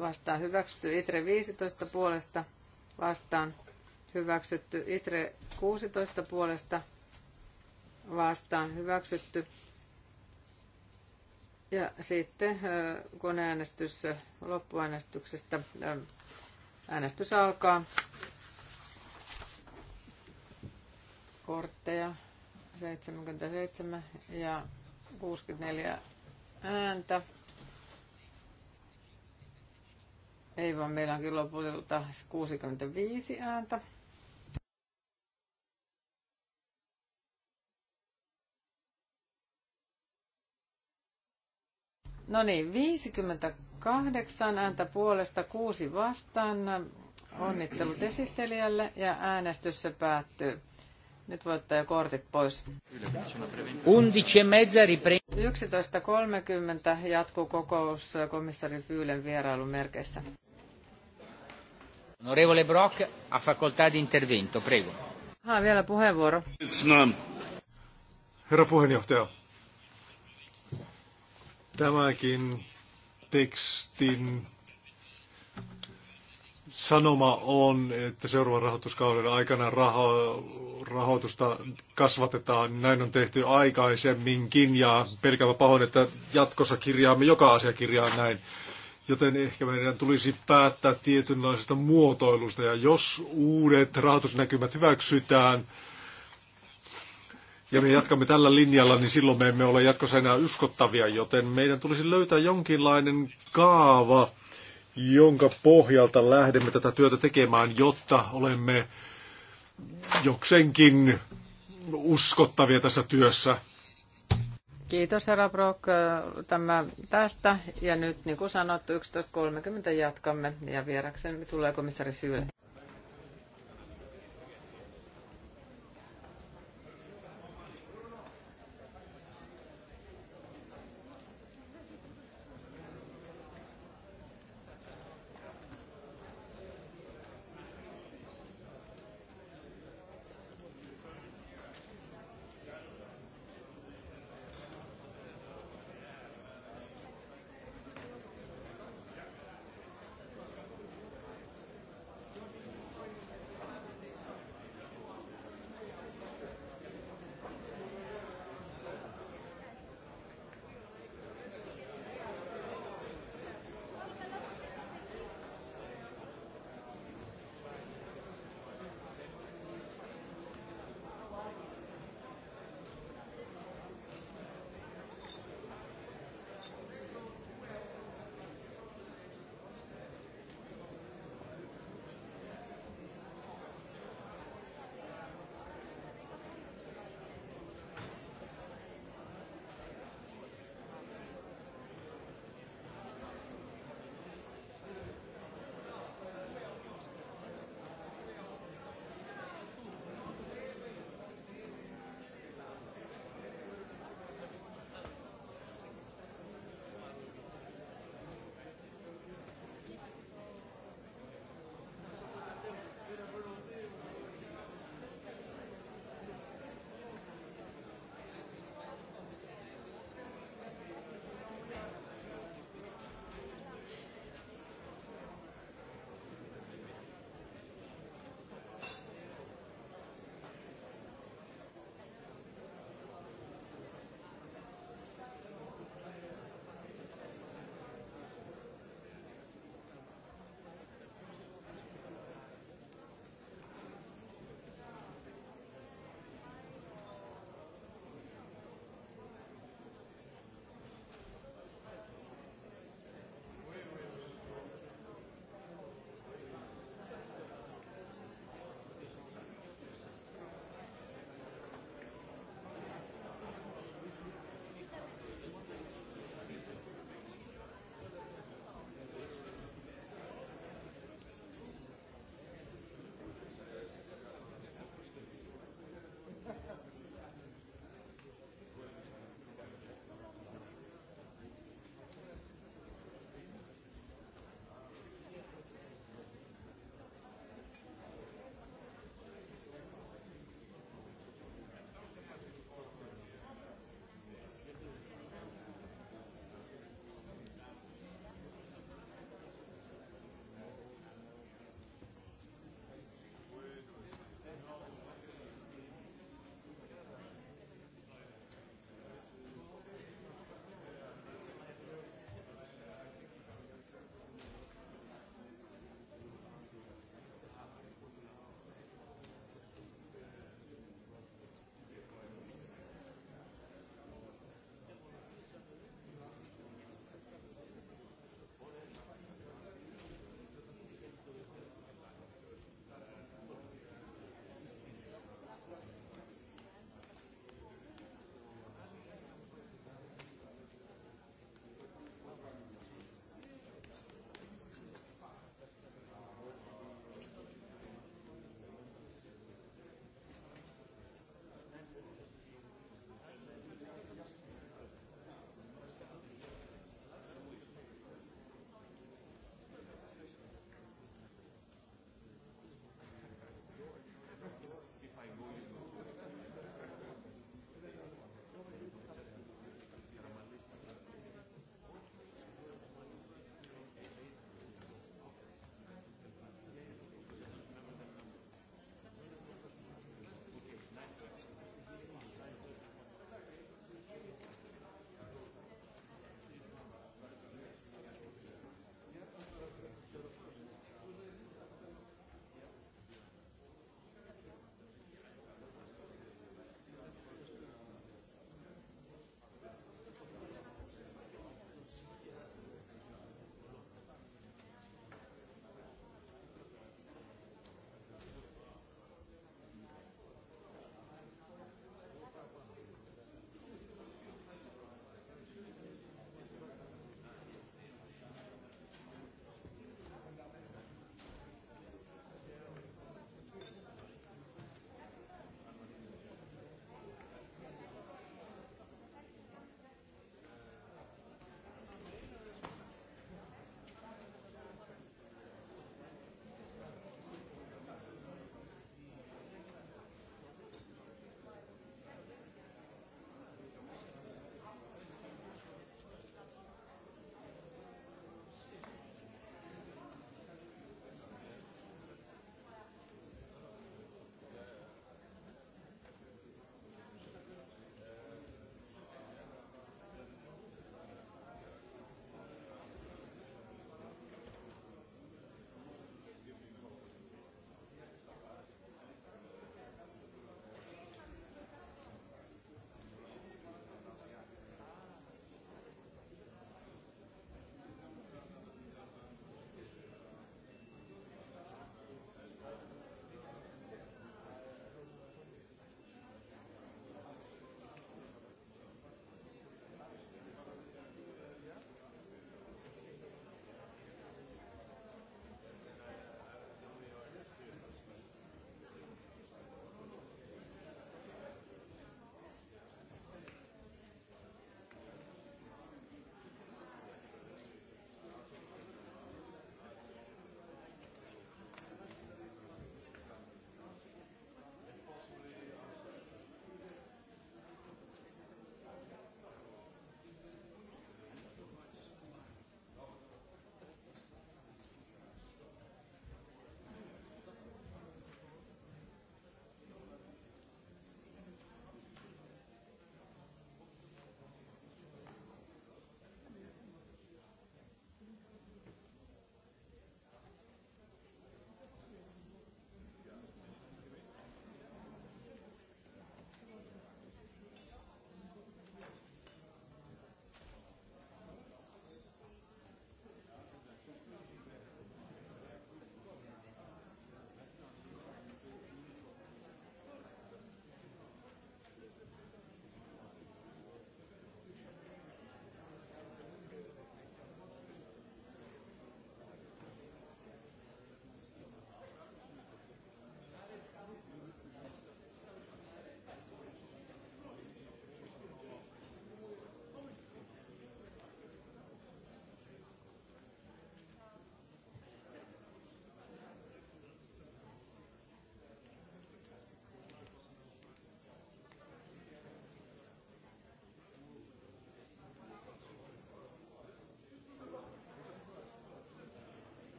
vastaan hyväksytty. Itre 15 puolesta vastaan hyväksytty. Itre 16 puolesta vastaan hyväksytty. Ja sitten kun äänestys loppuäänestyksestä äänestys alkaa. Kortteja 77 ja 64 ääntä. Ei vaan meillä kyllä lopulta 65 ääntä. No niin, 58 ääntä puolesta, kuusi vastaan. Onnittelut esittelijälle ja äänestys se päättyy. Nyt voit ottaa jo kortit pois. 11.30 e jatkuu kokous komissari Fyylen vierailun merkeissä. Onorevole Brock, a facoltà di intervento, prego. Ha, vielä puheenvuoro. Um, Herra puheenjohtaja, Tämäkin tekstin sanoma on, että seuraavan rahoituskauden aikana raho, rahoitusta kasvatetaan. Näin on tehty aikaisemminkin ja pelkävä pahoin, että jatkossa kirjaamme joka asiakirjaan näin. Joten ehkä meidän tulisi päättää tietynlaisesta muotoilusta ja jos uudet rahoitusnäkymät hyväksytään, ja me jatkamme tällä linjalla, niin silloin me emme ole jatkossa enää uskottavia, joten meidän tulisi löytää jonkinlainen kaava, jonka pohjalta lähdemme tätä työtä tekemään, jotta olemme jokseenkin uskottavia tässä työssä. Kiitos herra Brock tämä tästä. Ja nyt niin kuin sanottu, 11.30 jatkamme ja vieraksemme tulee komissari Fyle.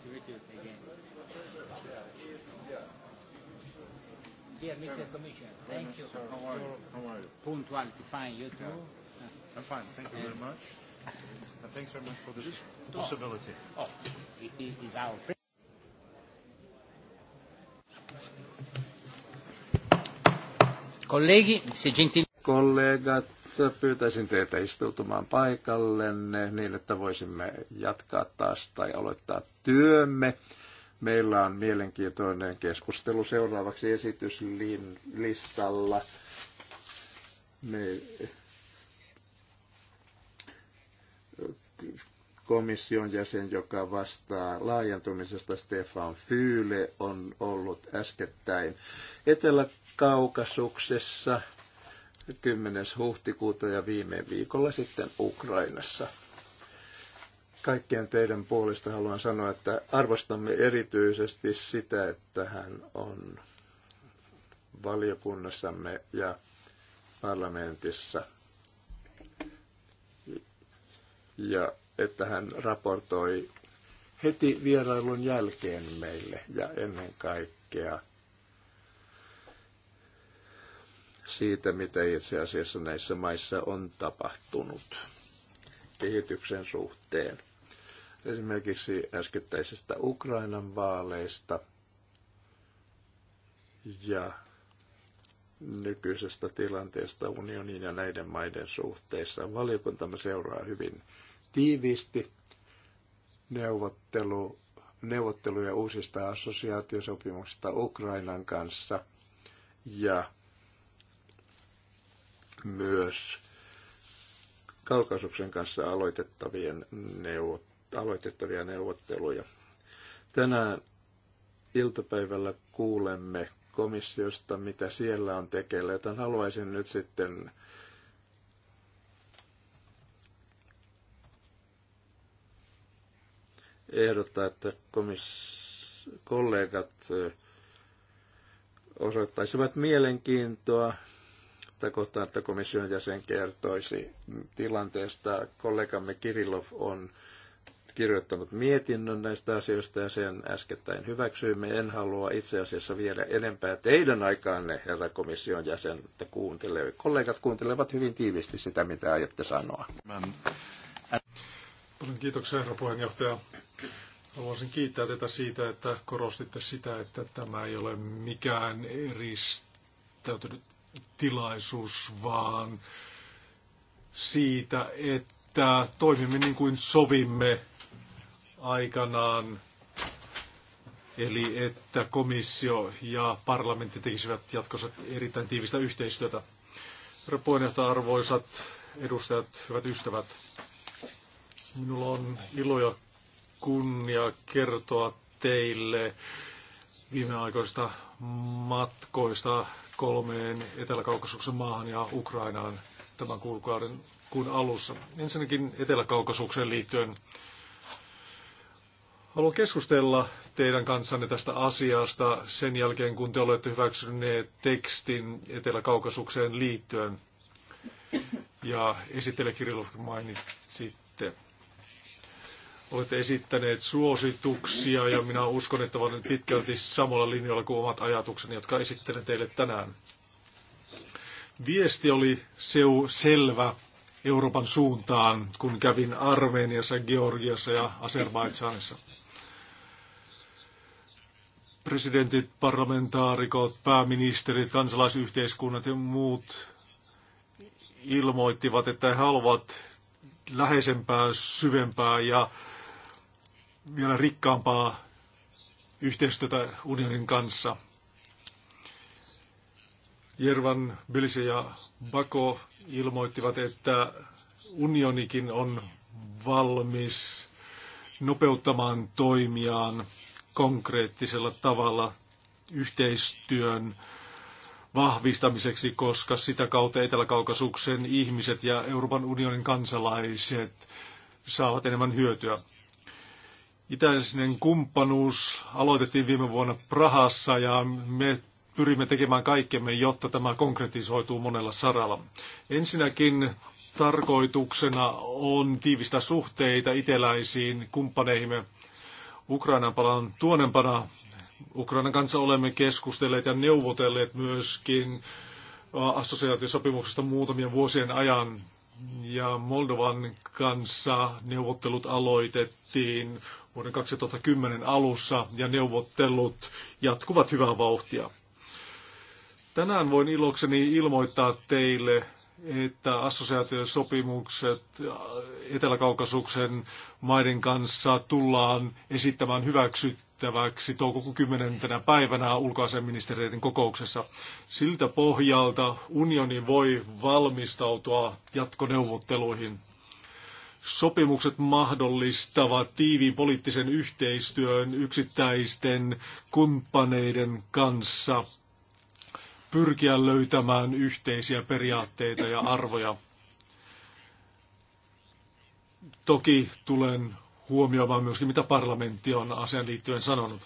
security again. Dear Mr. Commissioner, thank you for how are you? How are punctuality. Fine, you too? I'm fine, thank you very much. And thanks very much for this possibility. Oh, it is our Colleghi, se gentili... Kollegat, Sä pyytäisin teitä istuutumaan paikallenne niin, että voisimme jatkaa taas tai aloittaa työmme. Meillä on mielenkiintoinen keskustelu seuraavaksi esityslistalla. Me komission jäsen, joka vastaa laajentumisesta, Stefan Fyyle, on ollut äskettäin Etelä-Kaukasuksessa – 10. huhtikuuta ja viime viikolla sitten Ukrainassa. Kaikkien teidän puolesta haluan sanoa, että arvostamme erityisesti sitä, että hän on valiokunnassamme ja parlamentissa ja että hän raportoi heti vierailun jälkeen meille ja ennen kaikkea – siitä, mitä itse asiassa näissä maissa on tapahtunut kehityksen suhteen. Esimerkiksi äskettäisistä Ukrainan vaaleista ja nykyisestä tilanteesta unionin ja näiden maiden suhteissa. Valiokuntamme seuraa hyvin tiiviisti neuvottelu, neuvotteluja uusista assosiaatiosopimuksista Ukrainan kanssa ja myös Kaukasuksen kanssa aloitettavien neuvot, aloitettavia neuvotteluja. Tänään iltapäivällä kuulemme komissiosta, mitä siellä on tekeillä, joten haluaisin nyt sitten ehdottaa, että komis- kollegat osoittaisivat mielenkiintoa sitä kohtaa, että komission jäsen kertoisi tilanteesta. Kollegamme Kirillov on kirjoittanut mietinnön näistä asioista ja sen äskettäin hyväksyimme. En halua itse asiassa viedä enempää teidän aikaanne, herra komission jäsen, että kuuntelee. Kollegat kuuntelevat hyvin tiivisti sitä, mitä aiotte sanoa. Paljon kiitoksia, herra puheenjohtaja. Haluaisin kiittää teitä siitä, että korostitte sitä, että tämä ei ole mikään eristäytynyt tilaisuus, vaan siitä, että toimimme niin kuin sovimme aikanaan, eli että komissio ja parlamentti tekisivät jatkossa erittäin tiivistä yhteistyötä. Herra arvoisat edustajat, hyvät ystävät, minulla on ilo ja kunnia kertoa teille viimeaikoista matkoista kolmeen etelä maahan ja Ukrainaan tämän kuukauden kuun alussa. Ensinnäkin etelä liittyen haluan keskustella teidän kanssanne tästä asiasta sen jälkeen, kun te olette hyväksyneet tekstin etelä liittyen. Ja esittelee Kirillov mainitsi Olette esittäneet suosituksia ja minä uskon, että olen pitkälti samalla linjalla kuin omat ajatukseni, jotka esittelen teille tänään. Viesti oli seu selvä Euroopan suuntaan, kun kävin Armeniassa, Georgiassa ja Azerbaidsanissa presidentit, parlamentaarikot, pääministerit, kansalaisyhteiskunnat ja muut ilmoittivat, että he haluavat läheisempää, syvempää ja vielä rikkaampaa yhteistyötä unionin kanssa. Jervan, Bilse ja Bako ilmoittivat, että unionikin on valmis nopeuttamaan toimiaan konkreettisella tavalla yhteistyön vahvistamiseksi, koska sitä kautta Etelä-Kaukasuksen ihmiset ja Euroopan unionin kansalaiset saavat enemmän hyötyä. Itäisinen kumppanuus aloitettiin viime vuonna Prahassa ja me pyrimme tekemään kaikkemme, jotta tämä konkretisoituu monella saralla. Ensinnäkin tarkoituksena on tiivistää suhteita itäläisiin kumppaneihimme. Ukrainan palan tuonempana Ukrainan kanssa olemme keskustelleet ja neuvotelleet myöskin assosiaatiosopimuksesta muutamien vuosien ajan. Ja Moldovan kanssa neuvottelut aloitettiin vuoden 2010 alussa ja neuvottelut jatkuvat hyvää vauhtia. Tänään voin ilokseni ilmoittaa teille, että sopimukset Etelä-Kaukasuksen maiden kanssa tullaan esittämään hyväksyttäväksi toukokuun 10. päivänä ulkoasiaministeriöiden kokouksessa. Siltä pohjalta unioni voi valmistautua jatkoneuvotteluihin. Sopimukset mahdollistavat tiiviin poliittisen yhteistyön yksittäisten kumppaneiden kanssa pyrkiä löytämään yhteisiä periaatteita ja arvoja. Toki tulen huomioimaan myöskin, mitä parlamentti on asian liittyen sanonut.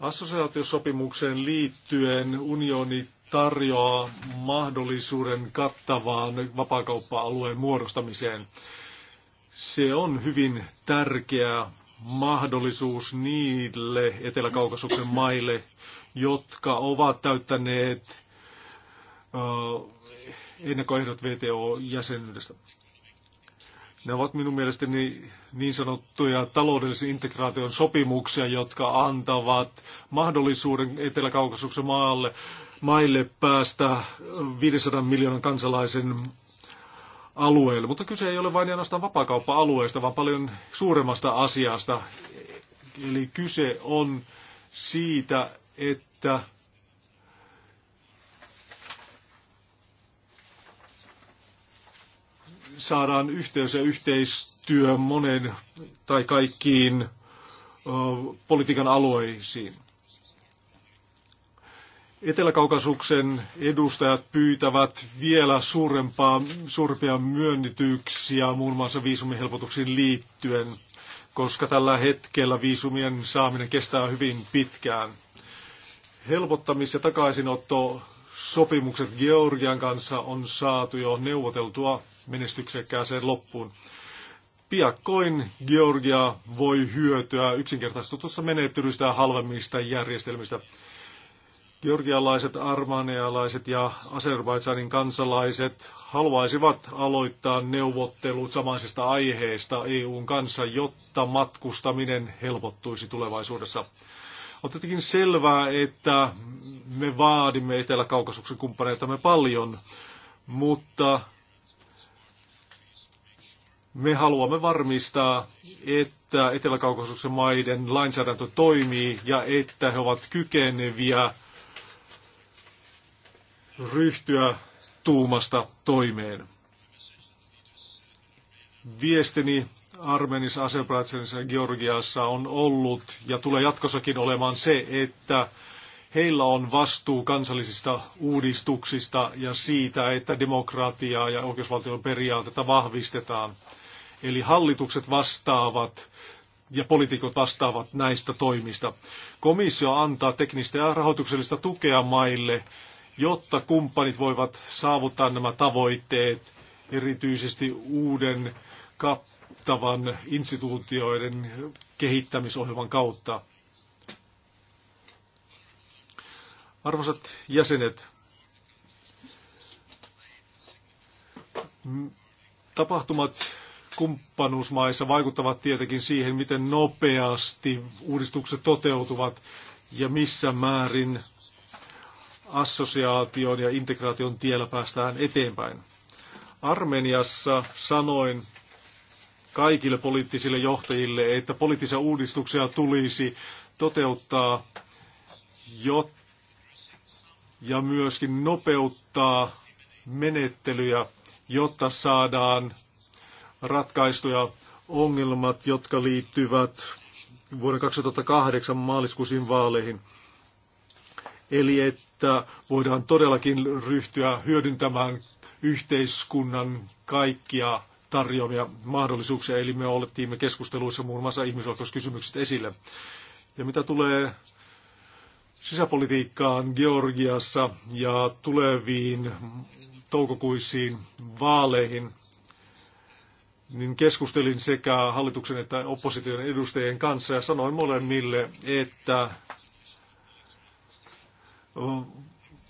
Assosiaatiosopimukseen liittyen unioni tarjoaa mahdollisuuden kattavaan vapaakauppa-alueen muodostamiseen. Se on hyvin tärkeä mahdollisuus niille Etelä-Kaukasuksen maille, jotka ovat täyttäneet äh, ennakkoehdot VTO-jäsenyydestä. Ne ovat minun mielestäni niin sanottuja taloudellisen integraation sopimuksia, jotka antavat mahdollisuuden Etelä-Kaukasuksen maalle, maille päästä 500 miljoonan kansalaisen alueelle. Mutta kyse ei ole vain ainoastaan vapaakauppa-alueesta, vaan paljon suuremmasta asiasta. Eli kyse on siitä, että saadaan yhteys ja yhteistyö monen tai kaikkiin politiikan alueisiin. Eteläkaukasuksen edustajat pyytävät vielä suurempaa, suurempia myönnytyksiä muun muassa viisumihelpotuksiin liittyen, koska tällä hetkellä viisumien saaminen kestää hyvin pitkään. Helpottamis- ja takaisinotto sopimukset Georgian kanssa on saatu jo neuvoteltua menestyksekkääseen loppuun. Piakkoin Georgia voi hyötyä yksinkertaistetusta menettelystä ja halvemmista järjestelmistä. Georgialaiset, armanialaiset ja Azerbaidsanin kansalaiset haluaisivat aloittaa neuvottelut samaisesta aiheesta EUn kanssa, jotta matkustaminen helpottuisi tulevaisuudessa. On tietenkin selvää, että me vaadimme Etelä-Kaukasuksen kumppaneitamme paljon, mutta me haluamme varmistaa, että Etelä-Kaukasuksen maiden lainsäädäntö toimii ja että he ovat kykeneviä ryhtyä tuumasta toimeen. Viestini Armenissa, Azerbaidžanissa ja Georgiassa on ollut ja tulee jatkossakin olemaan se, että heillä on vastuu kansallisista uudistuksista ja siitä, että demokratiaa ja oikeusvaltion periaatetta vahvistetaan. Eli hallitukset vastaavat ja poliitikot vastaavat näistä toimista. Komissio antaa teknistä ja rahoituksellista tukea maille jotta kumppanit voivat saavuttaa nämä tavoitteet, erityisesti uuden kattavan instituutioiden kehittämisohjelman kautta. Arvoisat jäsenet, tapahtumat kumppanuusmaissa vaikuttavat tietenkin siihen, miten nopeasti uudistukset toteutuvat ja missä määrin assosiaation ja integraation tiellä päästään eteenpäin. Armeniassa sanoin kaikille poliittisille johtajille, että poliittisia uudistuksia tulisi toteuttaa jo, ja myöskin nopeuttaa menettelyjä, jotta saadaan ratkaistuja ongelmat, jotka liittyvät vuoden 2008 maaliskuisiin vaaleihin. Eli että että voidaan todellakin ryhtyä hyödyntämään yhteiskunnan kaikkia tarjoamia mahdollisuuksia, eli me olettiimme keskusteluissa muun muassa ihmisoikeuskysymykset esille. Ja mitä tulee sisäpolitiikkaan Georgiassa ja tuleviin toukokuisiin vaaleihin, niin keskustelin sekä hallituksen että opposition edustajien kanssa ja sanoin molemmille, että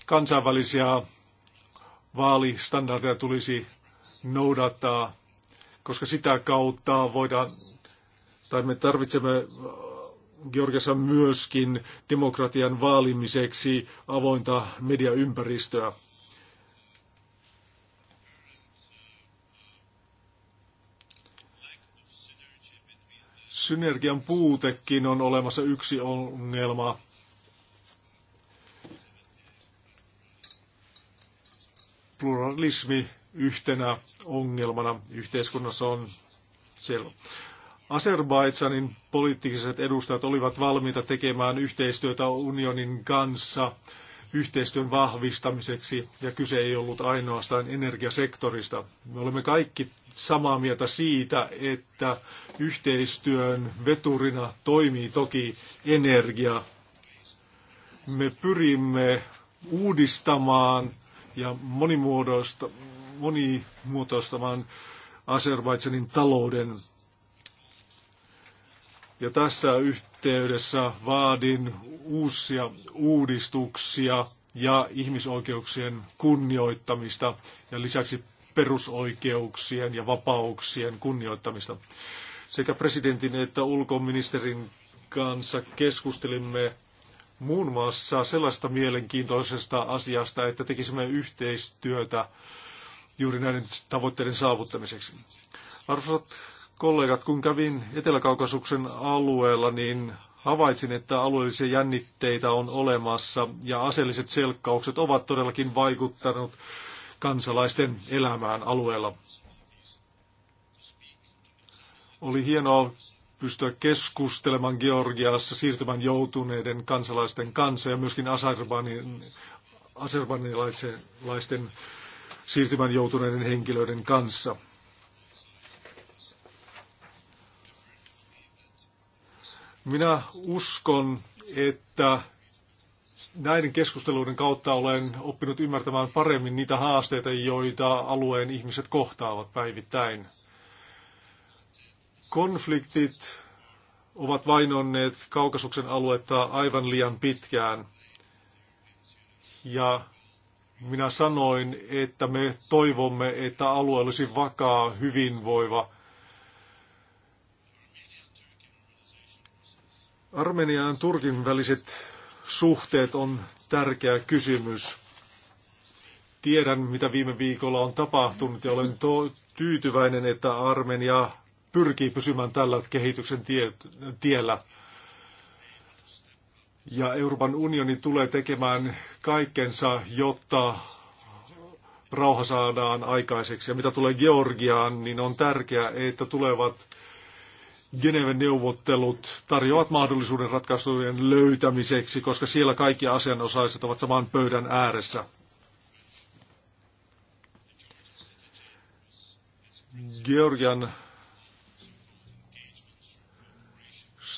kansainvälisiä vaalistandardeja tulisi noudattaa, koska sitä kautta voidaan, tai me tarvitsemme äh, Georgiassa myöskin demokratian vaalimiseksi avointa mediaympäristöä. Synergian puutekin on olemassa yksi ongelma pluralismi yhtenä ongelmana yhteiskunnassa on siellä. Azerbaidsanin poliittiset edustajat olivat valmiita tekemään yhteistyötä unionin kanssa yhteistyön vahvistamiseksi, ja kyse ei ollut ainoastaan energiasektorista. Me olemme kaikki samaa mieltä siitä, että yhteistyön veturina toimii toki energia. Me pyrimme uudistamaan ja monimuodoista, monimuotoistamaan Azerbaidsanin talouden. Ja tässä yhteydessä vaadin uusia uudistuksia ja ihmisoikeuksien kunnioittamista ja lisäksi perusoikeuksien ja vapauksien kunnioittamista. Sekä presidentin että ulkoministerin kanssa keskustelimme muun muassa sellaista mielenkiintoisesta asiasta, että tekisimme yhteistyötä juuri näiden tavoitteiden saavuttamiseksi. Arvoisat kollegat, kun kävin Etelä-Kaukasuksen alueella, niin havaitsin, että alueellisia jännitteitä on olemassa ja aseelliset selkkaukset ovat todellakin vaikuttaneet kansalaisten elämään alueella. Oli hienoa pystyä keskustelemaan Georgiassa siirtymään joutuneiden kansalaisten kanssa ja myöskin aserbanilaisten siirtymään joutuneiden henkilöiden kanssa. Minä uskon, että näiden keskusteluiden kautta olen oppinut ymmärtämään paremmin niitä haasteita, joita alueen ihmiset kohtaavat päivittäin. Konfliktit ovat vainonneet Kaukasuksen aluetta aivan liian pitkään. Ja minä sanoin, että me toivomme, että alue olisi vakaa, hyvinvoiva. Armenian ja Turkin väliset suhteet on tärkeä kysymys. Tiedän, mitä viime viikolla on tapahtunut ja olen tyytyväinen, että Armenia pyrkii pysymään tällä kehityksen tie, tiellä. Ja Euroopan unioni tulee tekemään kaikkensa, jotta rauha saadaan aikaiseksi. Ja mitä tulee Georgiaan, niin on tärkeää, että tulevat Geneven neuvottelut tarjoavat mahdollisuuden ratkaisujen löytämiseksi, koska siellä kaikki asianosaiset ovat saman pöydän ääressä. Georgian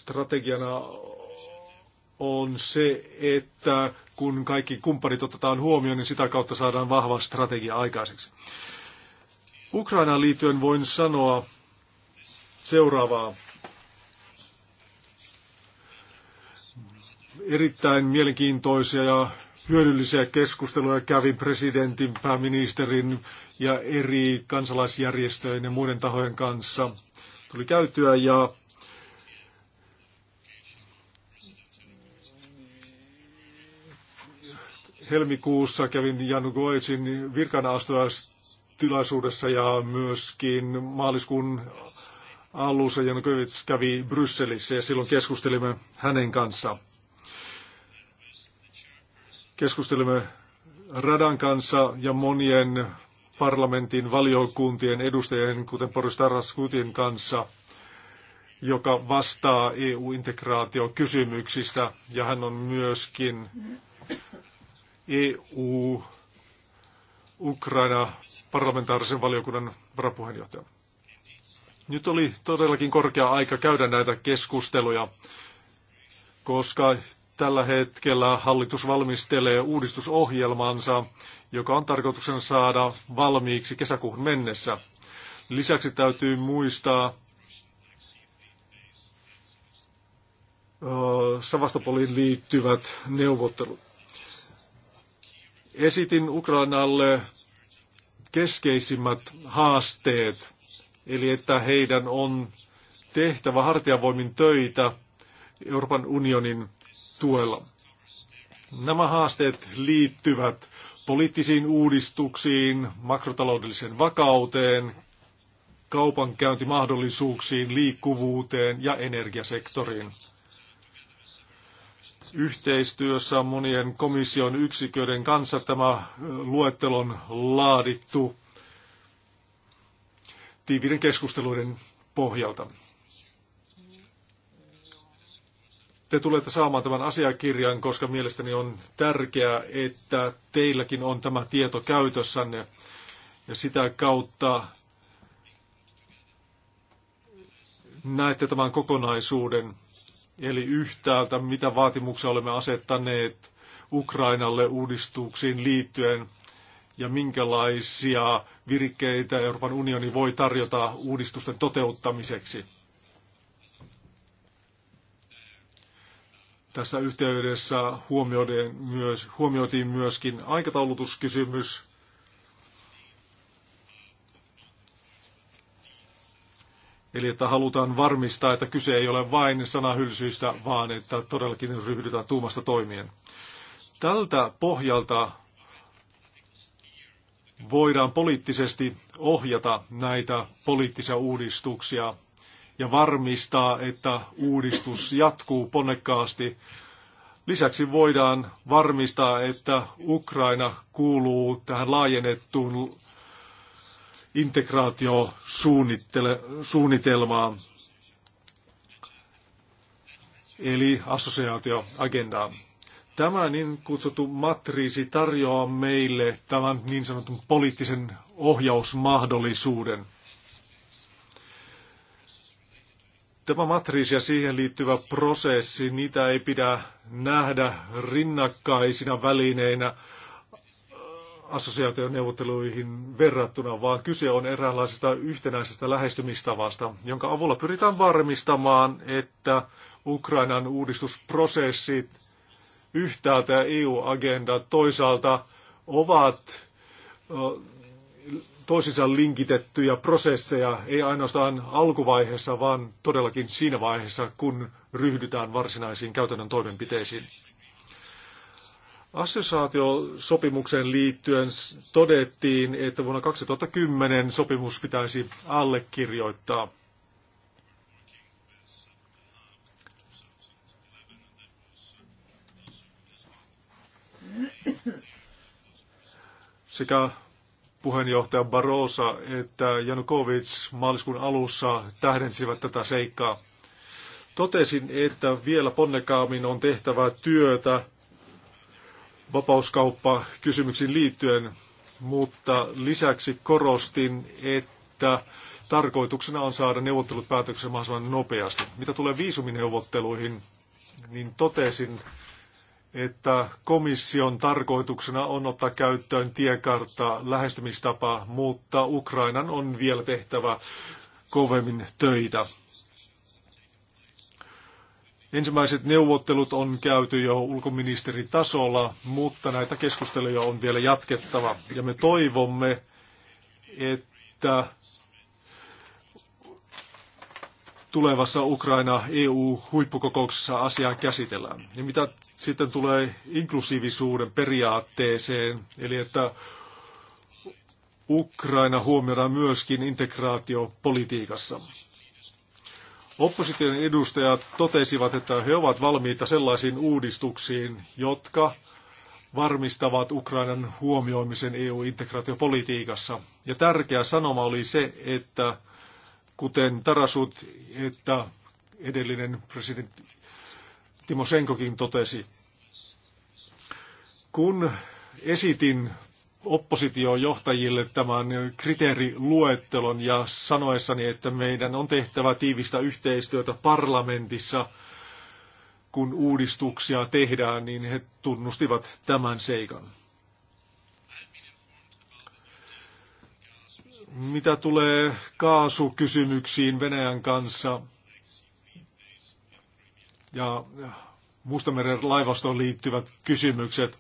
strategiana on se, että kun kaikki kumppanit otetaan huomioon, niin sitä kautta saadaan vahva strategia aikaiseksi. Ukrainaan liittyen voin sanoa seuraavaa. Erittäin mielenkiintoisia ja hyödyllisiä keskusteluja kävi presidentin, pääministerin ja eri kansalaisjärjestöjen ja muiden tahojen kanssa. Tuli käytyä ja helmikuussa kävin Jan Goetsin virkanaastolaistilaisuudessa ja myöskin maaliskuun alussa Jan Goets kävi Brysselissä ja silloin keskustelimme hänen kanssaan. Keskustelimme radan kanssa ja monien parlamentin valiokuntien edustajien, kuten Boris Taraskutin kanssa, joka vastaa EU-integraatiokysymyksistä, ja hän on myöskin EU, Ukraina, parlamentaarisen valiokunnan varapuheenjohtaja. Nyt oli todellakin korkea aika käydä näitä keskusteluja, koska tällä hetkellä hallitus valmistelee uudistusohjelmansa, joka on tarkoituksena saada valmiiksi kesäkuuhun mennessä. Lisäksi täytyy muistaa Savastopoliin liittyvät neuvottelut. Esitin Ukrainalle keskeisimmät haasteet, eli että heidän on tehtävä hartiavoimin töitä Euroopan unionin tuella. Nämä haasteet liittyvät poliittisiin uudistuksiin, makrotaloudelliseen vakauteen, kaupankäyntimahdollisuuksiin, liikkuvuuteen ja energiasektoriin. Yhteistyössä monien komission yksiköiden kanssa tämä luettelo on laadittu tiiviiden keskusteluiden pohjalta. te tulette saamaan tämän asiakirjan, koska mielestäni on tärkeää, että teilläkin on tämä tieto käytössänne ja sitä kautta näette tämän kokonaisuuden. Eli yhtäältä, mitä vaatimuksia olemme asettaneet Ukrainalle uudistuksiin liittyen ja minkälaisia virikkeitä Euroopan unioni voi tarjota uudistusten toteuttamiseksi. Tässä yhteydessä myös huomioitiin myöskin aikataulutuskysymys Eli että halutaan varmistaa, että kyse ei ole vain sanahylsyistä, vaan että todellakin ryhdytään tuumasta toimien. Tältä pohjalta voidaan poliittisesti ohjata näitä poliittisia uudistuksia ja varmistaa, että uudistus jatkuu ponnekkaasti. Lisäksi voidaan varmistaa, että Ukraina kuuluu tähän laajennettuun integraatiosuunnitelmaa, eli assosiaatioagendaa. Tämä niin kutsuttu matriisi tarjoaa meille tämän niin sanotun poliittisen ohjausmahdollisuuden. Tämä matriisi ja siihen liittyvä prosessi, niitä ei pidä nähdä rinnakkaisina välineinä, assosiaationeuvotteluihin verrattuna, vaan kyse on eräänlaisesta yhtenäisestä lähestymistavasta, jonka avulla pyritään varmistamaan, että Ukrainan uudistusprosessit yhtäältä ja EU-agenda toisaalta ovat toisinsa linkitettyjä prosesseja, ei ainoastaan alkuvaiheessa, vaan todellakin siinä vaiheessa, kun ryhdytään varsinaisiin käytännön toimenpiteisiin. Assosiaatiosopimukseen liittyen todettiin, että vuonna 2010 sopimus pitäisi allekirjoittaa. Sekä puheenjohtaja Barosa että Janukovic maaliskuun alussa tähdensivät tätä seikkaa. Totesin, että vielä ponnekaammin on tehtävä työtä vapauskauppa kysymyksiin liittyen, mutta lisäksi korostin, että tarkoituksena on saada neuvottelut päätöksen mahdollisimman nopeasti. Mitä tulee viisumineuvotteluihin, niin totesin, että komission tarkoituksena on ottaa käyttöön tiekartta lähestymistapa, mutta Ukrainan on vielä tehtävä kovemmin töitä. Ensimmäiset neuvottelut on käyty jo ulkoministeritasolla, mutta näitä keskusteluja on vielä jatkettava. Ja me toivomme, että tulevassa Ukraina-EU-huippukokouksessa asiaa käsitellään. Ja mitä sitten tulee inklusiivisuuden periaatteeseen, eli että Ukraina huomioidaan myöskin integraatiopolitiikassa. Opposition edustajat totesivat, että he ovat valmiita sellaisiin uudistuksiin, jotka varmistavat Ukrainan huomioimisen EU-integraatiopolitiikassa. Ja tärkeä sanoma oli se, että kuten Tarasut, että edellinen presidentti Timo Senkokin totesi, kun esitin oppositiojohtajille tämän kriteeriluettelon ja sanoessani, että meidän on tehtävä tiivistä yhteistyötä parlamentissa, kun uudistuksia tehdään, niin he tunnustivat tämän seikan. Mitä tulee kaasukysymyksiin Venäjän kanssa ja Mustameren laivastoon liittyvät kysymykset,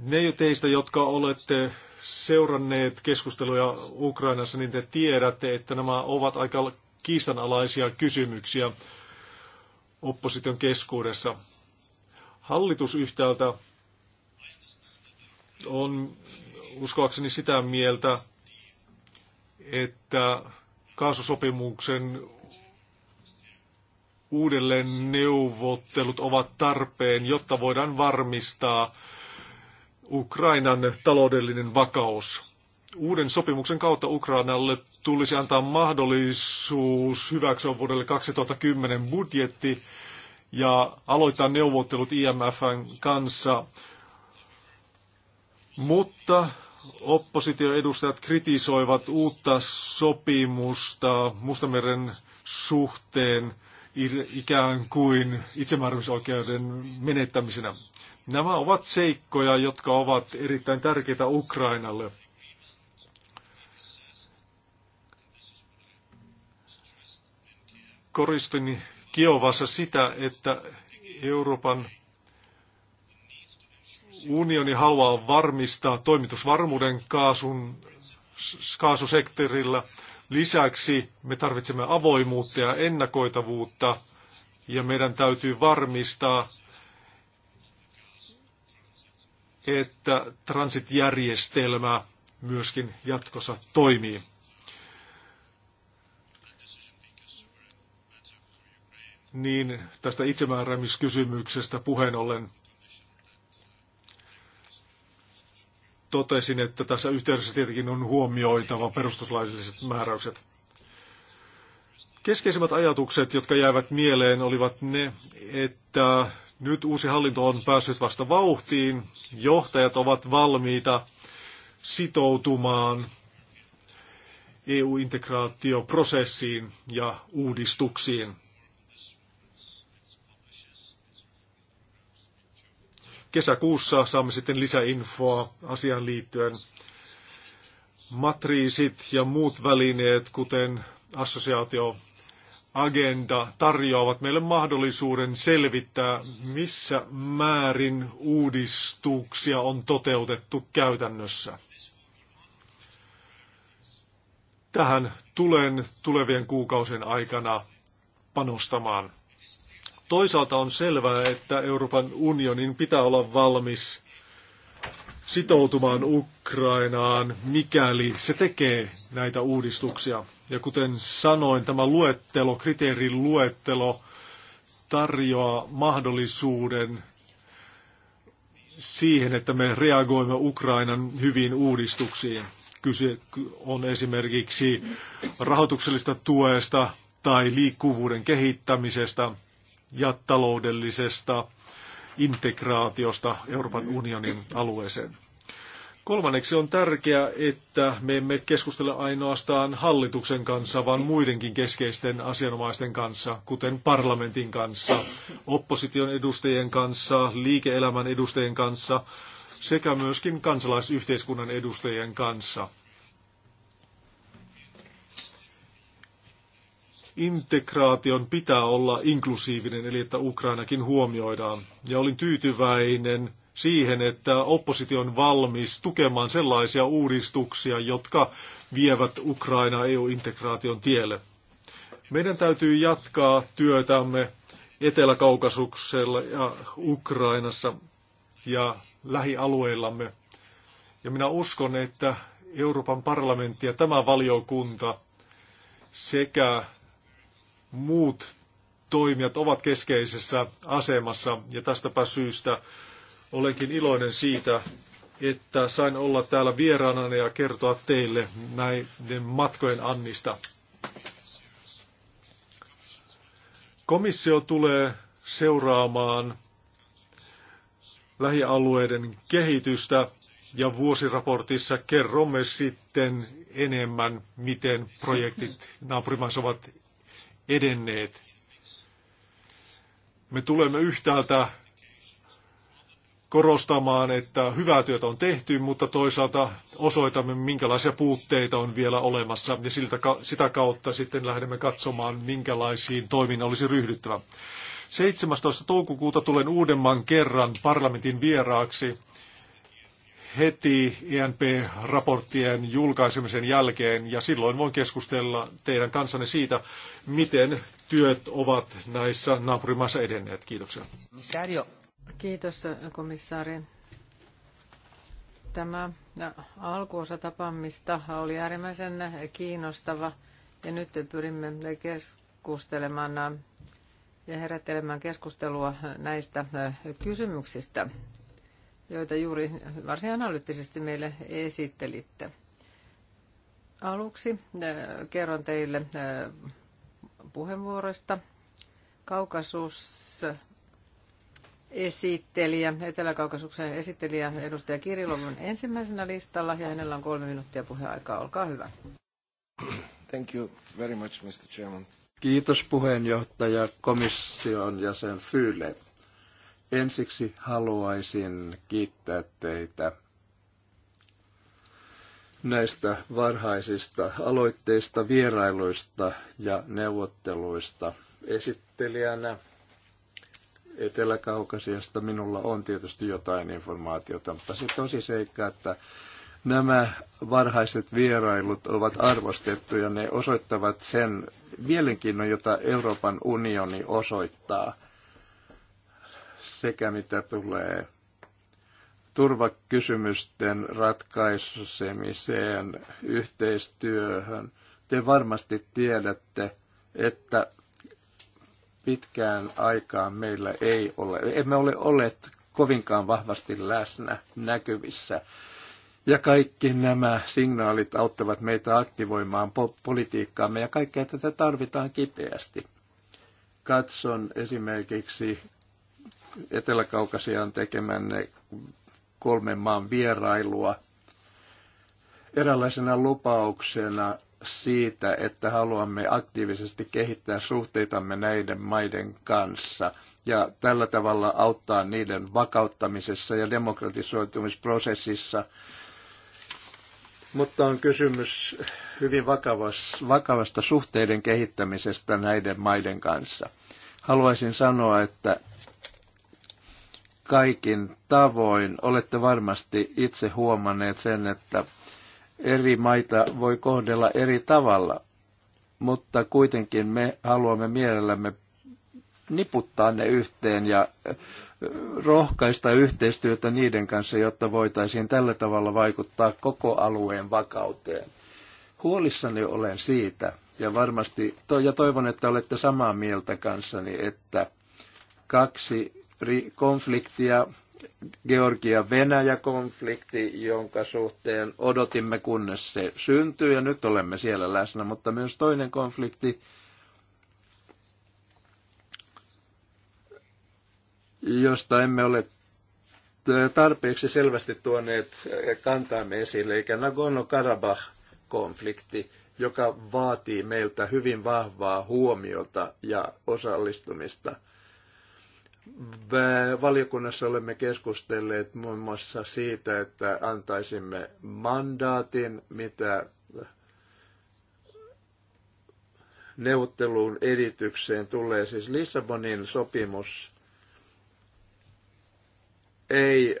ne jo teistä, jotka olette seuranneet keskusteluja Ukrainassa, niin te tiedätte, että nämä ovat aika kiistanalaisia kysymyksiä opposition keskuudessa. Hallitus yhtäältä on uskoakseni sitä mieltä, että kaasusopimuksen uudelleen neuvottelut ovat tarpeen, jotta voidaan varmistaa Ukrainan taloudellinen vakaus. Uuden sopimuksen kautta Ukrainalle tulisi antaa mahdollisuus hyväksyä vuodelle 2010 budjetti ja aloittaa neuvottelut IMFn kanssa. Mutta oppositioedustajat kritisoivat uutta sopimusta Mustameren suhteen – ikään kuin itsemääräämisoikeuden menettämisenä. Nämä ovat seikkoja, jotka ovat erittäin tärkeitä Ukrainalle. Koristin Kiovassa sitä, että Euroopan unioni haluaa varmistaa toimitusvarmuuden kaasun, kaasusektorilla – Lisäksi me tarvitsemme avoimuutta ja ennakoitavuutta ja meidän täytyy varmistaa, että transitjärjestelmä myöskin jatkossa toimii. Niin tästä itsemääräämiskysymyksestä puheen ollen totesin, että tässä yhteydessä tietenkin on huomioitava perustuslailliset määräykset. Keskeisimmät ajatukset, jotka jäävät mieleen, olivat ne, että nyt uusi hallinto on päässyt vasta vauhtiin, johtajat ovat valmiita sitoutumaan EU-integraatioprosessiin ja uudistuksiin. kesäkuussa saamme sitten lisäinfoa asiaan liittyen. Matriisit ja muut välineet, kuten assosiaatio agenda tarjoavat meille mahdollisuuden selvittää, missä määrin uudistuksia on toteutettu käytännössä. Tähän tulen tulevien kuukausien aikana panostamaan. Toisaalta on selvää, että Euroopan unionin pitää olla valmis sitoutumaan Ukrainaan, mikäli se tekee näitä uudistuksia. Ja kuten sanoin, tämä luettelo, kriteerin luettelo tarjoaa mahdollisuuden siihen, että me reagoimme Ukrainan hyviin uudistuksiin. Kyse on esimerkiksi rahoituksellista tuesta tai liikkuvuuden kehittämisestä ja taloudellisesta integraatiosta Euroopan unionin alueeseen. Kolmanneksi on tärkeää, että me emme keskustele ainoastaan hallituksen kanssa, vaan muidenkin keskeisten asianomaisten kanssa, kuten parlamentin kanssa, opposition edustajien kanssa, liike-elämän edustajien kanssa sekä myöskin kansalaisyhteiskunnan edustajien kanssa – integraation pitää olla inklusiivinen, eli että Ukrainakin huomioidaan. Ja olin tyytyväinen siihen, että oppositio on valmis tukemaan sellaisia uudistuksia, jotka vievät Ukraina EU-integraation tielle. Meidän täytyy jatkaa työtämme Etelä-Kaukasuksella ja Ukrainassa ja lähialueillamme. Ja minä uskon, että Euroopan parlamentti ja tämä valiokunta sekä muut toimijat ovat keskeisessä asemassa ja tästäpä syystä olenkin iloinen siitä, että sain olla täällä vieraana ja kertoa teille näiden matkojen annista. Komissio tulee seuraamaan lähialueiden kehitystä ja vuosiraportissa kerromme sitten enemmän, miten projektit naapurimaissa ovat edenneet. Me tulemme yhtäältä korostamaan, että hyvää työtä on tehty, mutta toisaalta osoitamme, minkälaisia puutteita on vielä olemassa, ja siltä, sitä kautta sitten lähdemme katsomaan, minkälaisiin toimiin olisi ryhdyttävä. 17. toukokuuta tulen uudemman kerran parlamentin vieraaksi heti INP-raporttien julkaisemisen jälkeen ja silloin voin keskustella teidän kanssanne siitä, miten työt ovat näissä naapurimaissa edenneet. Kiitoksia. Kiitos komissaari. Tämä alkuosa tapaamista oli äärimmäisen kiinnostava ja nyt pyrimme keskustelemaan ja herättelemään keskustelua näistä kysymyksistä joita juuri varsin analyyttisesti meille esittelitte. Aluksi äh, kerron teille äh, puheenvuoroista. Kaukasus esittelijä, Etelä-Kaukasuksen esittelijä edustaja Kirilov on ensimmäisenä listalla ja hänellä on kolme minuuttia puheaikaa. Olkaa hyvä. Thank you very much, Mr. Chairman. Kiitos puheenjohtaja komission jäsen Fyle. Ensiksi haluaisin kiittää teitä näistä varhaisista aloitteista, vierailuista ja neuvotteluista. Esittelijänä Etelä-Kaukasiasta minulla on tietysti jotain informaatiota, mutta se tosi seikka, että nämä varhaiset vierailut ovat arvostettuja, ne osoittavat sen mielenkiinnon, jota Euroopan unioni osoittaa – sekä mitä tulee turvakysymysten ratkaisemiseen, yhteistyöhön. Te varmasti tiedätte, että pitkään aikaan meillä ei ole, emme ole olleet kovinkaan vahvasti läsnä näkyvissä. Ja kaikki nämä signaalit auttavat meitä aktivoimaan politiikkaamme ja kaikkea tätä tarvitaan kipeästi. Katson esimerkiksi Etelä-Kaukasiaan tekemänne kolmen maan vierailua eräänlaisena lupauksena siitä, että haluamme aktiivisesti kehittää suhteitamme näiden maiden kanssa ja tällä tavalla auttaa niiden vakauttamisessa ja demokratisoitumisprosessissa. Mutta on kysymys hyvin vakavas, vakavasta suhteiden kehittämisestä näiden maiden kanssa. Haluaisin sanoa, että kaikin tavoin. Olette varmasti itse huomanneet sen, että eri maita voi kohdella eri tavalla, mutta kuitenkin me haluamme mielellämme niputtaa ne yhteen ja rohkaista yhteistyötä niiden kanssa, jotta voitaisiin tällä tavalla vaikuttaa koko alueen vakauteen. Huolissani olen siitä, ja varmasti, ja toivon, että olette samaa mieltä kanssani, että kaksi konfliktia, Georgia-Venäjä-konflikti, jonka suhteen odotimme kunnes se syntyy ja nyt olemme siellä läsnä, mutta myös toinen konflikti, josta emme ole tarpeeksi selvästi tuoneet kantaamme esille, eikä Nagorno-Karabakh-konflikti, joka vaatii meiltä hyvin vahvaa huomiota ja osallistumista – Valiokunnassa olemme keskustelleet muun muassa siitä, että antaisimme mandaatin, mitä neuvotteluun editykseen tulee. Siis Lissabonin sopimus ei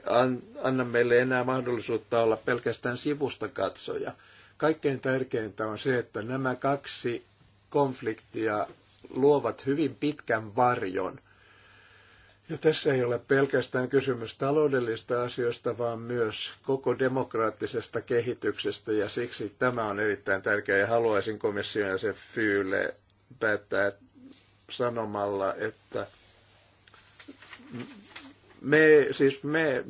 anna meille enää mahdollisuutta olla pelkästään sivusta katsoja. Kaikkein tärkeintä on se, että nämä kaksi konfliktia luovat hyvin pitkän varjon – ja tässä ei ole pelkästään kysymys taloudellista asioista, vaan myös koko demokraattisesta kehityksestä, ja siksi tämä on erittäin tärkeää, ja haluaisin komission ja sen fyyle päättää sanomalla, että me, siis me,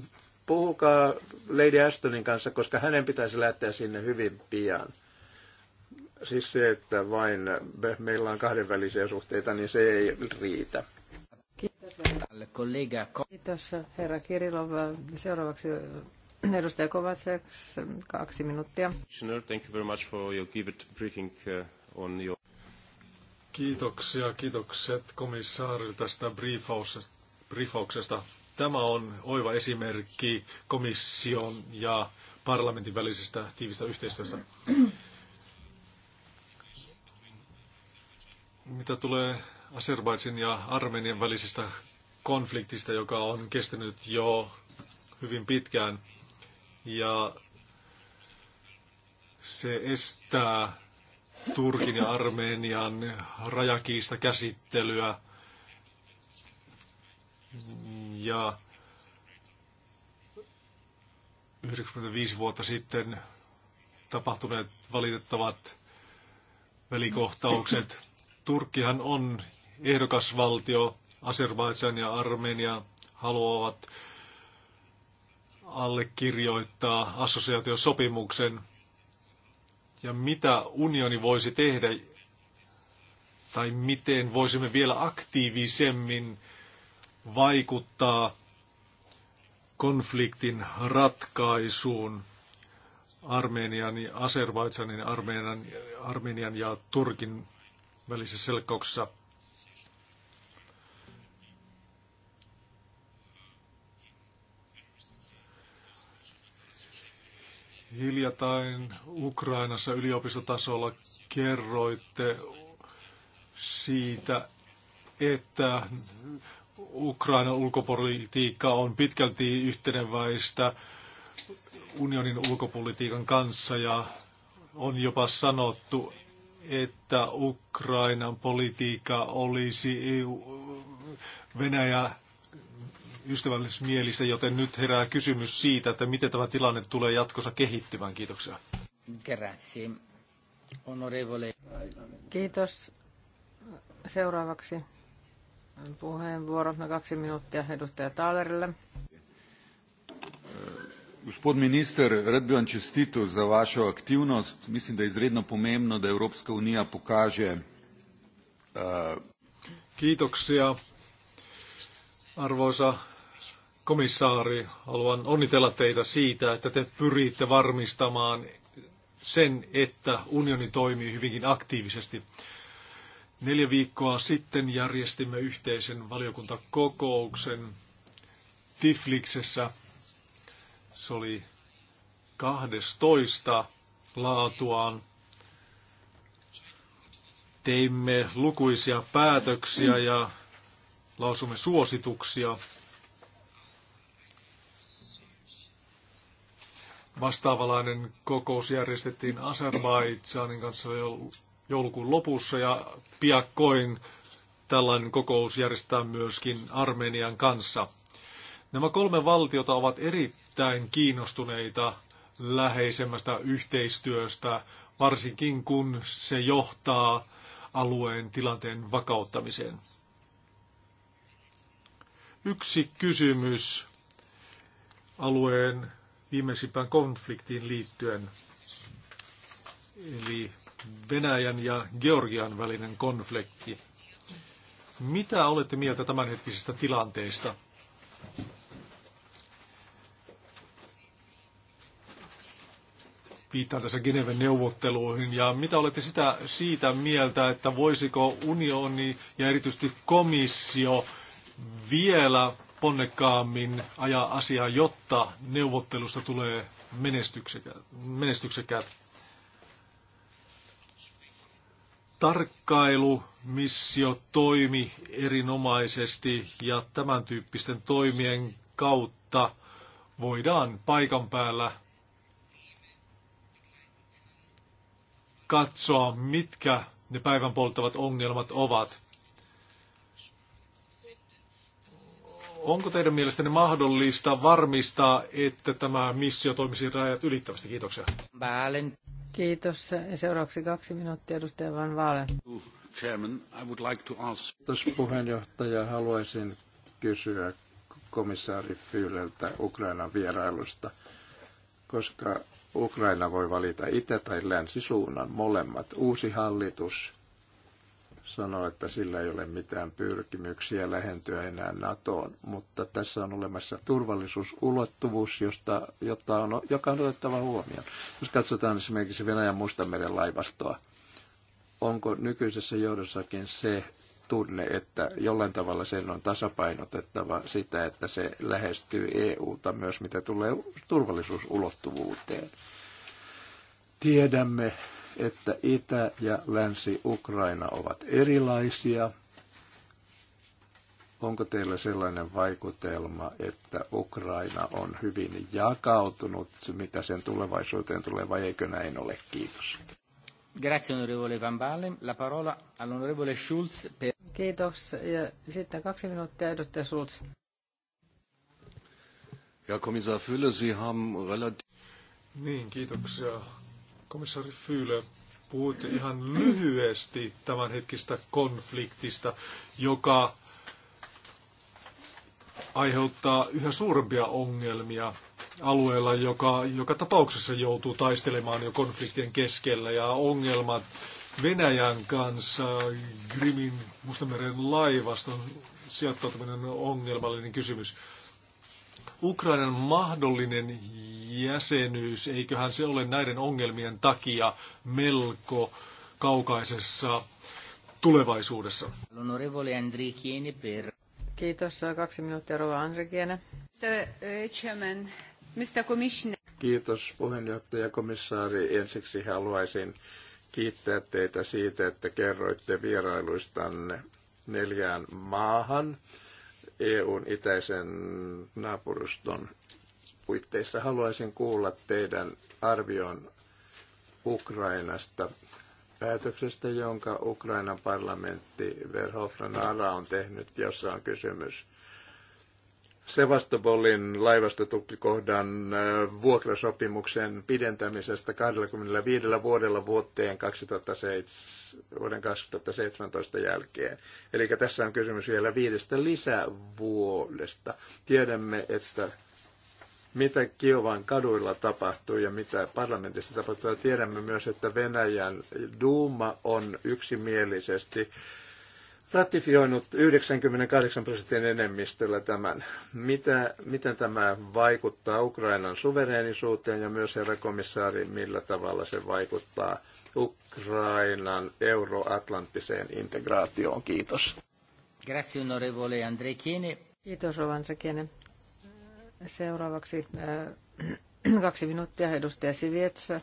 puhukaa Lady Ashtonin kanssa, koska hänen pitäisi lähteä sinne hyvin pian. Siis se, että vain meillä on kahdenvälisiä suhteita, niin se ei riitä. Kollega Kiitos, herra Kirilov. Seuraavaksi äh, edustaja Kovaceks, kaksi minuuttia. Thank you very much for your given briefing uh, on your... Kiitoksia, kiitokset komissaarille tästä briefauksesta. Tämä on oiva esimerkki komission ja parlamentin välisestä tiivistä yhteistyöstä. Mitä tulee Aserbaidsin ja Armenian välisestä konfliktista, joka on kestänyt jo hyvin pitkään. Ja se estää Turkin ja Armenian rajakiista käsittelyä. Ja 95 vuotta sitten tapahtuneet valitettavat välikohtaukset. Turkkihan on ehdokasvaltio, Azerbaidžan ja Armenia, haluavat allekirjoittaa assosiaatiosopimuksen. Ja mitä unioni voisi tehdä, tai miten voisimme vielä aktiivisemmin vaikuttaa konfliktin ratkaisuun Armenian, Azerbaidsanin, Armenian, Armenian ja Turkin välisessä selkkauksessa – hiljattain Ukrainassa yliopistotasolla kerroitte siitä, että Ukrainan ulkopolitiikka on pitkälti yhteneväistä unionin ulkopolitiikan kanssa ja on jopa sanottu, että Ukrainan politiikka olisi EU, Venäjä ystävällismielistä, joten nyt herää kysymys siitä, että miten tämä tilanne tulee jatkossa kehittymään. Kiitoksia. Grazie. Onorevole. Kiitos. Seuraavaksi puheenvuoro, kaksi minuuttia edustaja Taalerille. Gospod minister, rad bi vam čestitil za vašo aktivnost. Mislim, da je izredno pomembno, da Evropska unija pokaže. Eh, Kiitoksia, arvoisa komissaari, haluan onnitella teitä siitä, että te pyritte varmistamaan sen, että unioni toimii hyvinkin aktiivisesti. Neljä viikkoa sitten järjestimme yhteisen valiokuntakokouksen Tifliksessä. Se oli 12 laatuaan. Teimme lukuisia päätöksiä ja lausumme suosituksia Vastaavalainen kokous järjestettiin Azerbaidsanin kanssa joulukuun lopussa ja piakkoin tällainen kokous järjestetään myöskin Armenian kanssa. Nämä kolme valtiota ovat erittäin kiinnostuneita läheisemmästä yhteistyöstä, varsinkin kun se johtaa alueen tilanteen vakauttamiseen. Yksi kysymys alueen viimeisimpään konfliktiin liittyen, eli Venäjän ja Georgian välinen konflikti. Mitä olette mieltä tämänhetkisestä tilanteesta? Viittaan tässä Geneven neuvotteluihin. Ja mitä olette sitä, siitä mieltä, että voisiko unioni ja erityisesti komissio vielä ponnekkaammin ajaa asiaa, jotta neuvottelusta tulee menestyksekäät. missio toimi erinomaisesti ja tämän tyyppisten toimien kautta voidaan paikan päällä katsoa, mitkä ne päivän polttavat ongelmat ovat. Onko teidän mielestänne mahdollista varmistaa, että tämä missio toimisi rajat ylittävästi? Kiitoksia. Valen. Kiitos. Ja seuraavaksi kaksi minuuttia edustaja Van Vaalen. Chairman, I would like to ask... Kiitos puheenjohtaja. Haluaisin kysyä komissaari Fyyleltä Ukrainan vierailusta, koska Ukraina voi valita itä- tai länsisuunnan molemmat. Uusi hallitus sanoo, että sillä ei ole mitään pyrkimyksiä lähentyä enää NATOon, mutta tässä on olemassa turvallisuusulottuvuus, josta, jota on, joka on otettava huomioon. Jos katsotaan esimerkiksi Venäjän Mustanmeren laivastoa, onko nykyisessä johdossakin se tunne, että jollain tavalla sen on tasapainotettava sitä, että se lähestyy EUta myös, mitä tulee turvallisuusulottuvuuteen. Tiedämme, että Itä- ja Länsi-Ukraina ovat erilaisia. Onko teillä sellainen vaikutelma, että Ukraina on hyvin jakautunut, mitä sen tulevaisuuteen tulee, vai eikö näin ole? Kiitos. Grazie onorevole Van Balen. La parola all'onorevole Schulz per... Kiitos. Ja sitten kaksi minuuttia edustaja Schulz. Ja komissaar Fülle, Sie haben relativ... Niin, kiitoksia Komissaari Fyyle, puhuitte ihan lyhyesti tämän hetkistä konfliktista, joka aiheuttaa yhä suurempia ongelmia alueella, joka, joka tapauksessa joutuu taistelemaan jo konfliktien keskellä ja ongelmat Venäjän kanssa, Grimin Mustameren laivaston sijoittautuminen on ongelmallinen kysymys. Ukrainan mahdollinen jäsenyys, eiköhän se ole näiden ongelmien takia melko kaukaisessa tulevaisuudessa. Kiitos. Kaksi minuuttia, Rova Andri Kiene. Kiitos puheenjohtaja komissaari. Ensiksi haluaisin kiittää teitä siitä, että kerroitte vierailuistanne neljään maahan EUn itäisen naapuruston puitteissa. Haluaisin kuulla teidän arvion Ukrainasta päätöksestä, jonka Ukrainan parlamentti Verhofran Ara on tehnyt, jossa on kysymys Sevastopolin laivastotukikohdan vuokrasopimuksen pidentämisestä 25 vuodella vuoteen 2007, vuoden 2017 jälkeen. Eli tässä on kysymys vielä viidestä lisävuodesta. Tiedämme, että mitä Kiovan kaduilla tapahtuu ja mitä parlamentissa tapahtuu. Tiedämme myös, että Venäjän Duuma on yksimielisesti ratifioinut 98 prosentin enemmistöllä tämän. Mitä, miten tämä vaikuttaa Ukrainan suvereenisuuteen ja myös herra komissaari, millä tavalla se vaikuttaa Ukrainan euroatlanttiseen integraatioon? Kiitos. Grazie onorevole Andrei Kiene. Kiitos Rova Andrei Kiene. Seuraavaksi äh, <clears throat> kaksi minuuttia edustaja Sivietsä.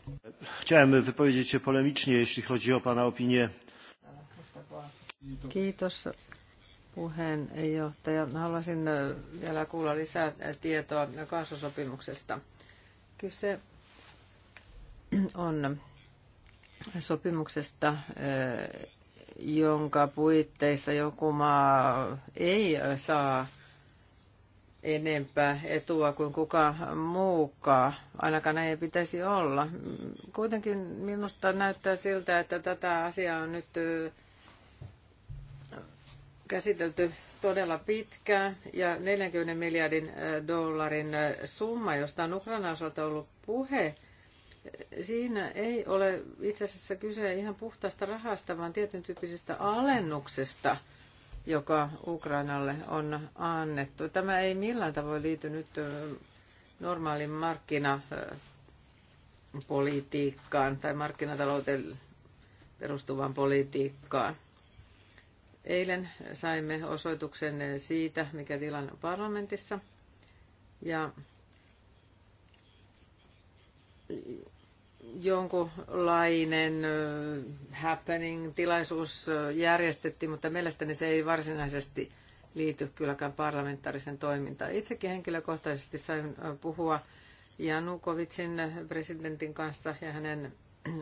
Chciałem wypowiedzieć się polemicznie, jeśli chodzi o pana opinię Kiitos puheenjohtaja. Haluaisin äh, vielä kuulla lisää äh, tietoa kaasusopimuksesta. Kyse <clears throat> on sopimuksesta, äh, jonka puitteissa joku maa ei saa enempää etua kuin kuka muukaan. Ainakaan näin ei pitäisi olla. Kuitenkin minusta näyttää siltä, että tätä asiaa on nyt käsitelty todella pitkään ja 40 miljardin äh, dollarin äh, summa, josta on Ukrainan osalta ollut puhe, siinä ei ole itse asiassa kyse ihan puhtaasta rahasta, vaan tietyn tyyppisestä alennuksesta, joka Ukrainalle on annettu. Tämä ei millään tavoin liity nyt äh, normaaliin markkinapolitiikkaan tai markkinatalouteen perustuvaan politiikkaan. Eilen saimme osoituksen siitä, mikä tilanne on parlamentissa. Ja jonkunlainen happening, tilaisuus järjestettiin, mutta mielestäni se ei varsinaisesti liity kylläkään parlamentaarisen toimintaan. Itsekin henkilökohtaisesti sain puhua Janukovitsin presidentin kanssa ja hänen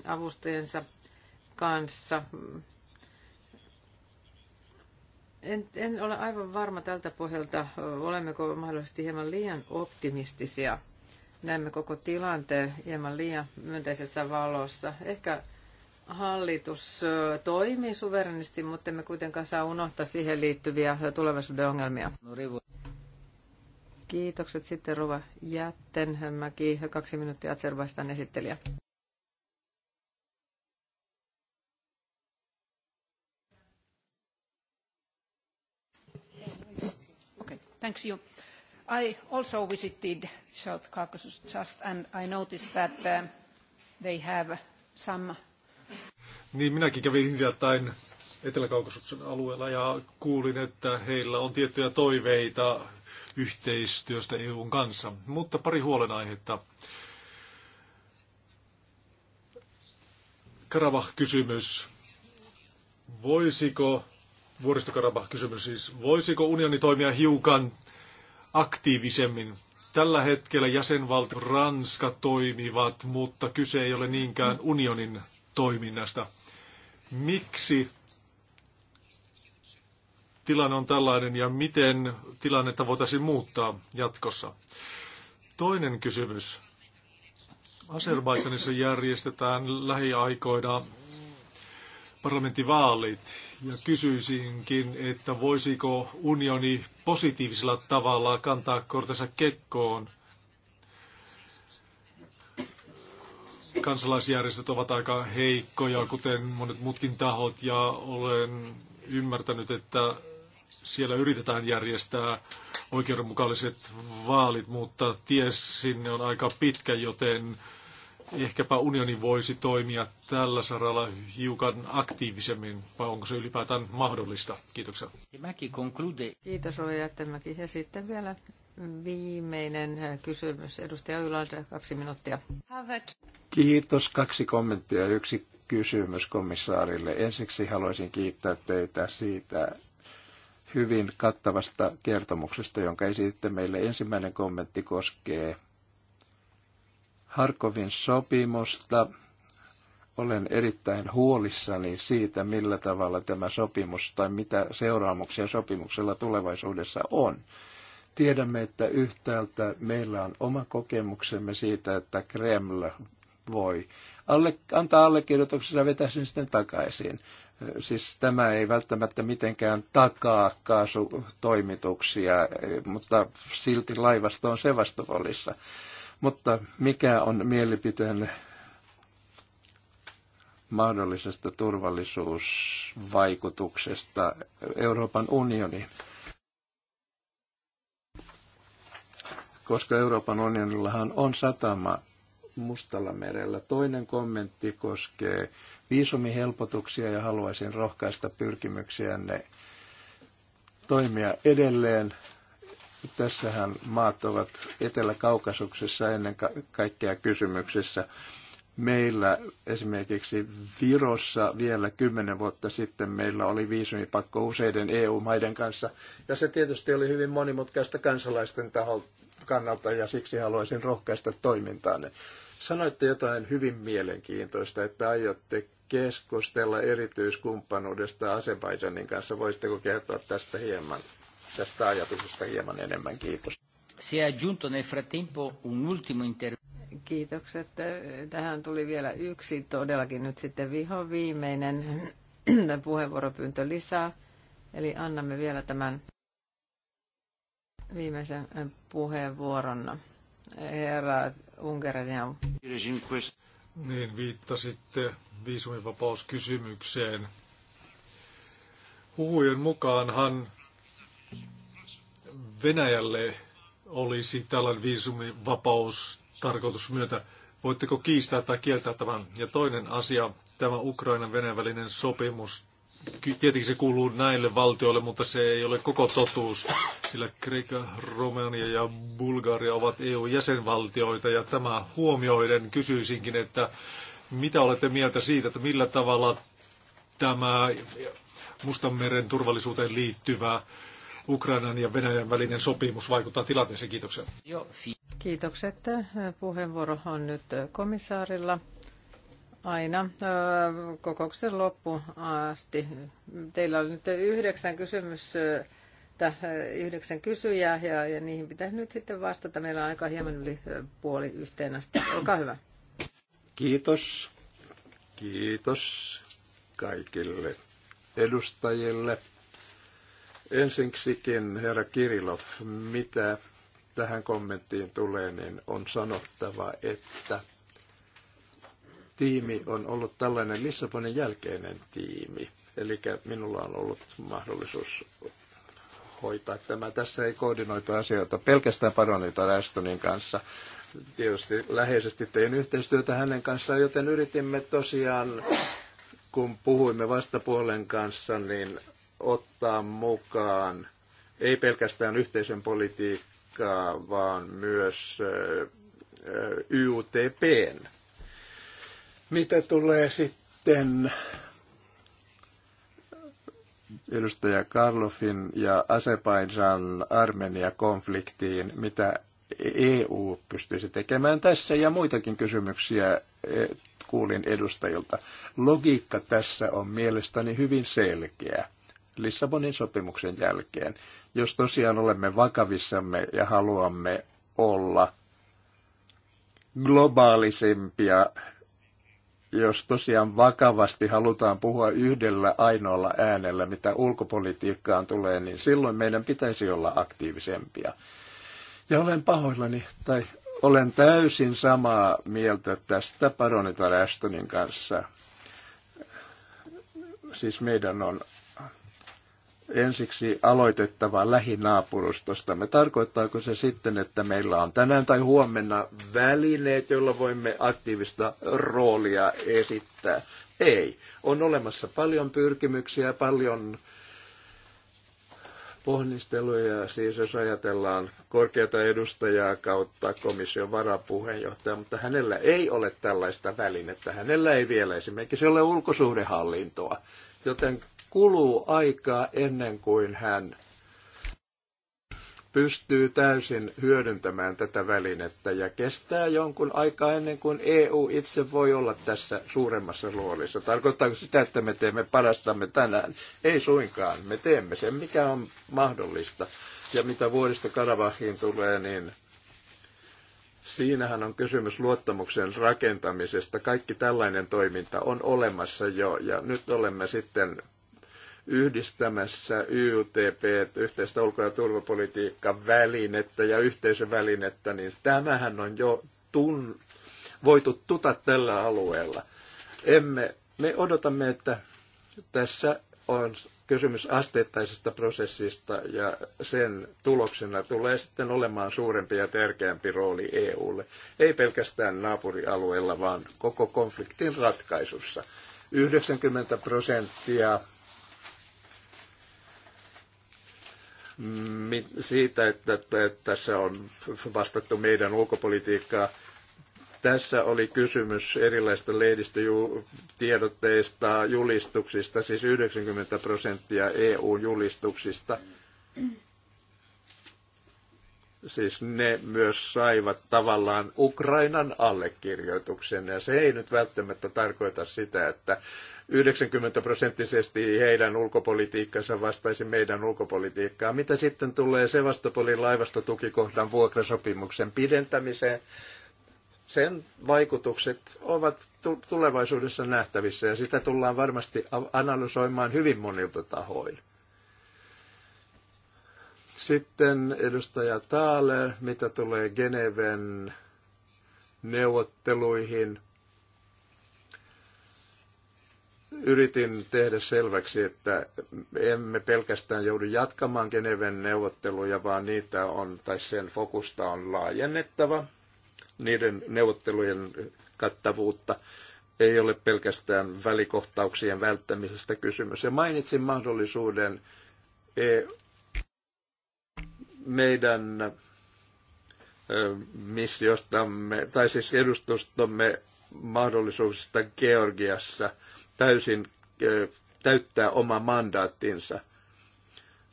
avustajansa kanssa en, en ole aivan varma tältä pohjalta, olemmeko mahdollisesti hieman liian optimistisia. Näemme koko tilanteen hieman liian myönteisessä valossa. Ehkä hallitus toimii suverenisti, mutta emme kuitenkaan saa unohtaa siihen liittyviä tulevaisuuden ongelmia. No, Kiitokset sitten Rova Jättenmäki, kaksi minuuttia Azerbaistan esittelijä. Thanks you. I also visited South Caucasus just and I noticed that uh, they have some... Niin, minäkin kävin hiljattain etelä kaukasuksen alueella ja kuulin, että heillä on tiettyjä toiveita yhteistyöstä EUn kanssa, mutta pari huolenaihetta. Karabah-kysymys. Voisiko Vuoristokarabah-kysymys siis. Voisiko unioni toimia hiukan aktiivisemmin? Tällä hetkellä jäsenvaltio Ranska toimivat, mutta kyse ei ole niinkään unionin toiminnasta. Miksi tilanne on tällainen ja miten tilannetta voitaisiin muuttaa jatkossa? Toinen kysymys. Azerbaidžanissa järjestetään lähiaikoina parlamenttivaalit ja kysyisinkin, että voisiko unioni positiivisella tavalla kantaa kortensa kekkoon. Kansalaisjärjestöt ovat aika heikkoja, kuten monet muutkin tahot, ja olen ymmärtänyt, että siellä yritetään järjestää oikeudenmukaiset vaalit, mutta ties sinne on aika pitkä, joten ehkäpä unioni voisi toimia tällä saralla hiukan aktiivisemmin, vai onko se ylipäätään mahdollista? Kiitoksia. Kiitos Roja Jättemäki. Ja sitten vielä viimeinen kysymys. Edustaja Ylander, kaksi minuuttia. Kiitos. Kaksi kommenttia ja yksi kysymys komissaarille. Ensiksi haluaisin kiittää teitä siitä hyvin kattavasta kertomuksesta, jonka esititte meille. Ensimmäinen kommentti koskee Harkovin sopimusta. Olen erittäin huolissani siitä, millä tavalla tämä sopimus tai mitä seuraamuksia sopimuksella tulevaisuudessa on. Tiedämme, että yhtäältä meillä on oma kokemuksemme siitä, että Kreml voi alle, antaa allekirjoituksensa vetää sen sitten takaisin. Siis tämä ei välttämättä mitenkään takaa kaasutoimituksia, mutta silti laivasto on Sevastopolissa. Mutta mikä on mielipiteen mahdollisesta turvallisuusvaikutuksesta Euroopan unioniin? Koska Euroopan unionillahan on satama Mustalla merellä. Toinen kommentti koskee viisumihelpotuksia ja haluaisin rohkaista pyrkimyksiänne toimia edelleen Tässähän maat ovat Etelä-Kaukasuksessa ennen kaikkea kysymyksessä. Meillä esimerkiksi Virossa vielä kymmenen vuotta sitten meillä oli viisumipakko useiden EU-maiden kanssa, ja se tietysti oli hyvin monimutkaista kansalaisten taholta kannalta, ja siksi haluaisin rohkaista toimintaanne. Sanoitte jotain hyvin mielenkiintoista, että aiotte keskustella erityiskumppanuudesta Azerbaijanin kanssa. Voisitteko kertoa tästä hieman? tästä ajatuksesta hieman enemmän. Kiitos. Si aggiunto nel frattempo un ultimo Kiitokset. Tähän tuli vielä yksi todellakin nyt sitten viho viimeinen <clears throat> puheenvuoropyyntö lisää. Eli annamme vielä tämän viimeisen puheenvuoron. Herra Unkerinen. Niin, viittasitte viisumivapauskysymykseen. Huhujen mukaanhan Venäjälle olisi tällainen viisumivapaus tarkoitus myötä. Voitteko kiistää tai kieltää tämän? Ja toinen asia, tämä Ukrainan Venäjän välinen sopimus. Tietenkin se kuuluu näille valtioille, mutta se ei ole koko totuus, sillä Kreikka, Romania ja Bulgaria ovat EU-jäsenvaltioita. Ja tämä huomioiden kysyisinkin, että mitä olette mieltä siitä, että millä tavalla tämä Mustanmeren turvallisuuteen liittyvä Ukrainan ja Venäjän välinen sopimus vaikuttaa tilanteeseen. Kiitoksia. Kiitokset. Puheenvuoro on nyt komissaarilla aina kokouksen loppu asti. Teillä on nyt yhdeksän kysymystä, yhdeksän kysyjää ja, ja niihin pitäisi nyt sitten vastata. Meillä on aika hieman yli puoli yhteen asti. Olkaa hyvä. Kiitos. Kiitos kaikille edustajille. Ensiksikin, herra Kirilov, mitä tähän kommenttiin tulee, niin on sanottava, että tiimi on ollut tällainen Lissabonin jälkeinen tiimi. Eli minulla on ollut mahdollisuus hoitaa tämä. Tässä ei koordinoitu asioita pelkästään Paronita Rastonin kanssa. Tietysti läheisesti tein yhteistyötä hänen kanssaan, joten yritimme tosiaan, kun puhuimme vastapuolen kanssa, niin ottaa mukaan ei pelkästään yhteisön politiikkaa, vaan myös YUTPn. Mitä tulee sitten edustaja Karlofin ja Azerbaijan Armenia konfliktiin, mitä EU pystyisi tekemään tässä ja muitakin kysymyksiä kuulin edustajilta. Logiikka tässä on mielestäni hyvin selkeä. Lissabonin sopimuksen jälkeen. Jos tosiaan olemme vakavissamme ja haluamme olla globaalisempia, jos tosiaan vakavasti halutaan puhua yhdellä ainoalla äänellä, mitä ulkopolitiikkaan tulee, niin silloin meidän pitäisi olla aktiivisempia. Ja olen pahoillani, tai olen täysin samaa mieltä tästä Paronita Rastonin kanssa. Siis meidän on ensiksi aloitettava lähinaapurustostamme. Tarkoittaako se sitten, että meillä on tänään tai huomenna välineet, joilla voimme aktiivista roolia esittää? Ei. On olemassa paljon pyrkimyksiä, paljon pohdisteluja, siis jos ajatellaan korkeata edustajaa kautta komission varapuheenjohtaja, mutta hänellä ei ole tällaista välinettä. Hänellä ei vielä esimerkiksi ole ulkosuhdehallintoa, joten kuluu aikaa ennen kuin hän pystyy täysin hyödyntämään tätä välinettä ja kestää jonkun aikaa ennen kuin EU itse voi olla tässä suuremmassa roolissa. Tarkoittaako sitä, että me teemme parastamme tänään? Ei suinkaan. Me teemme sen, mikä on mahdollista. Ja mitä vuodesta Karavahiin tulee, niin siinähän on kysymys luottamuksen rakentamisesta. Kaikki tällainen toiminta on olemassa jo ja nyt olemme sitten yhdistämässä YUTP, yhteistä ulko- ja turvapolitiikan välinettä ja yhteisön välinettä, niin tämähän on jo tun, voitu tuta tällä alueella. Emme, me odotamme, että tässä on kysymys asteittaisesta prosessista ja sen tuloksena tulee sitten olemaan suurempi ja tärkeämpi rooli EUlle. Ei pelkästään naapurialueella, vaan koko konfliktin ratkaisussa. 90 prosenttia siitä, että tässä on vastattu meidän ulkopolitiikkaa. Tässä oli kysymys erilaisista lehdistötiedotteista, julistuksista, siis 90 prosenttia EU-julistuksista siis ne myös saivat tavallaan Ukrainan allekirjoituksen. Ja se ei nyt välttämättä tarkoita sitä, että 90 prosenttisesti heidän ulkopolitiikkansa vastaisi meidän ulkopolitiikkaa. Mitä sitten tulee Sevastopolin laivastotukikohdan vuokrasopimuksen pidentämiseen? Sen vaikutukset ovat tulevaisuudessa nähtävissä ja sitä tullaan varmasti analysoimaan hyvin monilta tahoilta sitten edustaja taale, mitä tulee Geneven neuvotteluihin. Yritin tehdä selväksi, että emme pelkästään joudu jatkamaan Geneven neuvotteluja, vaan niitä on, tai sen fokusta on laajennettava. Niiden neuvottelujen kattavuutta ei ole pelkästään välikohtauksien välttämisestä kysymys. Ja mainitsin mahdollisuuden e- meidän missiostamme, tai siis edustustomme mahdollisuuksista Georgiassa täysin täyttää oma mandaattinsa.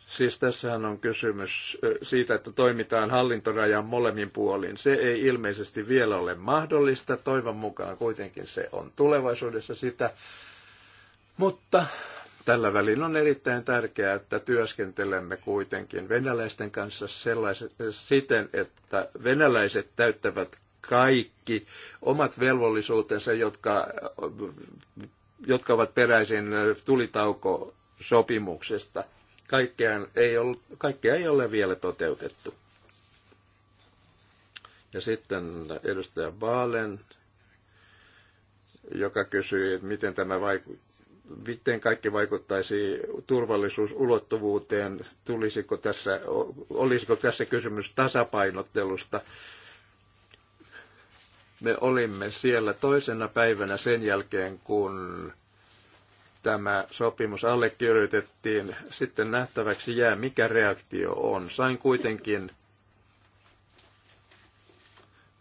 Siis tässähän on kysymys siitä, että toimitaan hallintorajan molemmin puolin. Se ei ilmeisesti vielä ole mahdollista. Toivon mukaan kuitenkin se on tulevaisuudessa sitä. Mutta Tällä välin on erittäin tärkeää, että työskentelemme kuitenkin venäläisten kanssa siten, että venäläiset täyttävät kaikki omat velvollisuutensa, jotka, jotka ovat peräisin tulitaukosopimuksesta. Kaikkea ei, ole, kaikkea ei ole vielä toteutettu. Ja sitten edustaja Baalen, joka kysyi, että miten tämä miten kaikki vaikuttaisi turvallisuusulottuvuuteen, tulisiko tässä, olisiko tässä kysymys tasapainottelusta. Me olimme siellä toisena päivänä sen jälkeen, kun tämä sopimus allekirjoitettiin. Sitten nähtäväksi jää, mikä reaktio on. Sain kuitenkin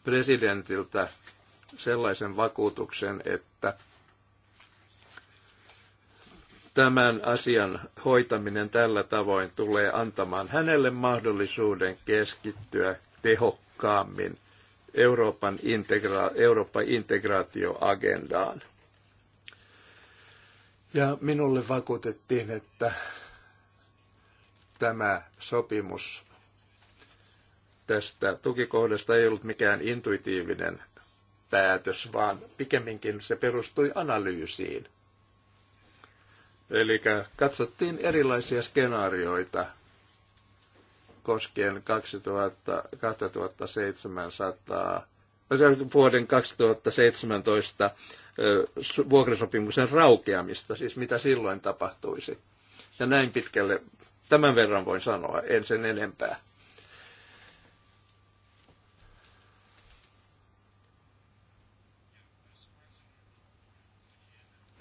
presidentiltä sellaisen vakuutuksen, että – tämän asian hoitaminen tällä tavoin tulee antamaan hänelle mahdollisuuden keskittyä tehokkaammin Euroopan integra- Euroopan integraatioagendaan. Ja minulle vakuutettiin, että tämä sopimus tästä tukikohdasta ei ollut mikään intuitiivinen päätös, vaan pikemminkin se perustui analyysiin Eli katsottiin erilaisia skenaarioita koskien 2000, 2700, vuoden 2017 vuokrasopimuksen raukeamista, siis mitä silloin tapahtuisi. Ja näin pitkälle tämän verran voin sanoa, en sen enempää.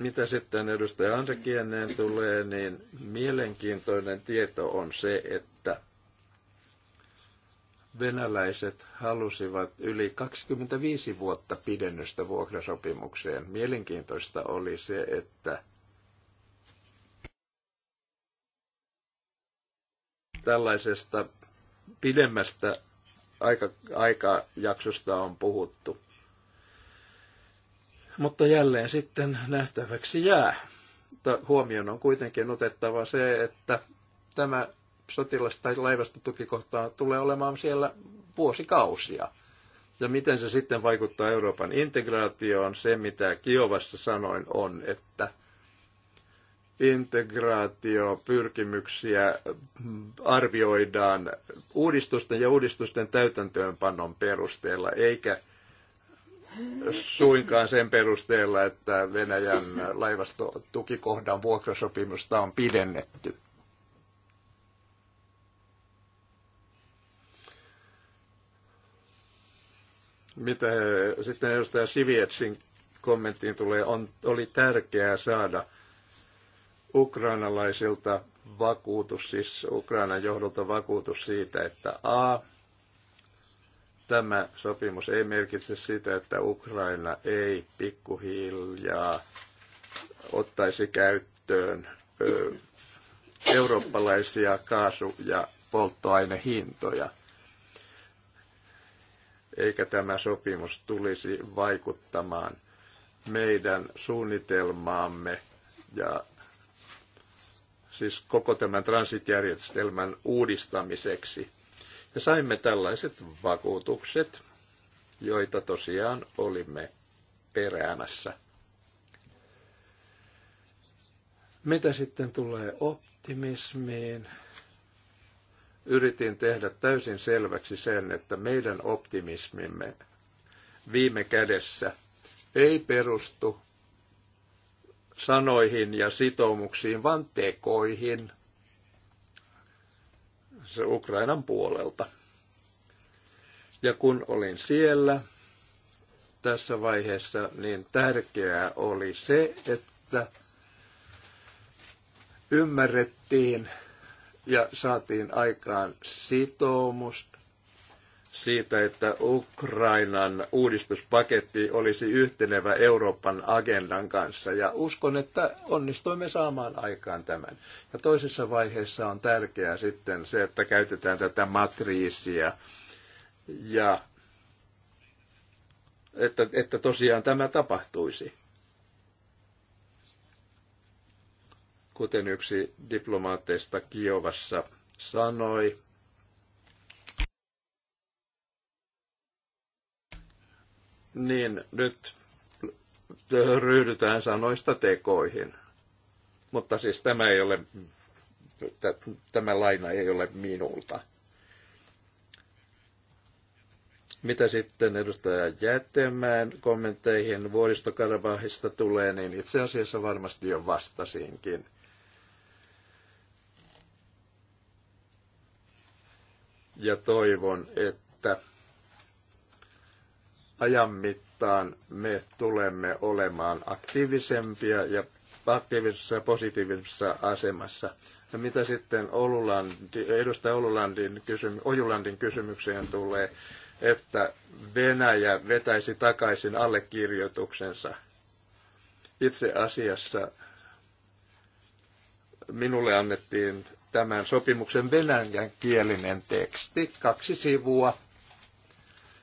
Mitä sitten edustaja kienneen tulee, niin mielenkiintoinen tieto on se, että venäläiset halusivat yli 25 vuotta pidennystä vuokrasopimukseen. Mielenkiintoista oli se, että tällaisesta pidemmästä aika, aikajaksosta on puhuttu. Mutta jälleen sitten nähtäväksi jää. Mutta huomioon on kuitenkin otettava se, että tämä sotilas- tai laivastotukikohta tulee olemaan siellä vuosikausia. Ja miten se sitten vaikuttaa Euroopan integraatioon, se mitä Kiovassa sanoin on, että integraatiopyrkimyksiä mm, arvioidaan uudistusten ja uudistusten täytäntöönpannon perusteella, eikä suinkaan sen perusteella, että Venäjän laivastotukikohdan vuokrasopimusta on pidennetty. Mitä sitten edustaja Sivietsin kommenttiin tulee, on, oli tärkeää saada ukrainalaisilta vakuutus, siis Ukrainan johdolta vakuutus siitä, että A, Tämä sopimus ei merkitse sitä, että Ukraina ei pikkuhiljaa ottaisi käyttöön ö, eurooppalaisia kaasu- ja polttoainehintoja eikä tämä sopimus tulisi vaikuttamaan meidän suunnitelmaamme ja siis koko tämän transitjärjestelmän uudistamiseksi. Ja saimme tällaiset vakuutukset, joita tosiaan olimme peräämässä. Mitä sitten tulee optimismiin? Yritin tehdä täysin selväksi sen, että meidän optimismimme viime kädessä ei perustu sanoihin ja sitoumuksiin, vaan tekoihin – se Ukrainan puolelta. Ja kun olin siellä tässä vaiheessa, niin tärkeää oli se, että ymmärrettiin ja saatiin aikaan sitoumus siitä, että Ukrainan uudistuspaketti olisi yhtenevä Euroopan agendan kanssa. Ja uskon, että onnistuimme saamaan aikaan tämän. Ja toisessa vaiheessa on tärkeää sitten se, että käytetään tätä matriisia ja että, että tosiaan tämä tapahtuisi. Kuten yksi diplomaatteista Kiovassa sanoi, niin nyt ryhdytään sanoista tekoihin. Mutta siis tämä ei ole, tämä laina ei ole minulta. Mitä sitten edustaja Jättemään kommentteihin vuoristokarabahista tulee, niin itse asiassa varmasti jo vastasinkin. Ja toivon, että ajan mittaan me tulemme olemaan aktiivisempia ja aktiivisessa ja positiivisessa asemassa. Ja mitä sitten Olulandi, edustaja Olulandin, kysymy, Ojulandin kysymykseen tulee, että Venäjä vetäisi takaisin allekirjoituksensa. Itse asiassa minulle annettiin tämän sopimuksen venäjän kielinen teksti, kaksi sivua.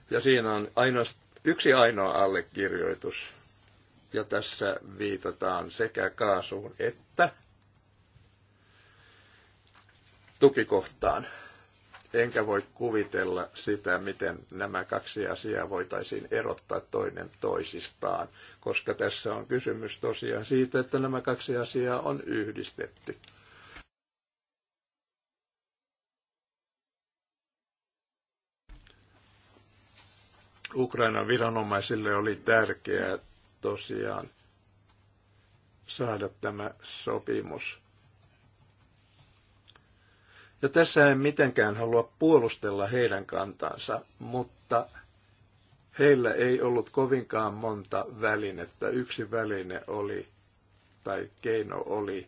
Ja siinä on ainoastaan Yksi ainoa allekirjoitus, ja tässä viitataan sekä kaasuun että tukikohtaan. Enkä voi kuvitella sitä, miten nämä kaksi asiaa voitaisiin erottaa toinen toisistaan, koska tässä on kysymys tosiaan siitä, että nämä kaksi asiaa on yhdistetty. Ukrainan viranomaisille oli tärkeää tosiaan saada tämä sopimus. Ja tässä en mitenkään halua puolustella heidän kantansa, mutta heillä ei ollut kovinkaan monta välinettä. Yksi väline oli, tai keino oli,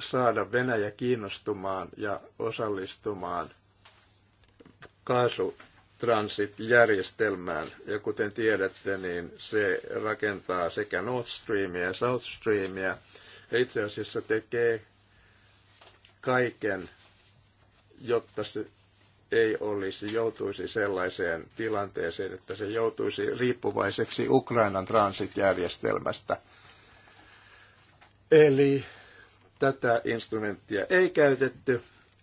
saada Venäjä kiinnostumaan ja osallistumaan kaasu transit-järjestelmään. Ja kuten tiedätte, niin se rakentaa sekä North Streamia ja South Streamia. Ja itse asiassa tekee kaiken, jotta se ei olisi, joutuisi sellaiseen tilanteeseen, että se joutuisi riippuvaiseksi Ukrainan transitjärjestelmästä. Eli tätä instrumenttia ei käytetty,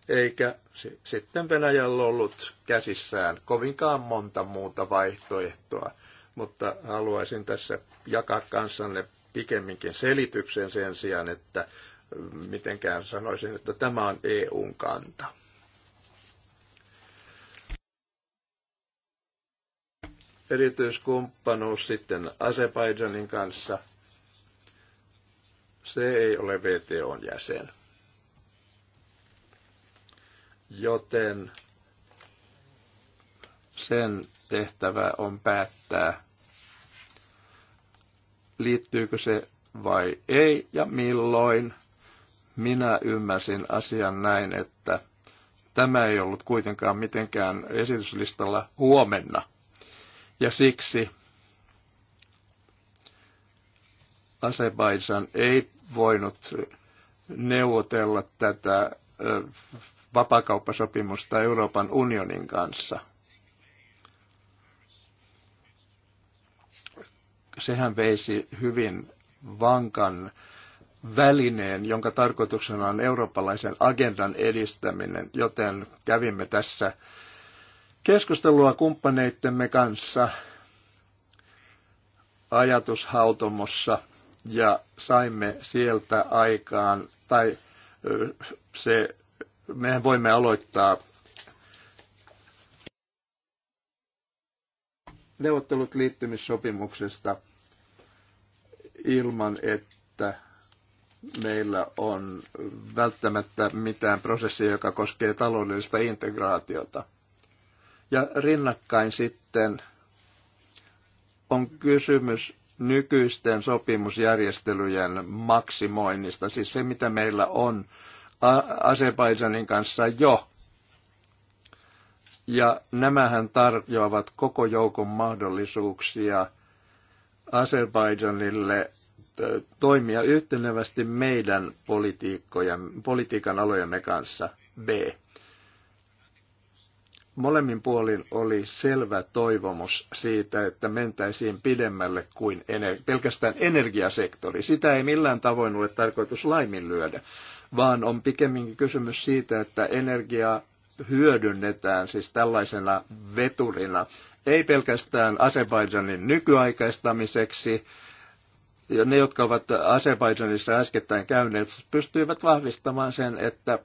eikä sitten Venäjällä ollut käsissään kovinkaan monta muuta vaihtoehtoa, mutta haluaisin tässä jakaa kanssanne pikemminkin selityksen sen sijaan, että mitenkään sanoisin, että tämä on EUn kanta. Erityiskumppanuus sitten Azerbaijanin kanssa. Se ei ole VTOn jäsen joten sen tehtävä on päättää, liittyykö se vai ei ja milloin. Minä ymmärsin asian näin, että tämä ei ollut kuitenkaan mitenkään esityslistalla huomenna. Ja siksi Azerbaijan ei voinut neuvotella tätä vapakauppasopimusta Euroopan unionin kanssa. Sehän veisi hyvin vankan välineen, jonka tarkoituksena on eurooppalaisen agendan edistäminen, joten kävimme tässä keskustelua kumppaneittemme kanssa ajatushautomossa ja saimme sieltä aikaan, tai se mehän voimme aloittaa neuvottelut liittymissopimuksesta ilman, että meillä on välttämättä mitään prosessia, joka koskee taloudellista integraatiota. Ja rinnakkain sitten on kysymys nykyisten sopimusjärjestelyjen maksimoinnista, siis se mitä meillä on Azerbaidžanin kanssa jo. Ja nämähän tarjoavat koko joukon mahdollisuuksia Azerbaidžanille toimia yhtenevästi meidän politiikan alojemme kanssa. B. Molemmin puolin oli selvä toivomus siitä, että mentäisiin pidemmälle kuin ener- pelkästään energiasektori. Sitä ei millään tavoin ole tarkoitus laiminlyödä vaan on pikemminkin kysymys siitä, että energiaa hyödynnetään siis tällaisena veturina, ei pelkästään Azerbaijanin nykyaikaistamiseksi, ja ne, jotka ovat Azerbaijanissa äskettäin käyneet, pystyivät vahvistamaan sen, että,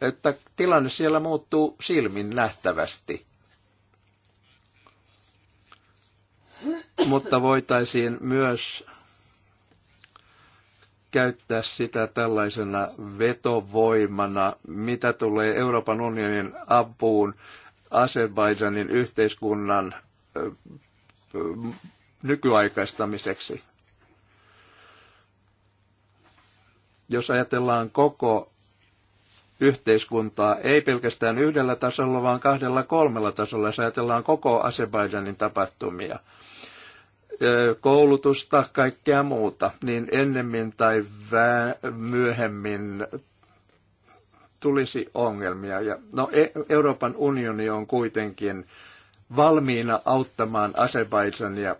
että tilanne siellä muuttuu silmin nähtävästi. Mutta voitaisiin myös käyttää sitä tällaisena vetovoimana, mitä tulee Euroopan unionin apuun Azerbaijanin yhteiskunnan nykyaikaistamiseksi. Jos ajatellaan koko yhteiskuntaa, ei pelkästään yhdellä tasolla, vaan kahdella kolmella tasolla, jos ajatellaan koko Azerbaijanin tapahtumia – koulutusta, kaikkea muuta, niin ennemmin tai myöhemmin tulisi ongelmia. Ja, no, e- Euroopan unioni on kuitenkin valmiina auttamaan Azerbaidsania,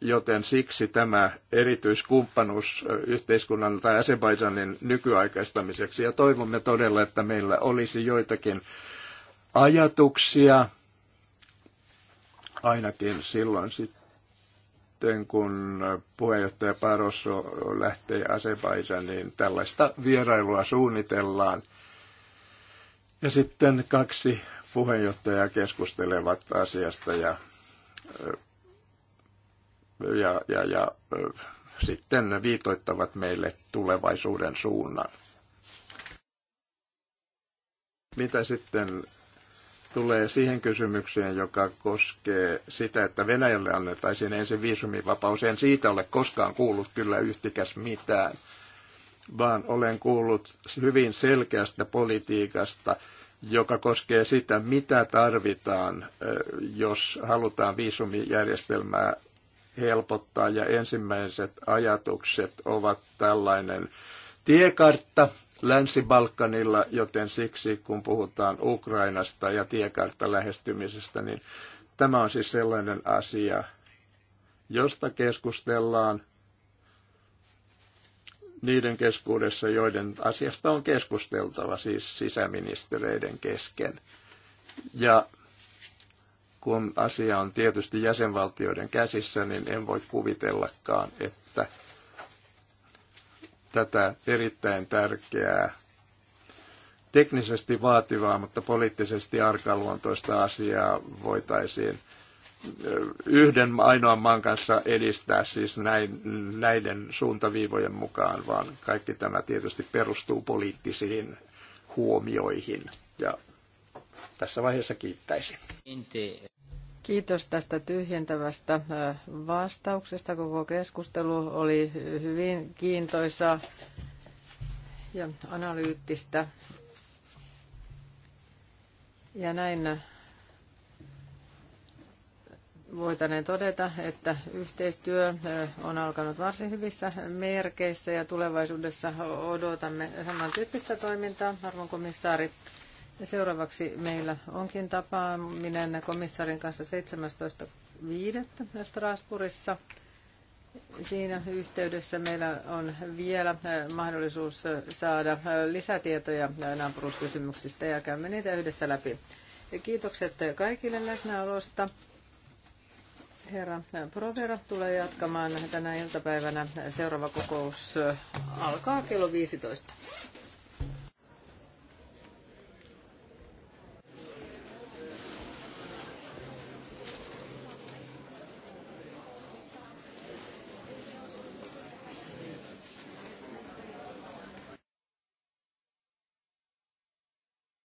joten siksi tämä erityiskumppanuus yhteiskunnan tai Azerbaidsanin nykyaikaistamiseksi. Ja toivomme todella, että meillä olisi joitakin ajatuksia, ainakin silloin sitten sitten, kun puheenjohtaja Parosso lähtee asepaisa, niin tällaista vierailua suunnitellaan. Ja sitten kaksi puheenjohtajaa keskustelevat asiasta ja, ja, ja, ja sitten viitoittavat meille tulevaisuuden suunnan. Mitä sitten tulee siihen kysymykseen, joka koskee sitä, että Venäjälle annettaisiin ensin viisumivapaus. En siitä ole koskaan kuullut kyllä yhtikäs mitään, vaan olen kuullut hyvin selkeästä politiikasta, joka koskee sitä, mitä tarvitaan, jos halutaan viisumijärjestelmää helpottaa. Ja ensimmäiset ajatukset ovat tällainen tiekartta, Länsi-Balkanilla, joten siksi kun puhutaan Ukrainasta ja tiekartta lähestymisestä, niin tämä on siis sellainen asia, josta keskustellaan niiden keskuudessa, joiden asiasta on keskusteltava, siis sisäministereiden kesken. Ja kun asia on tietysti jäsenvaltioiden käsissä, niin en voi kuvitellakaan, että tätä erittäin tärkeää, teknisesti vaativaa, mutta poliittisesti arkaluontoista asiaa voitaisiin yhden ainoan maan kanssa edistää siis näin, näiden suuntaviivojen mukaan, vaan kaikki tämä tietysti perustuu poliittisiin huomioihin. Ja tässä vaiheessa kiittäisin. Kiitos tästä tyhjentävästä vastauksesta. Koko keskustelu oli hyvin kiintoisa ja analyyttistä. Ja näin voitaneen todeta, että yhteistyö on alkanut varsin hyvissä merkeissä ja tulevaisuudessa odotamme samantyyppistä toimintaa, arvon komissaari. Seuraavaksi meillä onkin tapaaminen komissarin kanssa 17.5. Strasbourgissa. Siinä yhteydessä meillä on vielä äh, mahdollisuus äh, saada äh, lisätietoja naapuruuskysymyksistä ja käymme niitä yhdessä läpi. Kiitokset kaikille läsnäolosta. Herra Provera tulee jatkamaan tänä iltapäivänä. Seuraava kokous alkaa kello 15.